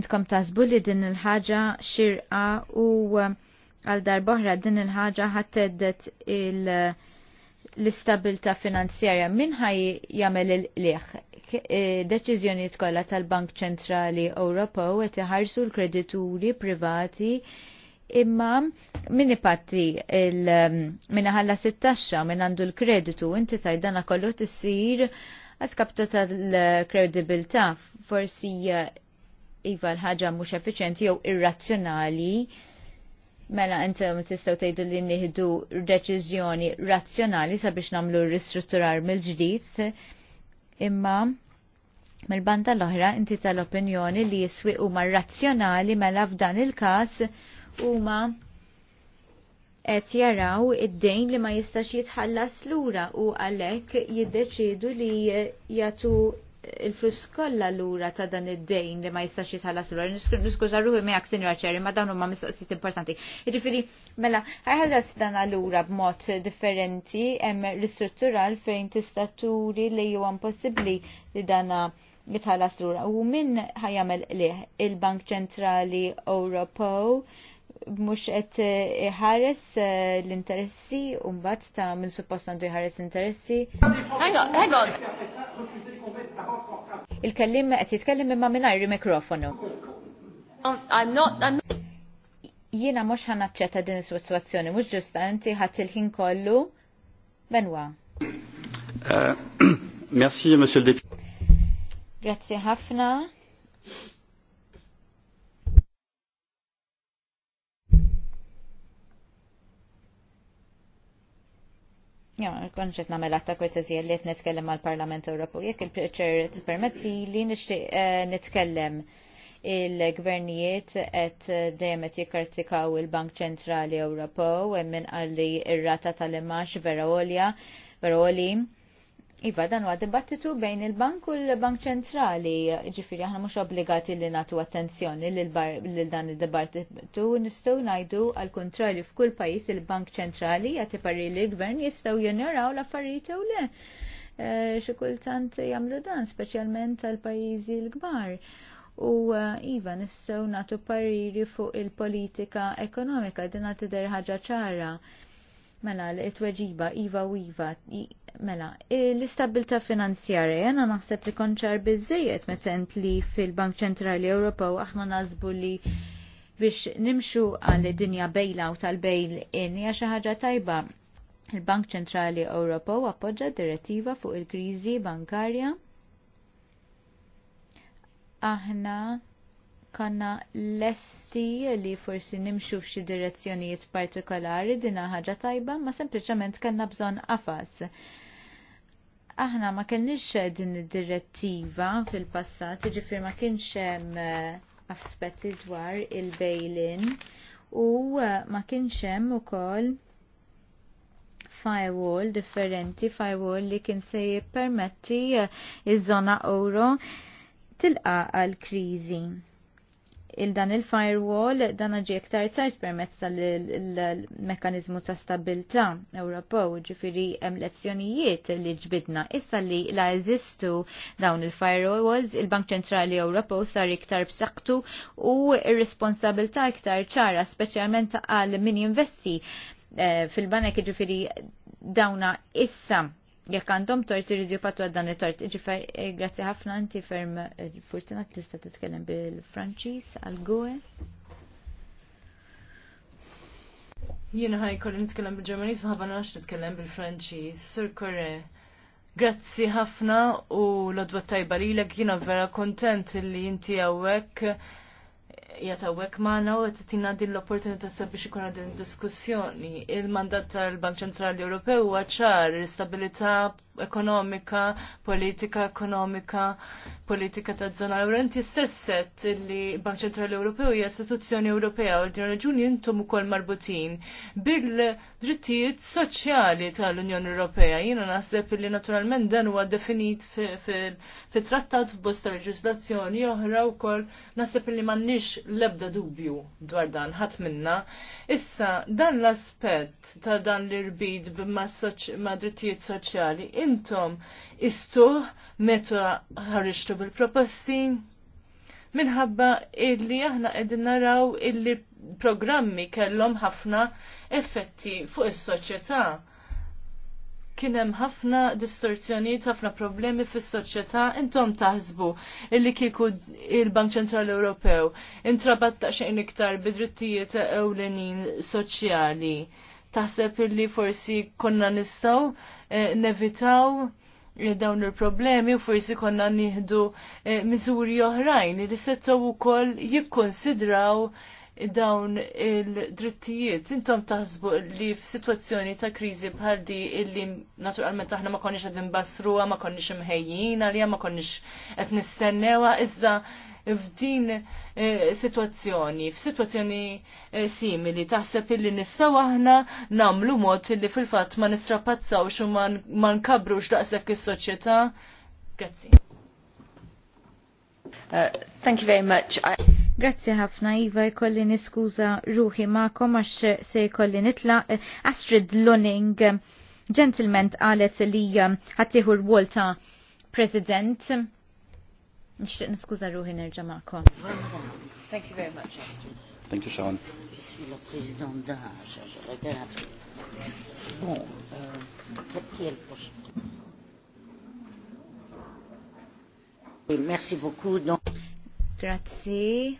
Intkom tasbu li din il-ħaġa xirqa u għal darboħra din il-ħaġa ħatteddet il-, il l-istabilta finanzjarja minn ħaj jagħmel il liħ deċiżjoni eh, deċiżjonijiet kollha tal-Bank Ċentrali Ewropew qed iħarsu l-kredituri privati imma min ipatti mm, minna ħalla 16 minn għandu l-kreditu inti tajdana kollu tisir għaskabtu tal-kredibilta forsi eh, iva l-ħagġa mhux effiċenti jew irrazzjonali mela inti tistgħu tgħidu li nieħdu deċiżjoni razzjonali sabiex nagħmlu ristrutturar mill-ġdid imma mill-banda l-oħra inti tal-opinjoni li jiswi huma razzjonali mela f'dan il-każ huma qed jaraw id-dejn li ma jistax jitħallas lura u għalhekk jiddeċidu li jagħtu il-flus kollha lura ta' dan id-dejn li ma jistax jitħallas lura. Niskuża ruħi miegħek senjora Ċerri, ma dawn huma mistoqsijiet importanti. Jiġifieri mela ħaħadas dan allura b'mod differenti hemm ristruttural fejn tista' turi li huwa impossibbli li dana jitħallas lura. U min ħajamel lih il-Bank Ċentrali Europo mux qed iħares eh, l-interessi u mbagħad ta' min suppost għandu jħares interessi. Hang on, hang on il-kellim qed jitkellem imma mingħajr mikrofonu. Um, Jiena mhux ħanaċċetta din is-sitwazzjoni, mhux ġusta inti ħadd il-ħin kollu. Benwa. Eh, merci, Monsieur le Député. Grazie ħafna. Ja, konċet namela ta' kortezija li qed nitkellem għal parlament Ewropu. Jekk il-preċer t-permetti li nixtieq eh, nitkellem il-gvernijiet qed eh, dejjem qed jikkartikaw il-Bank Ċentrali Ewropu hemm min qalli ir rata tal-imax vera olja, vera oli Iva, dan huwa dibattitu bejn il-bank u l-bank ċentrali, ġifiri aħna mhux obbligati li nagħtu attenzjoni lil dan id-dibattitu nistgħu ngħidu għal kontrarju f'kull pajjiż il-bank ċentrali għati parri li l-gvern jistgħu jinnoraw l-affarijiet u le. Eh, xi kultant jagħmlu dan, speċjalment għal pajjiżi l-kbar. U eh, iva nistgħu nagħtu pariri fuq il-politika ekonomika din għad derħagġa ħaġa ċara. Mela, l-tweġiba, iva u iva, Mela, e, l-istabilta finanzjarja jena naħseb li konċar bizzejiet metent li fil-Bank Ċentrali Ewropew aħna nazbu li biex nimxu għal dinja bejla u tal-bejl in hija xi ħaġa tajba. Il-Bank Ċentrali Ewropew appoġġa direttiva fuq il-kriżi bankarja. Aħna konna lesti li forsi nimxu f'xi direzzjonijiet partikolari din ħaġa tajba, ma sempliċement kellna bżonn qafas aħna ma kellniex din id-direttiva fil-passat, ġifir ma kienx hemm eh, aspetti dwar il-bejlin u eh, ma kienx hemm ukoll firewall differenti, firewall li kien se jippermetti eh, iż-żona euro tilqa għall kriżi il-dan il-firewall dan ġi iktar sart permezz tal-mekanizmu ta' stabilta Ewropew, ġifiri hemm lezzjonijiet li ġbidna. Issa li la eżistu dawn il-firewalls, il-Bank Ċentrali Ewropew sar iktar b'saqtu u ir-responsabilta iktar ċara, speċjalment għal min jinvesti eh, fil-banek ġifiri dawna issa jekk għandhom tort iridu jipatu għad dan it-tort. Ġifer, eh, grazzi ħafna inti ferm eh, fortunat tista' titkellem bil-Franċiż għal Gue. Jiena ħaj kolli nitkellem bil-Ġermaniż ma ħabba nax nitkellem bil-Franċiż. Sur Korre, grazzi ħafna u l-odwa tajba lilek jiena vera kontent li inti għawek jatawek maħna u t din l-opportunità sabiex ikun din diskussjoni. Il-mandat tal-Bank Ċentrali Ewropew għacċar, l-istabilita ekonomika, politika ekonomika, politika ta' zona euro. Inti stesset li Bank Centrali Ewropew hija istituzzjoni Ewropea u din raġuni intom ukoll marbutin bil-drittijiet soċjali tal-Unjoni Ewropea. Jiena naħseb li naturalment dan huwa definit fit-trattat f'bosta leġislazzjoni oħra wkoll naħseb li m'għandniex l-ebda dubju dwar dan ħadd minna. Issa dan l-aspett ta' dan l irbit ma' drittijiet soċjali intom istu meta ħarġtu bil-proposti minħabba illi aħna qegħdin naraw illi programmi kellhom ħafna effetti fuq is-soċjetà. Kien hemm ħafna distorzjonijiet, ħafna problemi fis-soċjetà intom taħsbu illi kieku il-Bank Ċentrali Ewropew intrabatta xejn iktar bidrittijiet ewlenin soċjali taħseb li forsi konna nistaw eh, nevitaw eh, dawn il-problemi u forsi konna nieħdu eh, miżuri oħrajn li settaw ukoll jikkonsidraw dawn il-drittijiet. Intom taħsbu li f'sitwazzjoni ta' kriżi bħal di illi naturalment aħna ma konniex qed imbassruha, ma konniex imħejjin għalija, ma konniex qed nistennewa, iżda f'din eh, situazzjoni, f'sitwazzjoni eh, simili, taħseb illi nistaw aħna nagħmlu mod illi fil-fatt ma nistrapazzaw u ma nkabrux daqshekk is-soċjetà. Grazzi. Uh, thank you very much. I... Grazzi ħafna Iva jkolli niskuża ruħi ma'kom għax se jkolli nitla eh, Astrid Lunning gentleman qalet li ħattieħu l ta' president Nishtiq niskuza ruħi nerġa' ma'kom. Thank you very much. Thank you, Sean. Euh, merci beaucoup. Donc... Grazie.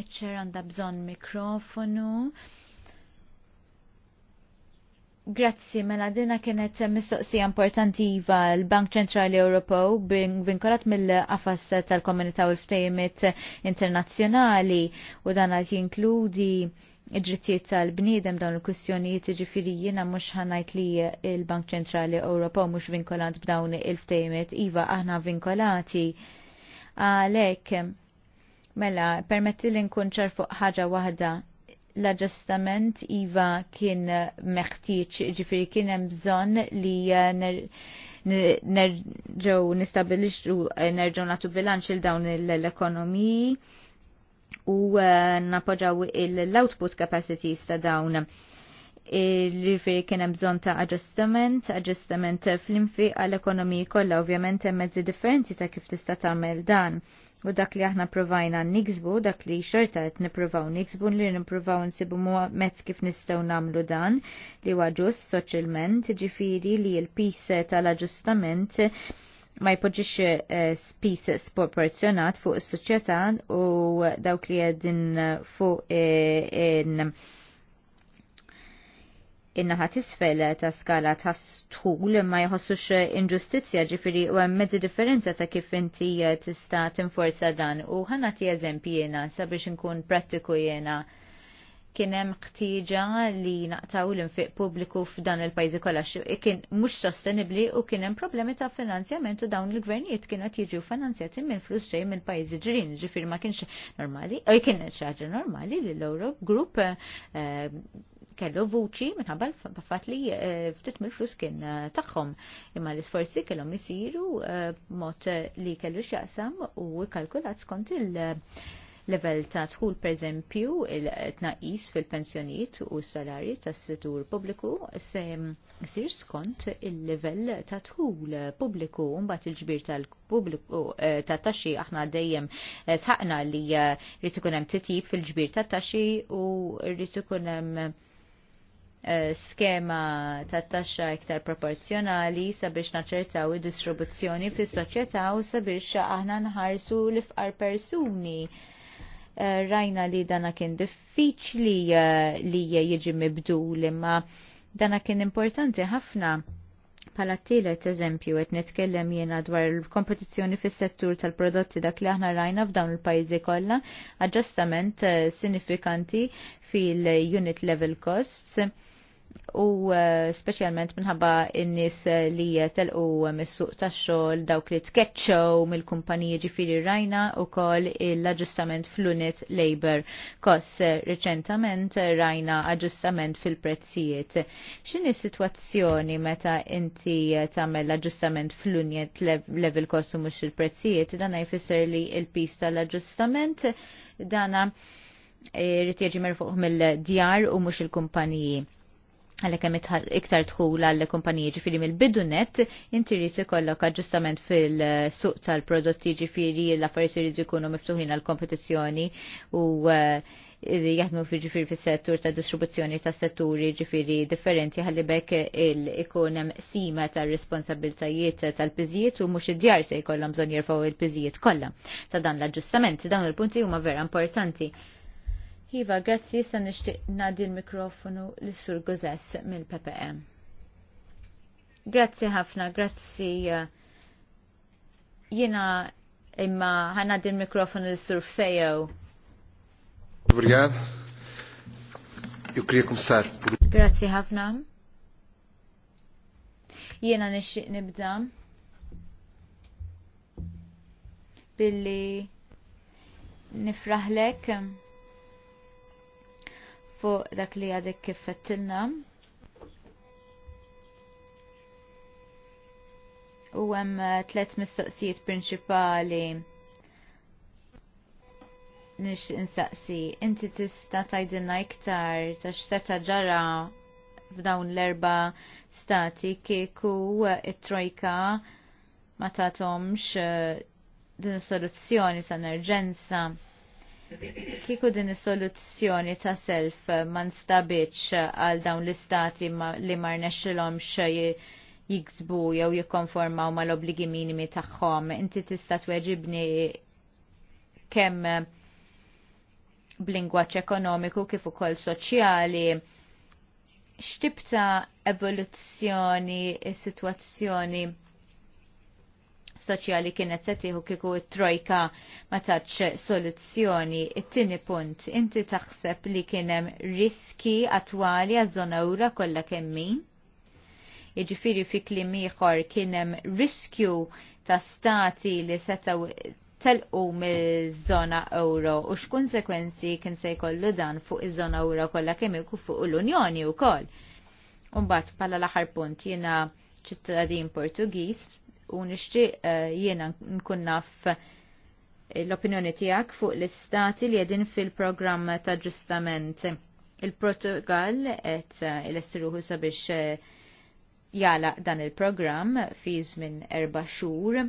Iċċer għandha bżon mikrofonu. Grazzi, mela dina kienet mistoqsija importanti iva l-Bank Ċentrali Ewropew vinkolat mill-qafas tal-komunità u l ftejmet internazzjonali u dan għad jinkludi id-drittijiet tal-bniedem dawn il-kwistjonijiet ġifiri jiena mhux ħanajt li l-Bank Ċentrali Ewropew mhux vinkolant b'dawn il-ftejmet iva aħna vinkolati. Għalhekk mela permetti li nkun ċar fuq ħaġa waħda l-aġġustament iva kien meħtieġ ġifiri kien hemm bżonn li eh, nerġgħu nistabilixxu eh, nerġgħu nagħtu bilanċ il dawn l-ekonomiji u eh, napoġaw l-output capacities ta' dawn l-riferi kien hemm bżonn ta' aġġustament, aġġustament fl-infiq għall-ekonomiji kollha ovvjament hemm mezzi differenti ta' kif tista' tagħmel dan u dak li aħna provajna niksbu, dak li xorta qed nippruvaw niksbu li nippruvaw nsibu mezz kif nistgħu nagħmlu dan li huwa soċilment, ġifiri li l pisa tal-aġustament ma jpoġiċ eh, spis sproporzjonat fuq is-soċjetà u dawk li qegħdin fuq eh, in, in in-naħa tisfel ta' skala ta' stħul ma jħossux inġustizja ġifiri u hemm mezzi differenza ta' kif inti eh, tista' tinforza dan u ħanati eżempji jena sabiex nkun prattiku jena kien hemm li naqtaw l-infiq pubbliku f'dan il-pajjiżi kollha e kien mhux sostenibbli u kien hemm problemi ta' finanzjament u dawn il-gvernijiet kienet jiġu finanzjati minn flus ġej minn pajzi ġrien, ġifir ma kienx normali, u e kien xi ħaġa normali li l-Eurogroup eh, kellu vuċi minħabba l-fat li eh, ftit mill-flus kien eh, tagħhom. Imma l-isforzi kellhom isiru eh, mod li kellu x'jaqsam u kalkulat skont il- level ta' tħul per eżempju il-tnaqis fil-pensjoniet u s-salarji tas settur pubbliku se mm, sir skont il-level ta' tħul pubbliku mbagħad il-ġbir tal-pubbliku ta' taxxi aħna dejjem sħaqna li rrid ikun hemm titjib fil-ġbir ta' taxxi u rritu ikun hemm Eh, skema ta' taxxa iktar proporzjonali sabiex naċertaw id-distribuzzjoni fis-soċjetà u sabiex aħna nħarsu l-ifqar persuni. Eh, rajna li dana kien diffiċli eh, li jiġi mibdu imma dana kien importanti ħafna pala t-tielet eżempju qed nitkellem jiena dwar il-kompetizzjoni fis-settur tal-prodotti dak li aħna rajna f'dawn il-pajjiżi kollha, aġġustament sinifikanti fil-unit level costs u eh, specialment minħabba n-nis eh, li telqu eh, mis-suq tax-xogħol dawk li tkeċċew mill-kumpaniji ġifieri rajna u l-aġġustament fl-unit labor Kos reċentament rajna aġġustament fil-prezzijiet. X'inhi is-sitwazzjoni meta inti tagħmel l-aġġustament fl-unit level kost u mhux il-prezzijiet dan jfisser li l pista tal-aġġustament dana rrid jiġi merfuq mill-djar u mhux il-kumpaniji għalek hemm iktar tħul l kumpaniji ġifiri mill-bidu net, inti rrid ikollok aġġustament fil-suq tal-prodotti ġifiri l-affarijiet irid ikunu miftuħin għal kompetizzjoni u eh, jgħatmu fi ġifiri fis-settur ta' distribuzzjoni ta' setturi ġifiri differenti għalli bekk ikun hemm sima tar-responsabiltajiet tal-piżijiet u mhux id-djar se jkollhom bżonn jerfgħu il-piżijiet kollha. Ta' dan l-aġġustamenti dawn il-punti huma vera importanti Iva, grazzi, jista nishtiq nadi l-mikrofonu l-sur Gozess mill-PPM. Grazzi ħafna, grazzi. Uh, jina imma ħanna l-mikrofonu l-sur Fejo. Obrigad. Eu sar. Grazzi ħafna. Jena nixtieq nibda billi nifraħlek fuq dak li għadek kif fettilna. U hemm eh, tliet mistoqsijiet prinċipali nix insaqsi. Inti tista' tgħidilna iktar ta' xteta ġara f'dawn l-erba' stati kieku it-trojka ma tagħtomx eh, din is-soluzzjoni ta' emerġenza Kiku din is-soluzzjoni ta' self eh, ma nstabitx eh, għal dawn l-istati li ma rnexxilhomx eh, jiksbu jew jikkonformaw mal-obligi minimi tagħhom, inti tista' tweġibni kemm b'lingwaġġ ekonomiku kif ukoll soċjali x'tib ta' evoluzzjoni is-sitwazzjoni soċjali kienet se tieħu kieku trojka ma tatx soluzzjoni. It-tieni punt, inti taħseb li kien hemm riski attwali għaż-żona ura kollha kemm min? Jiġifieri fi kliem ieħor kien hemm riskju ta' stati li setgħu telqu miż-żona euro u x'kunsekwenzi kien se jkollu dan fuq iż-żona euro kollha kemm ikun fuq l-Unjoni wkoll. Umbagħad bħala l-aħħar punt jiena ċittadin Portugiż u nixtieq eh, jiena nkun naf eh, l-opinjoni tiegħek fuq l-istati li qegħdin fil-programm ta' ġustament. Il-Portugal qed eh, l-istruħu sabiex jala dan il-programm fi żmien erba' xhur.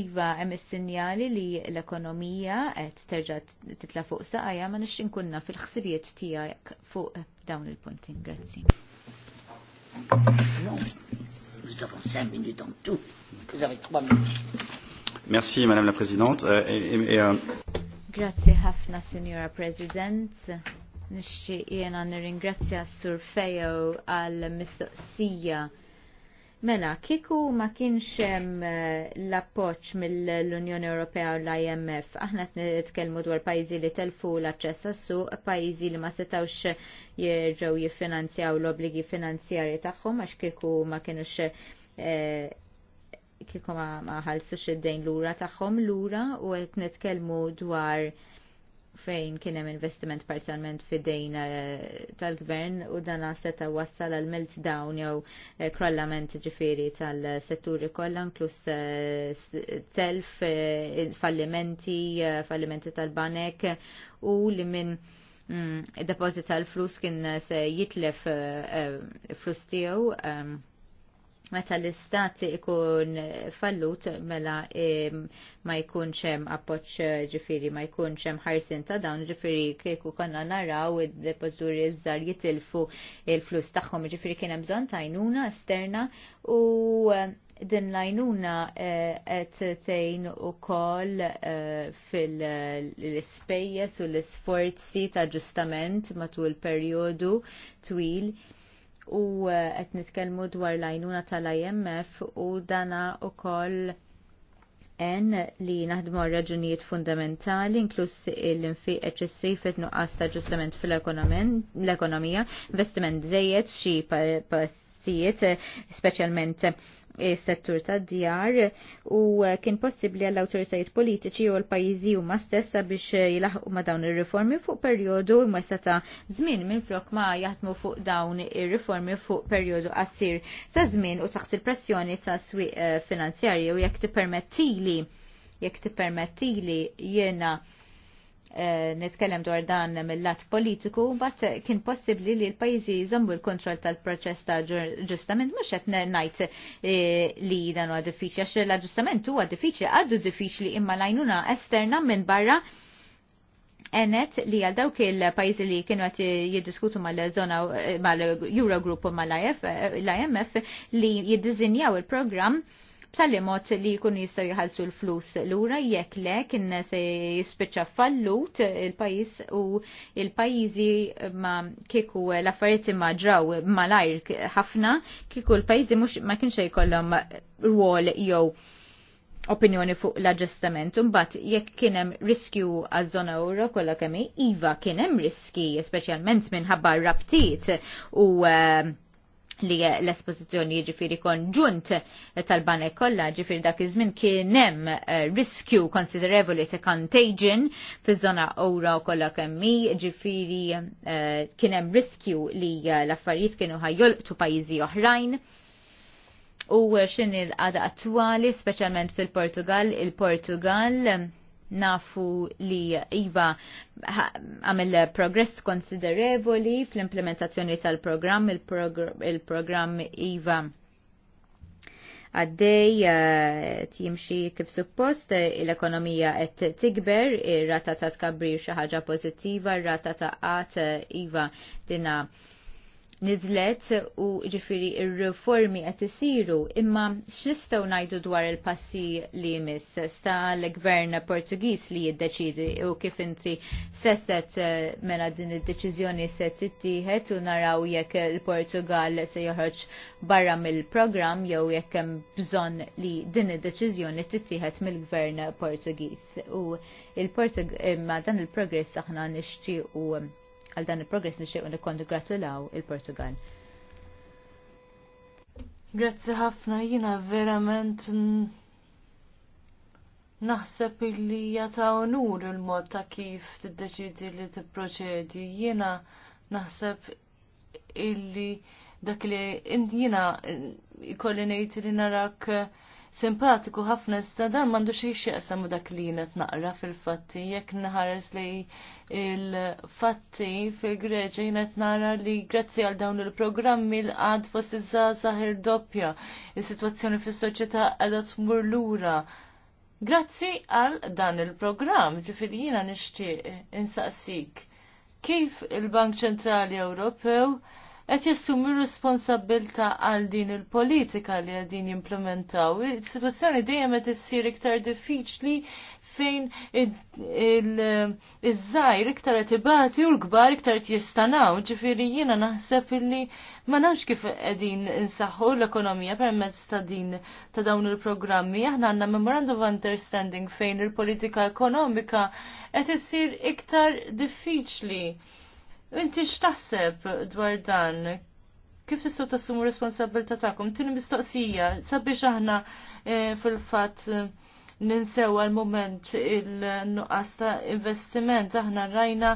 Iva hemm is-sinjali li l-ekonomija qed terġa' titla' fuq saqajja ma nixtieq inkunna fil-ħsibijiet tiegħek fuq dawn il-punti. Grazzi nous avons cinq minutes en tout. Vous avez trois minutes. Merci, Madame la Présidente. Euh, et, et, euh... Grazie ħafna, Signora President. Nixxi jena nirringrazzja Sur Fejo għal mistoqsija Mela, kiku ma kienx hemm eh, l-appoġġ mill-Unjoni Ewropea u l-IMF, aħna nitkellmu dwar pajjiżi li telfu l-aċċess għassu, suq pajjiżi li ma setawx jerġgħu jiffinanzjaw l-obbligi finanzjarji tagħhom għax kieku ma kienux eh, kieku ma ħalsux id-dejn lura tagħhom lura u qed nitkellmu dwar fejn kien hemm investiment parzjalment fidejn eh, tal-gvern u dan seta wassal għal meltdown jew eh, krollament ġifieri tal-setturi kollha inkluż eh, self fallimenti, fallimenti tal-banek u li minn mm, deposit tal-flus kien se jitlef flus tiegħu ehm, meta l-istat ikun fallut mela ma jkunx hemm appoġġ ġifieri ma jkunx hemm ħarsin ta' dawn ġifiri kieku konna naraw id-depożuri żar jitilfu il-flus tagħhom ġifiri kien hemm bżonn tajnuna esterna u din lajnuna eh, qed tgħin ukoll eh, fil-ispejjeż u l-isforzi ta' ġustament matul perjodu twil u eh, qed nitkellmu dwar l-għajnuna tal-IMF u dana koll en li naħdmu raġunijiet fundamentali inklus l-infiq eċessiv qed nuqqas ta' ġustament fil-ekonomija, investiment żejjed xi pass postijiet, specialment settur ta' djar u kien possibli għall autoritajiet politiċi u l-pajizi u ma stessa biex jilaħqu ma dawn ir-riformi fuq perjodu mwessa ta' żmien minn flok ma jaħdmu fuq dawn ir-riformi fuq perjodu qasir ta' żmien u taħs il-pressjoni ta' swieq eh, finanzjarju u jekk tippermettili jekk tippermettili jiena Eh, nitkellem dwar dan mill-lat politiku, bat kien possibli li l-pajzi jżommu l-kontroll tal-proċess ta' ġustament, mux qed ngħid eh, li dan huwa diffiċli, għax l-aġġustament huwa diffiċli, għaddu diffiċli imma lajnuna esterna minn barra enet li għal dawk il-pajzi li kienu għati jiddiskutu mal-zona eh, mal-Eurogroup u mal-IMF li jiddizinjaw il-program b'tali mod li jkunu jistgħu jħallsu l-flus lura jekk le kien se jispiċċa fallut il-pajjiż u il-pajjiżi ma kieku l-affarijiet ma ġraw malajr ħafna kieku l-pajjiżi mhux ma kienx jkollhom rwol jew opinjoni fuq l aġġustament mbagħad jekk kien hemm riskju għaż-żona euro kollha kemm iva kien hemm riski, speċjalment minħabba rabtiet u uh, li l-esposizjoni ġifiri konġunt tal-banek kollha ġifiri dak iż-żmien kien hemm eh, riskju konsiderevoli ta' contagion fiż-żona ora kollha kemm ġifiri eh, kien hemm riskju li l-affarijiet kienu ħajjolqtu pajjiżi oħrajn. U xin il-qada attwali, speċjalment fil-Portugal, il-Portugal nafu li Iva għamil progress konsiderevoli fl-implementazzjoni tal-programm, il-programm Iva għaddej eh, timxi kif suppost eh, l-ekonomija qed tikber, ir-rata ta' tkabbir xi ħaġa pożittiva, ir-rata ta' qatt eh, iva dina nizlet u ġifiri il reformi qed isiru imma xistaw ngħidu dwar il-passi li jmiss sta l-gvern Portugiż li jiddeċidi u kif inti sesset eh, mela din id-deċiżjoni se tittieħed u naraw jekk il-Portugal se joħroġ barra mill-programm jew jekk hemm bżonn li din id-deċiżjoni tittieħed mill-gvern Portugiż u il-Portug imma dan il-progress aħna nixtiequ Għal dan il-progress nixtieq nikkongratulaw il-Portugal. Grazzi ħafna jina verament naħseb li jataw nur il-mod ta' kif t-deċidi li tipproċedi. Jina naħseb illi dak li jina eh, ikolli li narak eh, simpatiku ħafna stadan mandu xie xie xieqsam dak li jinet naqra fil-fatti jekk naħares li il-fatti fil greġa jinet nara li grazzi għal dawn il-programmi l-għad fost iż-żgħażagħ doppja is-sitwazzjoni fis-soċjetà qiegħda tmur lura. Grazzi għal dan il-programm, ġifieri jiena nixtieq insaqsik kif il-Bank Ċentrali Ewropew qed jassumi responsabilta għal din il-politika li għadin jimplementaw. Is-sitwazzjoni dejjem qed issir iktar diffiċli fejn iż-żajr iktar ibati u l-kbar iktar jistanaw, ġifiri jiena naħseb illi ma nafx kif qegħdin insaħħu l-ekonomija permezz ta' din ta' dawn il-programmi. Aħna għandna memorandum of understanding fejn il-politika ekonomika qed issir iktar diffiċli Inti x'taħseb dwar dan? Kif tistgħu tassumu responsabilità tagħkom? Tieni mistoqsija sabiex aħna eh, fil-fatt ninsew għal-moment il-nuqqas ta' investiment. Aħna rajna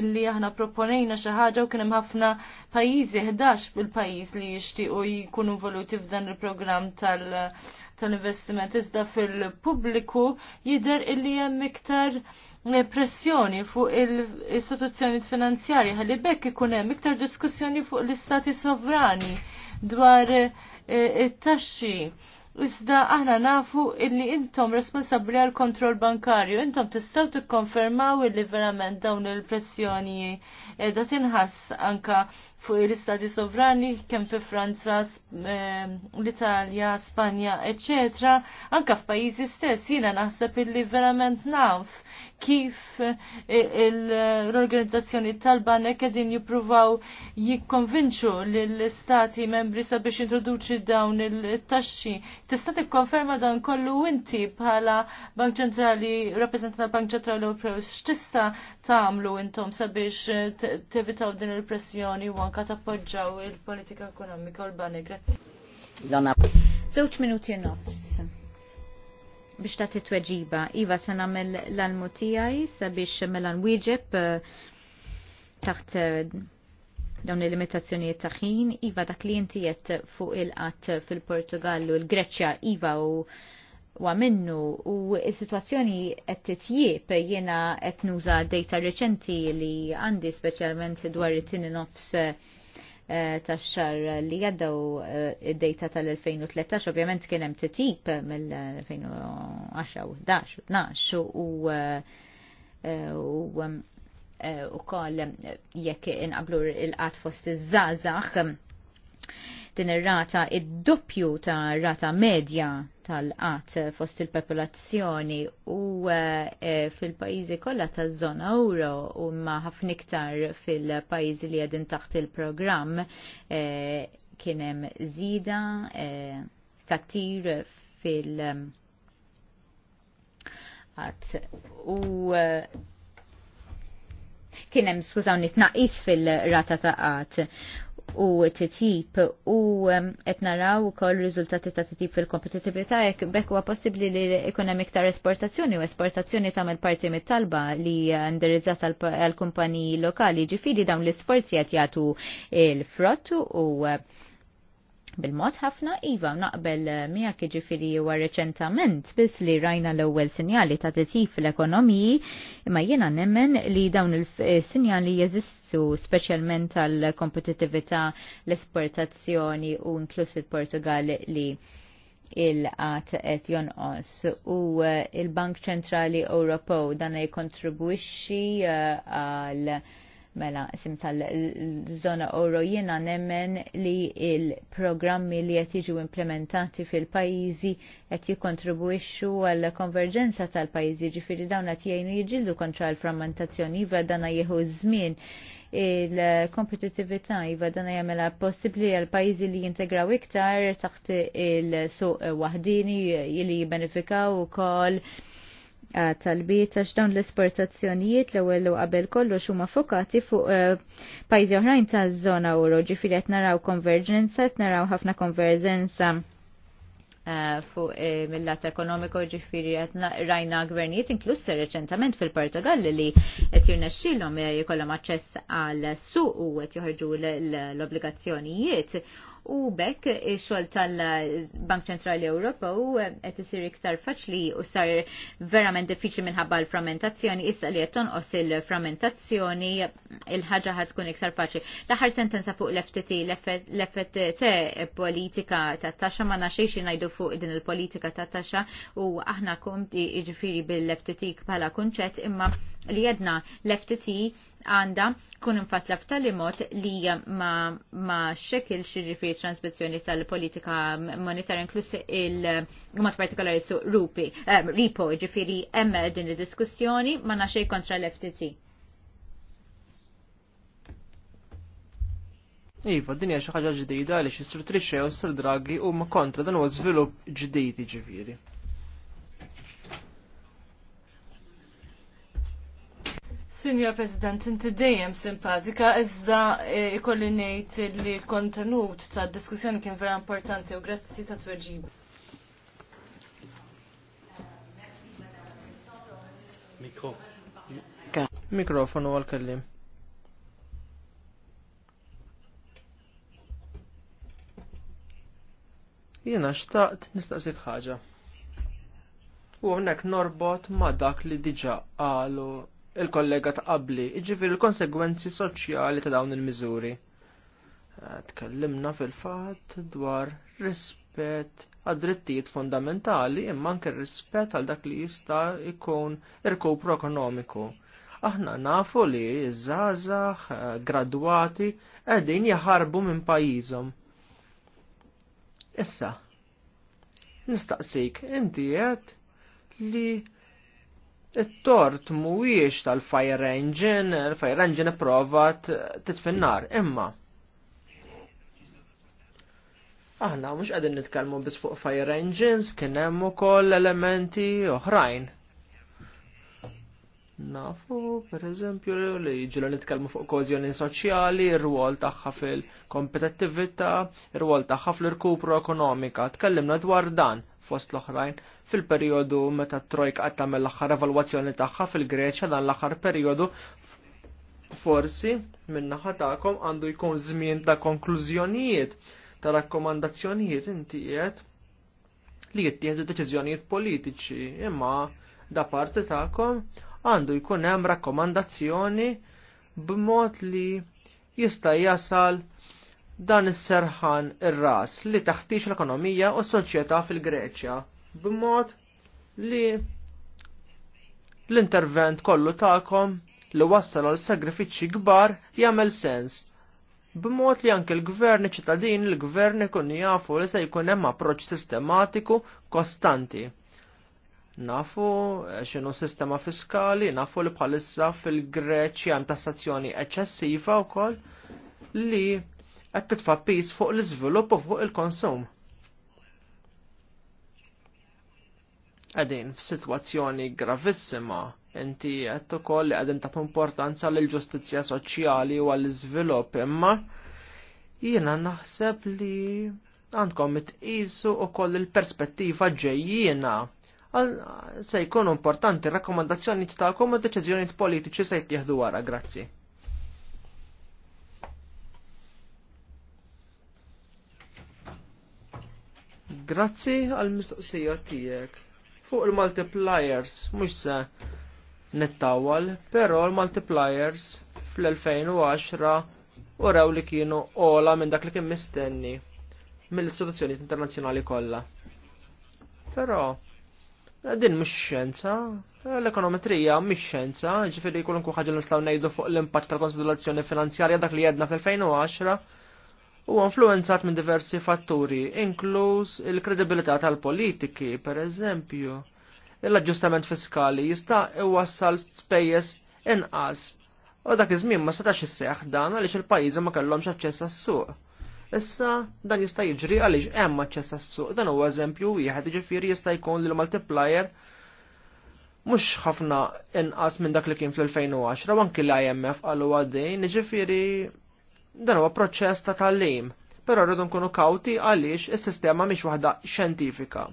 illi aħna proponejna xi ħaġa u kien hemm ħafna pajjiżi 11 bil pajjiż li jixtiequ jkunu involuti f'dan il-programm tal-investiment. Iżda fil-pubbliku jidher illi hemm iktar Eh, pressjoni fuq il-istituzzjoni finanzjarji ħalli bekk ikun hemm iktar diskussjoni fuq l-istati sovrani dwar eh, it-taxxi. Iżda aħna nafu illi intom responsabbli għal kontroll bankarju, intom tistaw tikkonfermaw illi verament dawn il-pressjoni edha eh, tinħass anka fuq l-istati sovrani kemm fi Franza, l-Italja, Spanja, eccetera, anka f'pajjiżi stess jiena naħseb illi verament naf kif eh, l-organizzazzjoni tal-banek għedin jipruvaw jikkonvinċu l-istati membri sabiex introduċi dawn il-taxxi. Tista' tikkonferma dan kollu inti bħala Bank Ċentrali, rappresentant tal-Bank Ċentrali Ewropew, x'tista' tagħmlu intom sabiex tevitaw din il-pressjoni u anke tappoġġaw il-politika ekonomika u l-banek. Grazzi. Zewċ minuti e nofs biex ta' titweġiba. Iva se nagħmel l-almu sabiex mela wieġeb eh, taħt eh, dawn il-limitazzjonijiet ta' ħin, Iva dak li inti qed fuq il-qatt fil-Portugallu, il-Greċja, Iva u wa minnu u s-situazzjoni qed titjieb jiena qed nuża data reċenti li għandi speċjalment dwar it-tieni nofs eh, Eh, tax-xar li jaddaw eh, id data tal-2013, ovvjament kien hemm titip mill-2010 u 11 u 12 eh, u u koll jekk inqablu il-qat fost iż-żazax din ir-rata id-doppju ta' rata medja tal-qat fost il-popolazzjoni u eh, eh, fil-pajizi kollha taż-żona euro u ma ħafna iktar fil-pajjiżi li għedin taħt il-programm kienem eh, kien hemm kattir fil- għat u kienem hemm skużaw nitnaqis fil-rata ta' qatt u titjib u qed naraw ukoll riżultati ta' t-tip fil-kompetitività jekk bekk huwa possibbli li ekonomik ta' iktar esportazzjoni u esportazzjoni tagħmel parti mit-talba li indirizzata għall kumpaniji lokali ġifidi dawn l-isforzi qed jagħtu il-frott u Bil-mod ħafna Iva naqbel eh, mija kieġifiri huwa reċentament biss li rajna l-ewwel sinjali ta' titif l-ekonomiji imma jiena nemmen li dawn il-sinjali eh, jeżistu speċjalment tal kompetitività l-esportazzjoni u inklusi Portugal li il għat qed jonqos u eh, il-Bank Ċentrali Ewropew dan jkontribwixxi għal uh, Mela, sim tal-zona oro jiena nemmen li il-programmi li qed jiġu implementati fil-pajjiżi qed jikkontribwixxu għall konverġenza tal-pajjiżi ġifiri dawn qed jajnu jġildu kontra l-frammentazzjoni iva dana jieħu żmien il-kompetitività iva dana jagħmilha possibbli għal pajjiżi li jintegraw iktar taħt il-suq waħdini li jibbenefikaw ukoll tal-bit għax dawn l-esportazzjonijiet l-ewwel u qabel kollox huma fokati fuq eh, pajjiżi oħrajn taż-żona euro, ġifieri qed naraw konverġenza, qed naraw ħafna konverġenza eh, fuq eh, mill-lat ekonomiku ġifiri rajna gvernijiet inklusse reċentament fil-Portugal li qed jirnexxilhom jkollhom aċċess għal suq u qed joħorġu l-obbligazzjonijiet u bekk ix-xogħol tal-Bank Ċentrali Ewropew eh, qed isir iktar faċli u sar verament diffiċli minħabba l-frammentazzjoni issa li qed tonqos il-frammentazzjoni il-ħaġa ħad tkun iktar faċli. L-aħħar sentenza fuq l-FTT l-FTT politika ta' taxxa ma naxejx ngħidu fuq din il-politika ta' taxxa u aħna konti jiġifieri bil-FTT bħala kunċett imma li jedna l-FTT għanda kun infasla f'tali mod li ma, ma xekil fi transmissjoni tal-politika monetarja inklus il-mod partikolari su rupi, eh, ripo, ġifiri emme din il-diskussjoni ma naxej kontra l-FTT. Iva, din hija xi ħaġa ġdida li xi Sir Trixxew Sir Draghi huma kontra dan huwa żvilupp ġdid jiġifieri. Signor President, inti dejjem simpatika, iżda eh, ikolli ngħid li l-kontenut tad diskussjoni kien vera importanti u grazzi ta' tweġib. Mikro. Mikrofonu għal-kellim. Jiena xtaqt nistaqsik ħaġa. U hawnhekk norbot ma' dak li diġà qalu il-kollega ta' qabli, iġifir il-konsegwenzi soċjali ta' dawn il-miżuri. Eh, tkellimna fil-fat dwar rispett għad-drittijiet fundamentali imma anke rispett għal dak li jista' jkun irkopru ekonomiku. Aħna nafu li żgħażagħ eh, gradwati qegħdin jaħarbu minn pajjiżhom. Issa, nistaqsik, inti qed li it-tort mhuwiex tal-fire engine, il-fire engine prova titfinnar, imma Aħna mhux qegħdin nitkellmu biss fuq fire engines, kien hemm ukoll elementi oħrajn. Nafu, per eżempju, li ġilu nitkellmu fuq kozjoni soċjali, ir-rwol tagħha fil-kompetittività, ir-rwol tagħha fl rkupru ekonomika. Tkellimna dwar dan fost l-oħrajn fil-perjodu meta trojk qatt tagħmel l-aħħar evalwazzjoni tagħha fil-Greċja dan l-aħħar perjodu forsi min-naħa tagħkom għandu jkun żmien ta' konklużjonijiet ta' rakkomandazzjonijiet inti qed li jittieħdu deċiżjonijiet politiċi imma da parti tagħkom għandu jkun hemm rakkomandazzjoni b'mod li jista' jasal dan is-serħan ir-ras li taħtix l-ekonomija u s-soċjetà fil-Greċja b'mod li l-intervent kollu tagħkom li wassal għal sagrifiċċji kbar jagħmel sens b'mod li anke l-gvern iċ-ċittadini l-gvern ikun jafu li se jkun hemm approċċ sistematiku kostanti. Nafu x'inhu sistema fiskali, nafu li bħalissa fil-Greċja hemm tassazzjoni eċċessiva wkoll li qed titfa' pis fuq l-iżvilupp u fuq il-konsum. Qegħdin f'sitwazzjoni gravissima inti qed ukoll li qegħdin ta' importanza l ġustizzja soċjali u għall iżvilupp imma jiena naħseb li għandkom u koll il-perspettiva ġejjina. se jkun importanti rakkomandazzjoni tagħkom u deċiżjoni politiċi se jittieħdu wara, grazzi. Grazzi għal-mistoqsija tijek. Fuq il-multipliers, mux se nittawal, pero l-multipliers fl-2010 uraw li kienu ola minn dak li kien mistenni mill istituzzjoni internazzjonali kollha. Però din mhux xjenza, l-ekonometrija mhux xjenza, ġifieri jkun ħaġa nistgħu ngħidu fuq l-impatt tal-konsiderazzjoni finanzjarja dak li jedna fl-2010 u influenzat minn diversi fatturi, inkluż il-kredibilità tal-politiki, per eżempju. L-aġġustament fiskali jista' iwassal spejjeż inqas u dak iż-żmien ma setax isseħħ dan għaliex il-pajjiżi ma kellhomx aċċess għas-suq. Issa dan jista' jiġri għaliex hemm aċċess għas-suq. Dan huwa eżempju wieħed jiġifieri jista' jkun lill multiplier mhux ħafna inqas minn dak li kien fl-2010 u anki l-IMF qalu għaddej, jiġifieri Dan huwa proċess ta' tallim, però rridu nkunu kawti għaliex is-sistema mhix waħda xjentifika.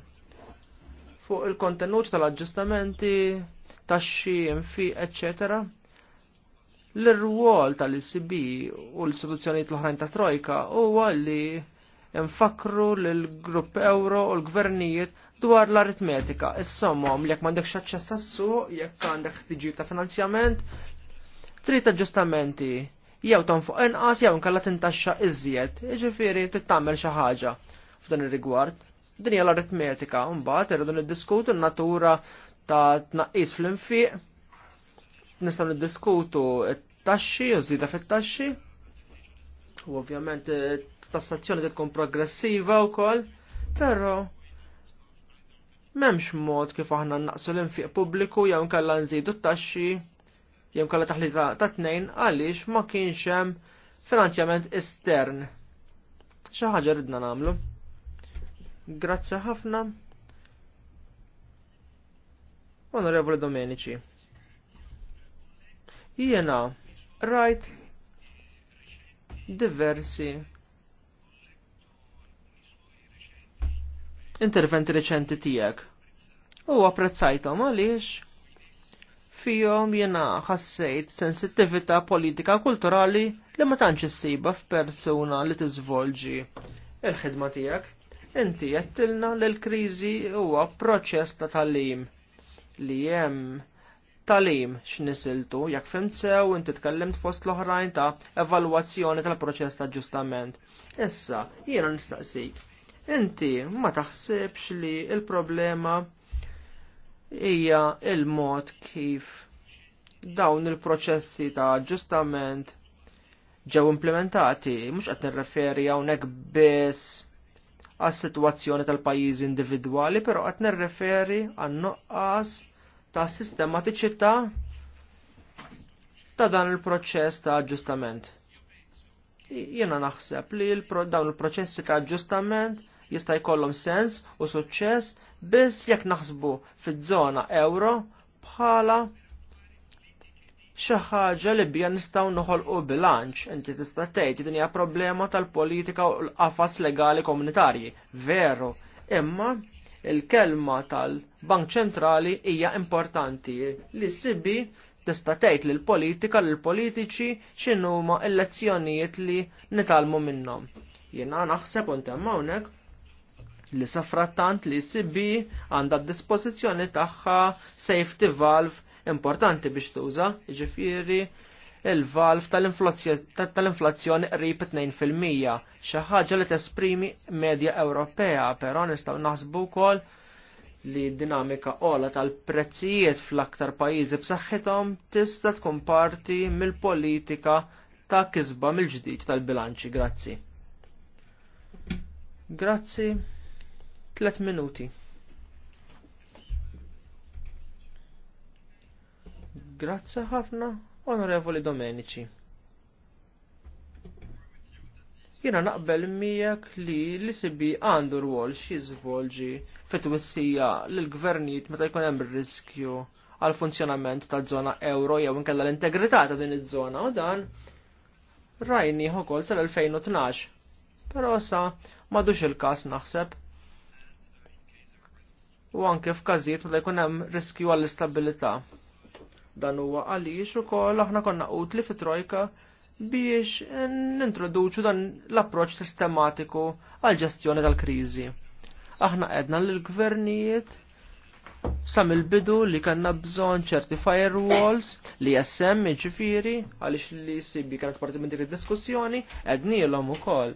Fuq il-kontenut tal-aġġustamenti, taxxi, infi, eccetera, l-rwol tal-ICB u l-istituzzjonijiet l-oħrajn ta' Trojka huwa li nfakru l-Grupp Euro u l-Gvernijiet dwar l-aritmetika. Is-sommom li jekk m'għandekx aċċess tas-suq, jekk għandek tiġi ta' finanzjament, trid aġġustamenti jew tonfoq inqas jew inkella tintaxxa iżjed, jiġifieri tagħmel xi ħaġa f'dan ir-rigward. Din hija l-aritmetika, mbagħad irridu niddiskutu n-natura ta' tnaqqis fl-infiq, nistgħu niddiskutu t-taxxi u l-żida fit-taxxi, u ovvjament tassazzjoni tkun progressiva wkoll, però m'hemmx mod kif aħna naqsu l-infiq pubbliku jew nkella nżidu t-taxxi jem kalla taħlita ta' tnejn għaliex ma kienx hemm finanzjament estern. Xi ħaġa ridna nagħmlu. Grazzi ħafna. Onorevoli Domenici. Jiena rajt diversi interventi reċenti tiegħek u apprezzajthom għaliex fihom jiena ħassejt sensittività politika kulturali li ma tantx issiba f'persuna li tiżvolġi il-ħidma tiegħek. Inti jettilna li l-kriżi huwa proċess ta' talim li hemm talim x'nisiltu jekk fim sew inti tkellimt fost l-oħrajn ta' evalwazzjoni tal-proċess ta' ġustament. Issa, jiena nistaqsik. Inti ma taħsibx li il-problema hija il-mod kif dawn il-proċessi ta' ġustament ġew implementati, mhux qed nirreferi hawnhekk biss għas situazzjoni tal-pajjiżi individwali, però qed nirreferi għan nuqqas ta' sistematiċità ta' dan il-proċess ta' aġġustament. Jiena naħseb li dawn il-proċessi ta' aġġustament jista' jkollhom sens u suċċess biss jekk naħsbu fiż-żona euro bħala xi ħaġa li bija nistgħu noħolqu bilanċ inti tista' tgħid din hija problema tal-politika u l-qafas legali komunitarji. Veru, imma il-kelma tal-Bank Ċentrali hija importanti li sibi tista' tgħid lil politika lil politiċi x'inhuma l-lezzjonijiet li nitalmu minnhom. Jiena naħseb u ntemm hawnhekk li safrattant li CB għandha d-dispożizzjoni tagħha safety valve importanti biex tuża, ġifiri il-valve tal-inflazzjoni qrib 2%, xi ħaġa li tesprimi medja Ewropea, però nistgħu naħsbu wkoll li dinamika ola tal-prezzijiet fl-aktar pajjiżi b'saħħithom tista' tkun parti mill-politika ta' kisba mill-ġdid tal-bilanċi. Grazzi. Grazzi tlet minuti. Grazzi ħafna, Onorevoli Domenici. Jiena naqbel miegħek li l sibi għandu rwol xi żvolġi fit-twissija lill gvernijiet meta jkun hemm riskju għal funzjonament ta' żona euro jew inkella l-integrità ta' din iż-żona u dan rajni ukoll sal-2012. Però sa m'għadux il-każ naħseb u anke f'każijiet meta jkun hemm riskju għall-istabilità. Dan huwa għaliex ukoll aħna konna utli fit-trojka biex nintroduċu dan l-approċ sistematiku għal ġestjoni tal-kriżi. Aħna qedna l-gvernijiet sam il-bidu li kanna bżon ċerti firewalls li jessem ġifiri għalix li sibi kanet parti minn dik id-diskussjoni ednilhom ukoll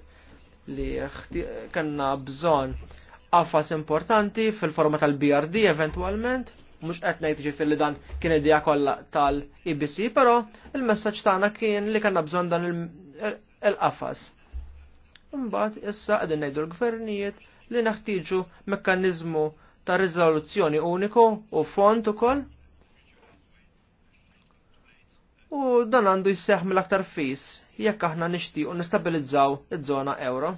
li kanna bżon qafas importanti fil-forma tal-BRD eventualment, mux qed ngħid dan kien id kollha tal-IBC, però il-messaġġ tagħna kien li kanna bżonn dan il-qafas. Imbagħad issa qegħdin ngħidu l-gvernijiet li naħtiġu mekkaniżmu ta' riżoluzzjoni uniku u font ukoll. U dan għandu jseħħ mill-aktar fis jekk aħna nixtiequ nistabilizzaw iż-żona euro.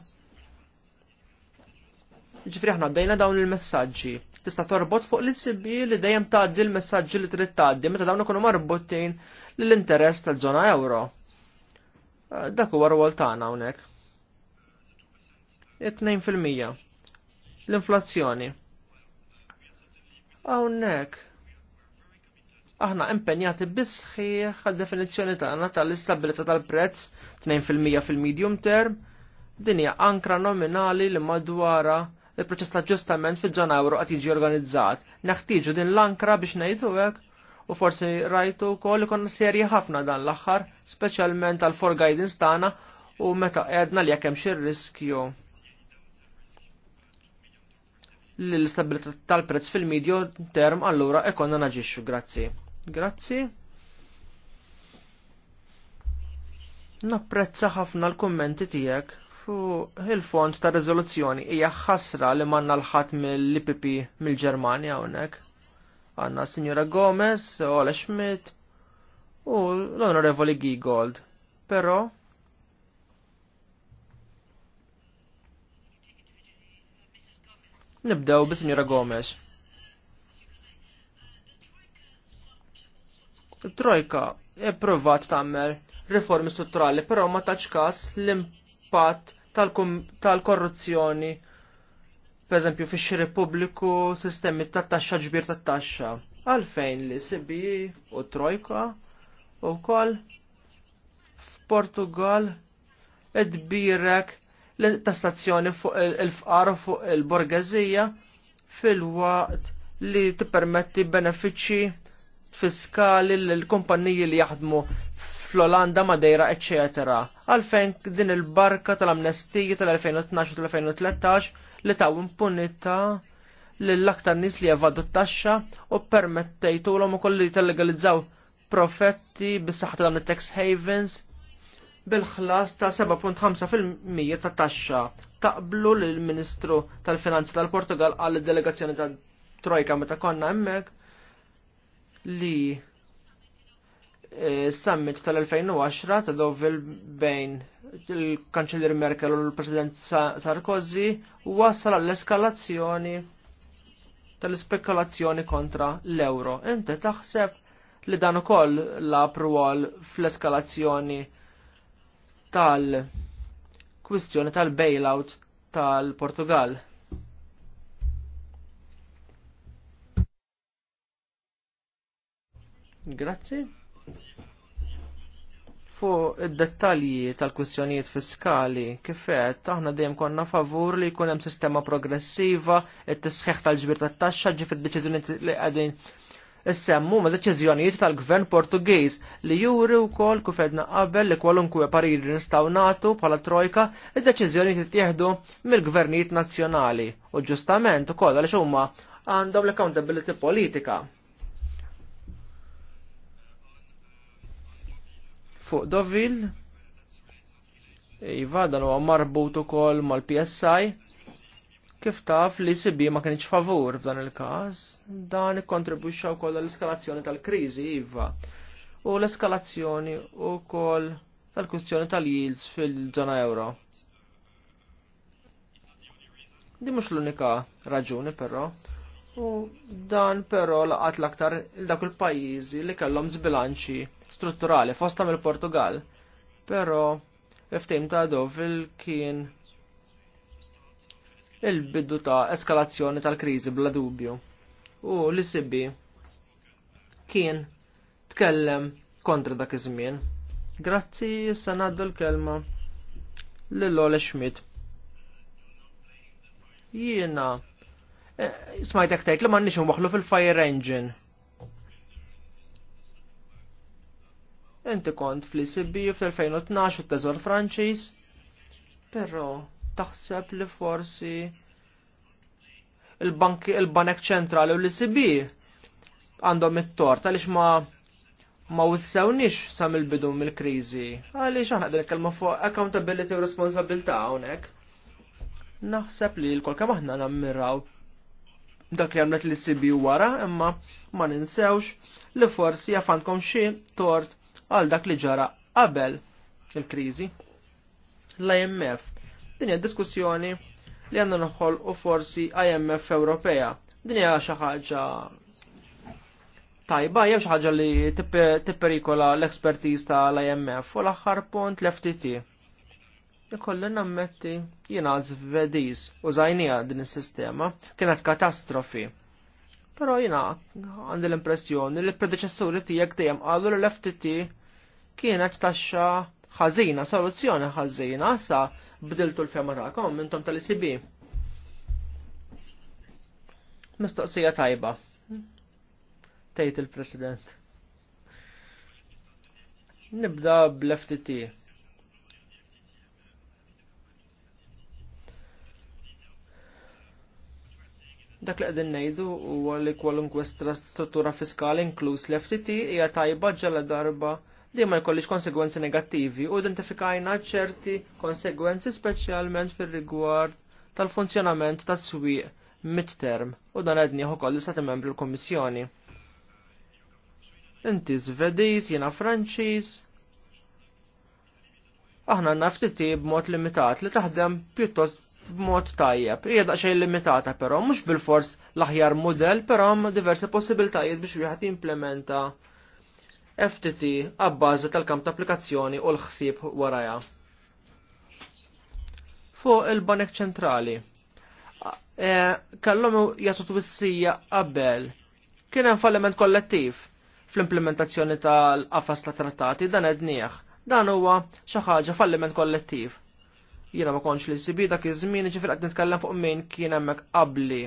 Ġifri aħna għaddejna dawn il-messagġi. Tista' torbot fuq l-isibbi li dejjem tgħaddi l-messaġġi li trid tgħaddi meta dawn ikunu marbutin lill-interess tal-żona euro. Eh, Dak huwa rwol tagħna hawnhekk. 2% l-inflazzjoni. Hawnhekk. Aħna impenjati bisħiħ għad-definizzjoni tagħna tal-istabilità tal-prezz 2% fil-medium term, dinja ankra nominali li madwara il-proċess ta' ġustament fil-ġon euro għat jiġi organizzat. Naħtiġu din l-ankra biex najtu għek u forsi rajtu kol konna serji ħafna dan l-axħar, specialment għal for guidance tana u meta għedna li għakem xir riskju l-istabilità tal-prezz fil-medju term allura konna naġiċu, grazzi. Grazzi. Napprezza ħafna l-kommenti tijek fuq il-fond ta' rezoluzzjoni hija ħasra li manna l-ħadd mill-IPP mill-Ġermanja hawnhekk. Għandna Signora Gomez, Ole Schmidt u l-Onorevoli Gigold. Però Nibdew bi Sinjura Gomez. Trojka, e provat tammel riformi strutturali, però ma taċkas l imp l tal-korruzzjoni, per eżempju fi xiri pubbliku, sistemi ta' taxxa ġbir ta' taxxa. Għalfejn li sibi u trojka u kol f'Portugal id-birek l-tassazzjoni fuq il-fqar fuq il-borgazija fil-waqt li tippermetti benefiċċji fiskali l-kumpanniji li jaħdmu fl-Olanda, Madeira, etc. Għalfejn din il-barka tal-amnestija tal-2012 tal-2013 li taw impunita l-aktar nis li jevadu t-taxxa u permettejtu l-om ukoll li tal-legalizzaw profetti bis-saħħa tal tax havens bil-ħlas ta' 7.5% ta' taxxa. Taqblu l-Ministru tal-Finanzi tal-Portugal għal delegazzjoni ta' Trojka meta konna hemmhekk li summit tal-2010 ta' Dovil bejn il-Kanċellier Merkel u l-President Sarkozy wassal għall-eskalazzjoni tal-spekulazzjoni kontra l-euro. Inti taħseb li dan ukoll l-apru fl-eskalazzjoni tal-kwistjoni tal-bailout tal-Portugal. Grazie. Fu id-dettalji tal-kwistjonijiet fiskali, kifet, aħna dejjem konna favur li jkun hemm sistema progressiva, it-tisħiħ tal-ġbir tat-taxxa ġifir deċiżjonijiet li qegħdin issemmu ma' deċiżjonijiet tal-Gvern Portugiż li juri wkoll kif edna qabel li kwalunkwe pariri nistgħu nagħtu bħala trojka id-deċiżjonijiet ittieħdu mill-gvernijiet nazzjonali u ġustament ukoll għaliex huma għandhom l-accountability politika fuq Dovil. Iva, dan huwa marbut ukoll mal-PSI. Kif taf li sibi ma kienx favur f'dan il-każ, dan ikkontribwixxa wkoll l-eskalazzjoni tal-kriżi iva. U l-eskalazzjoni wkoll tal-kwistjoni tal-yields fil-żona euro. Di mhux l-unika raġuni però. U dan però laqat l-aktar il-dak il-pajjiżi li kellhom zbilanċi strutturali fostam il-Portugal. Però il-ftim ta' Deauville kien il-biddu ta' eskalazzjoni tal-kriżi bla dubju. U l-ICB kien tkellem kontra dak iż-żmien. Grazzi, issa ngħaddu l-kelma lil Ole Schmidt. Jiena, eh, smajtek tgħid li m'għandniex nwaħlu fil-fire engine. Inti kont fl-ICB fl-2012 t-teżor Franċiż, però taħseb li forsi il-Banek Ċentrali u l-ICB għandhom it-tort għaliex ma ma wissewniex sam il-bidu mill-kriżi. Għaliex aħna qegħdin nitkellmu fuq accountability u responsabilità hawnhekk. Naħseb li l-kol kemm aħna nammiraw dak li għamlet l-ICB wara, imma ma ninsewx li forsi jafandkom xi tort għal dak li ġara qabel il-kriżi. L-IMF din hija diskussjoni li għandna noħol u forsi IMF Ewropea. Din hija xi ħaġa tajba jew xi ħaġa li tipperikola l-ekspertiż tal-IMF u l-aħħar punt l-FTT. Ikolli nammetti jiena żvediż u żajnija din is-sistema kienet katastrofi. Però jiena għandi l-impressjoni li l-predeċessuri tiegħek dejjem qalu l-FTT kienet taxxa ħażina, soluzzjoni ħażina, sa bdiltu l-fema tagħkom intom tal-ICB. Mistoqsija tajba. Tejt il-President. Nibda bl-FTT. dak li qegħdin ngħidu huwa li kwalunkwe struttura fiskali inkluż l-FTT hija tajba ġala darba li ma jkollix konsegwenzi negattivi u identifikajna ċerti konsegwenzi speċjalment fil-rigward tal-funzjonament tas swieq term u dan għedni ukoll stati membri l-Kommissjoni. Inti Svediż, jiena Franċiż. Aħna naftiti b'mod limitat li taħdem pjuttost b'mod tajjeb. Hija daqsxejn limitata però mhux bil-fors l-aħjar mudell, però diversi possibiltajiet biex wieħed jimplementa FTT għabbażi tal-kamp ta' applikazzjoni u l-ħsieb waraja. Fuq il-Banek Ċentrali. E, Kellhom jagħtu twissija qabel. Kien hemm falliment kollettiv fl-implementazzjoni tal-qafas ta' trattati dan ednieħ. Dan huwa xi ħaġa falliment kollettiv jiena ma konċ li sibi dak iż-żmien ġifir qed nitkellem fuq min kien hemmhekk qabli.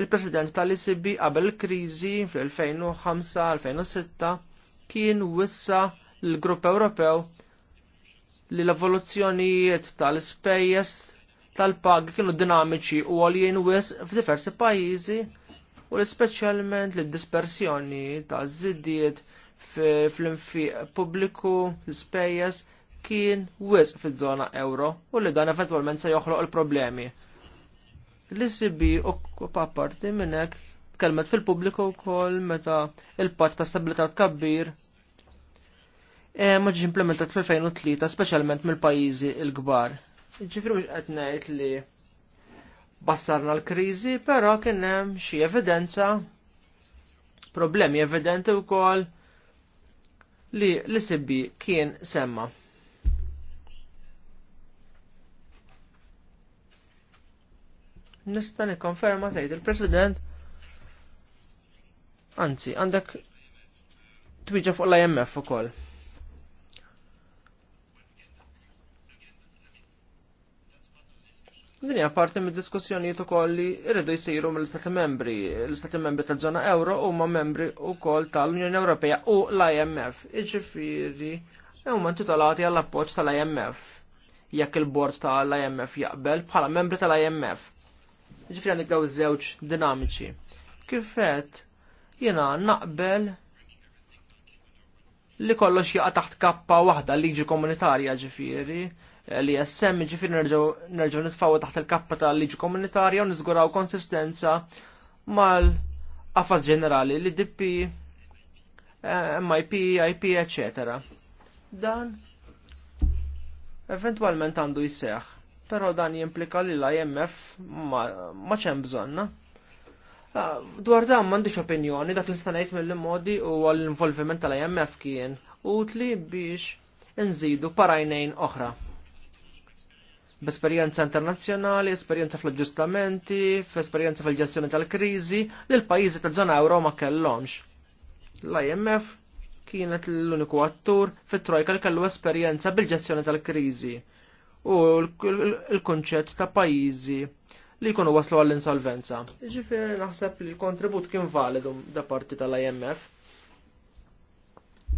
Il-President tal-ICB qabel il-kriżi fl-2005-2006 kien wissa l-Grupp Ewropew li l-evoluzzjonijiet tal-spejjes tal-pag kienu dinamiċi u għoljien wis f'diversi pajjiżi u l-specialment li dispersjoni ta' ziddiet fl-infiq pubbliku l-spejjes kien wis fil-żona euro u li dan eventualment se joħloq il-problemi. L-ICB u parti minnek tkellmet fil-pubbliku wkoll meta il-patt ta' stabilità tkabbir e ma ġiġ implementat fil-2003 speċjalment mill-pajjiżi l-kbar. Ġifri mhux qed ngħid li bassarna l-kriżi, però kien hemm xi evidenza problemi evidenti wkoll li l-sibbi kien semma. Nista' nikkonferma tgħid il-President Anzi, għandek twiġa fuq l-IMF ukoll. Din hija parti mid-diskussjonijiet ukoll li jridu jsiru mill-Stati membri. L-Stati membri tal-żona euro huma membri wkoll tal-Unjoni Ewropea u l-IMF. u huma titolati għall appoġġ tal-IMF jekk il-bord tal-IMF jaqbel bħala membri tal-IMF. Iġifiri għandek daw iż-żewġ dinamiċi. Kif Jena naqbel li kollox jaqa taħt kappa waħda liġi komunitarja ġifiri eh, li jessem ġifiri nerġaw nitfawa taħt il-kappa ta' liġi komunitarja u nizguraw konsistenza mal afas ġenerali li DP, eh, MIP, IP, etc. Dan eventualment għandu jisseħ, pero dan jimplika li l-IMF ma ċem bżonna. Ah, dwar dan m'għandix opinjoni dak li stanajt mill-modi u għall-involviment tal-IMF kien utli biex nżidu parajnejn oħra. B'esperjenza internazzjonali, esperjenza fl-ġustamenti, f'esperjenza fil-ġestjoni tal-kriżi lil pajjiżi tal-żona euro ma kellhomx. L-IMF kienet l-uniku attur fit-trojka li kellu esperjenza bil-ġestjoni tal-kriżi u l kunċett ta' pajjiżi li jkunu waslu għall-insolvenza. Ġifir naħseb li l-kontribut kien validu um, da parti tal-IMF.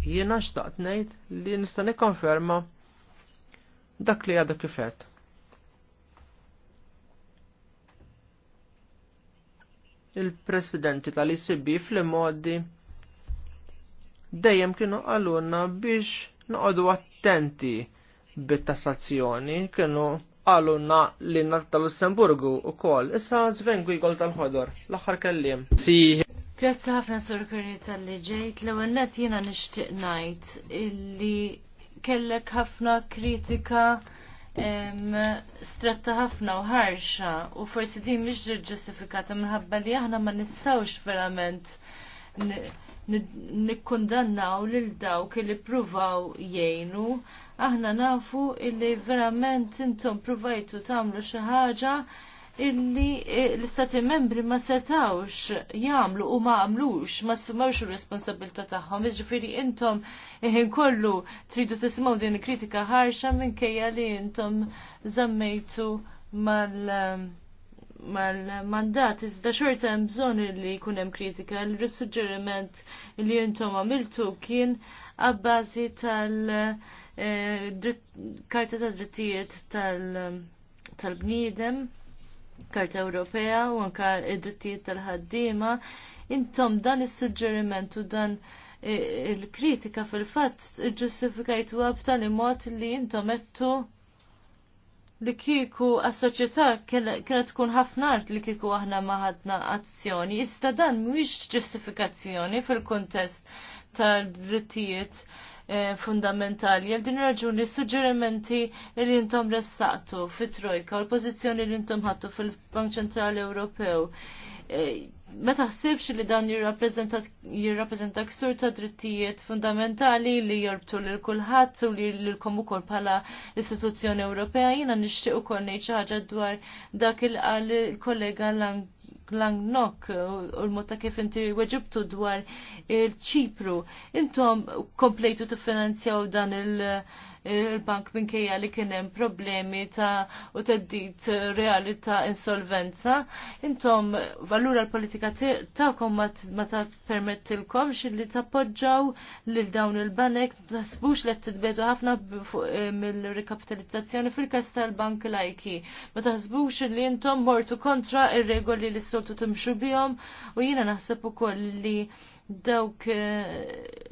Jiena xtaqt ngħid li nista' nikkonferma dak li għadha kifet. il-presidenti tal-ICB fl-modi dejjem kienu għalunna biex noqogħdu attenti bit-tassazzjoni, kienu għalunna l-inna tal-Lussemburgu u kol, issa zvengu jgol tal-ħodor, l-axar kellim. Si. Grazzi ħafna sur kurri tal-li ġejt, l għannet jina nishtiq najt illi kellek ħafna kritika stretta ħafna u ħarxa u forsi din mhix ġustifikata minħabba li aħna ma nistgħux verament nikkundannaw lil dawk li pruvaw jgħinu aħna nafu illi verament intom provajtu tagħmlu xi ħaġa illi eh, l-istati membri ma setawx jamlu u ma għamlux, ma s-sumawx il-responsabilta taħħom. Iġifiri intom iħin eh, kollu tridu tismaw din kritika ħarxa minn kejja li intom zammejtu mal-mandat. Iżda xorta hemm bżonn li jkun hemm kritika. L-rissuġġeriment li intom għamiltu kien abbażi tal- Eh, karta ta' drittijiet tal bnidem karta Ewropea u anka id-drittijiet tal-ħaddiema. Intom dan is-suġġeriment u dan eh, il-kritika fil-fatt ġustifikajtu b'tali mod li intom ettu li kiku għas-soċjetà kienet tkun ħafna art li kiku aħna maħadna azzjoni. Iżda dan mhuwiex ġustifikazzjoni fil-kuntest tal-drittijiet Eh, fundamentali. Għal din raġuni suġġerimenti li intom ressaqtu fit-trojka u l-pozizjoni li intom ħattu fil-Bank Ċentrali Ewropew. Eh, ma taħsibx li dan jirrappreżenta ksur ta' drittijiet fundamentali li jorbtu lil kulħadd u li lilkom ukoll bħala istituzzjoni Ewropea jiena nixtieq ukoll ngħid xi ħaġa dwar dak il-kollega Lang Langnok u l-motta kif inti weġibtu dwar il-ċipru. Intom komplejtu tiffinanzjaw dan il- il-bank minkejja li kien hemm problemi ta' u teddit reali ta' insolvenza. Intom allura l-politika tagħkom ma ta' permettilkomx li li lil dawn il-banek sbux li tidbedu ħafna eh, mill-rikapitalizzazzjoni fil-kas tal-bank lajki. Ma taħsbux li intom mortu kontra ir-regoli li s-soltu timxu bihom u jiena naħseb ukoll li dawk eh,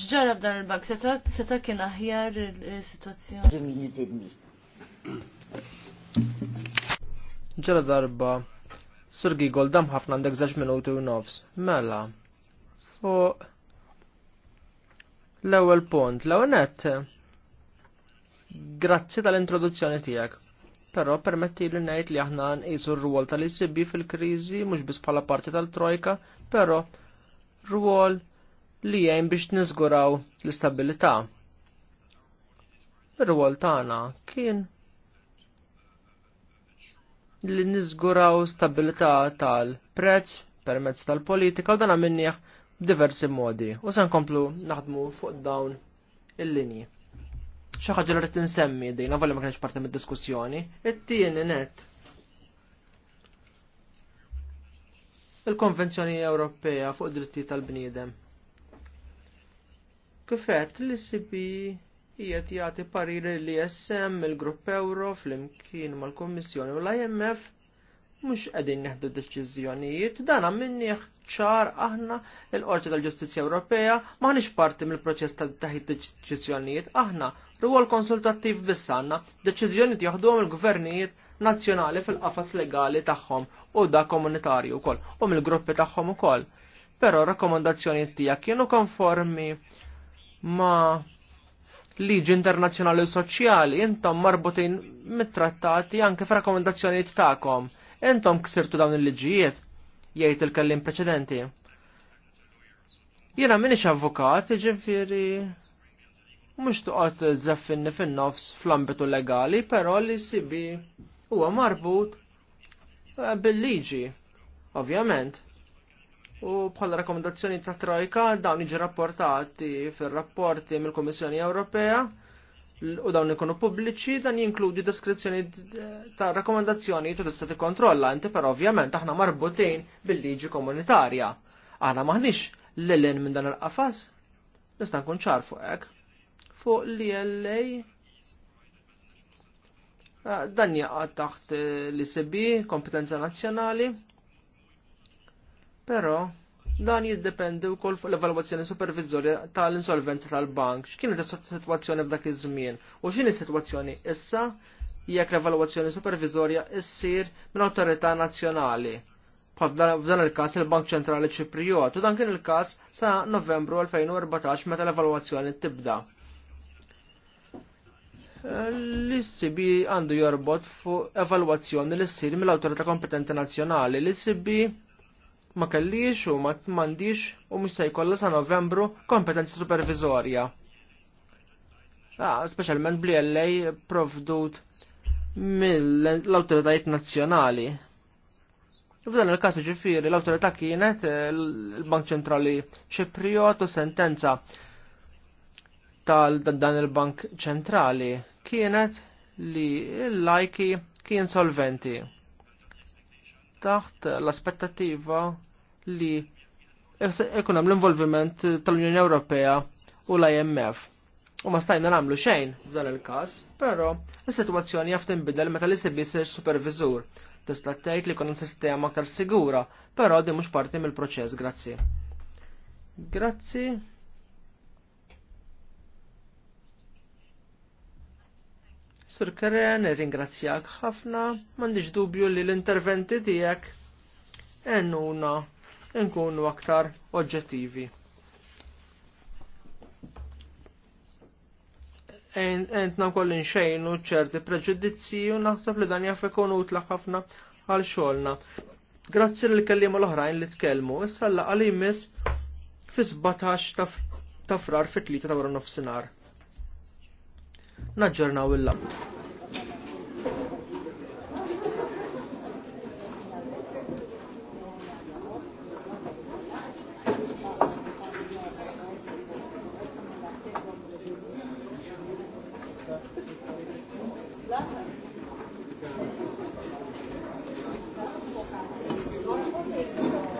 ġġarab dan il-bank? Seta kien aħjar il-situazzjoni? minuti e dmi. darba, Sirgi Gigol dam ħafna għandek zaġ minuti u nofs. Mela, U. l-ewwel punt, l-ewwel nett. Grazzi tal-introduzzjoni tiegħek. Però permetti li ngħid li aħna nqisu r-rwol tal-ICB fil-kriżi mhux biss bħala parti tal-Trojka, però rwol li jgħin biex niżguraw l-istabilità. Ir-rwol tagħna kien li niżguraw stabilità tal-prezz permezz tal-politika u dan għamilnieh b'diversi modi u se nkomplu naħdmu fuq dawn il-linji. Xi ħaġa li rrid insemmi dejna volli ma kienx parti mid-diskussjoni, it-tieni net. Il-Konvenzjoni Ewropea fuq id-dritti tal-bniedem Kifet li sibi jiet jagħti pariri li jessem il-Grupp Euro fl-imkien mal-Kommissjoni u l-IMF mhux qegħdin neħdu deċiżjonijiet, dan minniħ ċar aħna il-Qorti tal-Ġustizzja Ewropea maħniex parti mill-proċess tal-taħid deċiżjonijiet, aħna rwol konsultattiv biss għandna, deċiżjonijiet jaħduhom il-gvernijiet nazzjonali fil-qafas legali tagħhom u da komunitarju wkoll u mill-gruppi tagħhom ukoll. Però rakkomandazzjonijiet tiegħek kienu konformi ma' liġi internazzjonali u soċjali, intom marbutin mit-trattati anke f'rakkomendazzjonijiet tagħkom. Intom ksirtu dawn il-liġijiet, jgħid il-kellim preċedenti. Jiena minix avvukat, ġifieri mhux toqgħod żaffinni fin-nofs fl-ambitu legali, però li sibi huwa marbut eh, bil-liġi, ovvjament. U bħala rakomendazzjoni ta' Trojka dawn iġi rapportati fil-rapporti mill komissjoni Ewropea u dawn ikunu pubbliċi dan jinkludi deskrizzjoni ta' rakomendazzjoni tu tista' inti, però ovvjament aħna marbutin bil-liġi komunitarja. Aħna maħniex lilin minn dan il-qafas. Nista' nkun ċar fuq hekk. Fuq li LA ah, dan jaqgħod taħt l-ICB, kompetenza nazzjonali, Però dan jiddependi wkoll fuq l-evalwazzjoni supervizzorja tal-insolvenza tal-bank. X'kienet is-sitwazzjoni f'dak iż-żmien u x'inhi is-sitwazzjoni issa jekk l-evalwazzjoni supervizzorja ssir minn awtorità nazzjonali. F'dan il-każ il-Bank Ċentrali Ċipriot u dan kien il-każ sa Novembru 2014 meta l-evalwazzjoni tibda. L-ICB għandu jorbot fuq evalwazzjoni li ssir mill-Awtorità Kompetenti Nazzjonali. L-ICB ma kellix u ma t-mandix u mhux se jkollha sa Novembru kompetenza supervizorja. Ah, speċjalment bli LA provdut mill-awtoritajiet nazzjonali. F'dan il-każ ġifieri l-awtorità kienet il-Bank Ċentrali Ċipriot u sentenza tal-dan il-Bank Ċentrali kienet li l-lajki kien solventi taħt l-aspettattiva li ikun hemm l-involviment tal-Unjoni Ewropea u l-IMF. U ma stajna nagħmlu xejn f'dan il-każ, però is-sitwazzjoni jaf tinbidel meta li sibi sir supervisur. Tista' tgħid li jkun sistema aktar sigura, però din mhux parti mill-proċess, grazzi. Grazzi. Sur Karen, ringrazzjak ħafna, mandiġ dubju li l-interventi tijek ennuna nkunu aktar oġġettivi. Entna kollin xejnu ċerti preġudizzi u naħseb li dan jaff ikun ħafna għal xolna. Grazzi l kellimu l-oħrajn li tkellmu, issa l-għalimis fi 17 ta' frar fi 3 ta' wara nofsinar naġġornaw il-lab.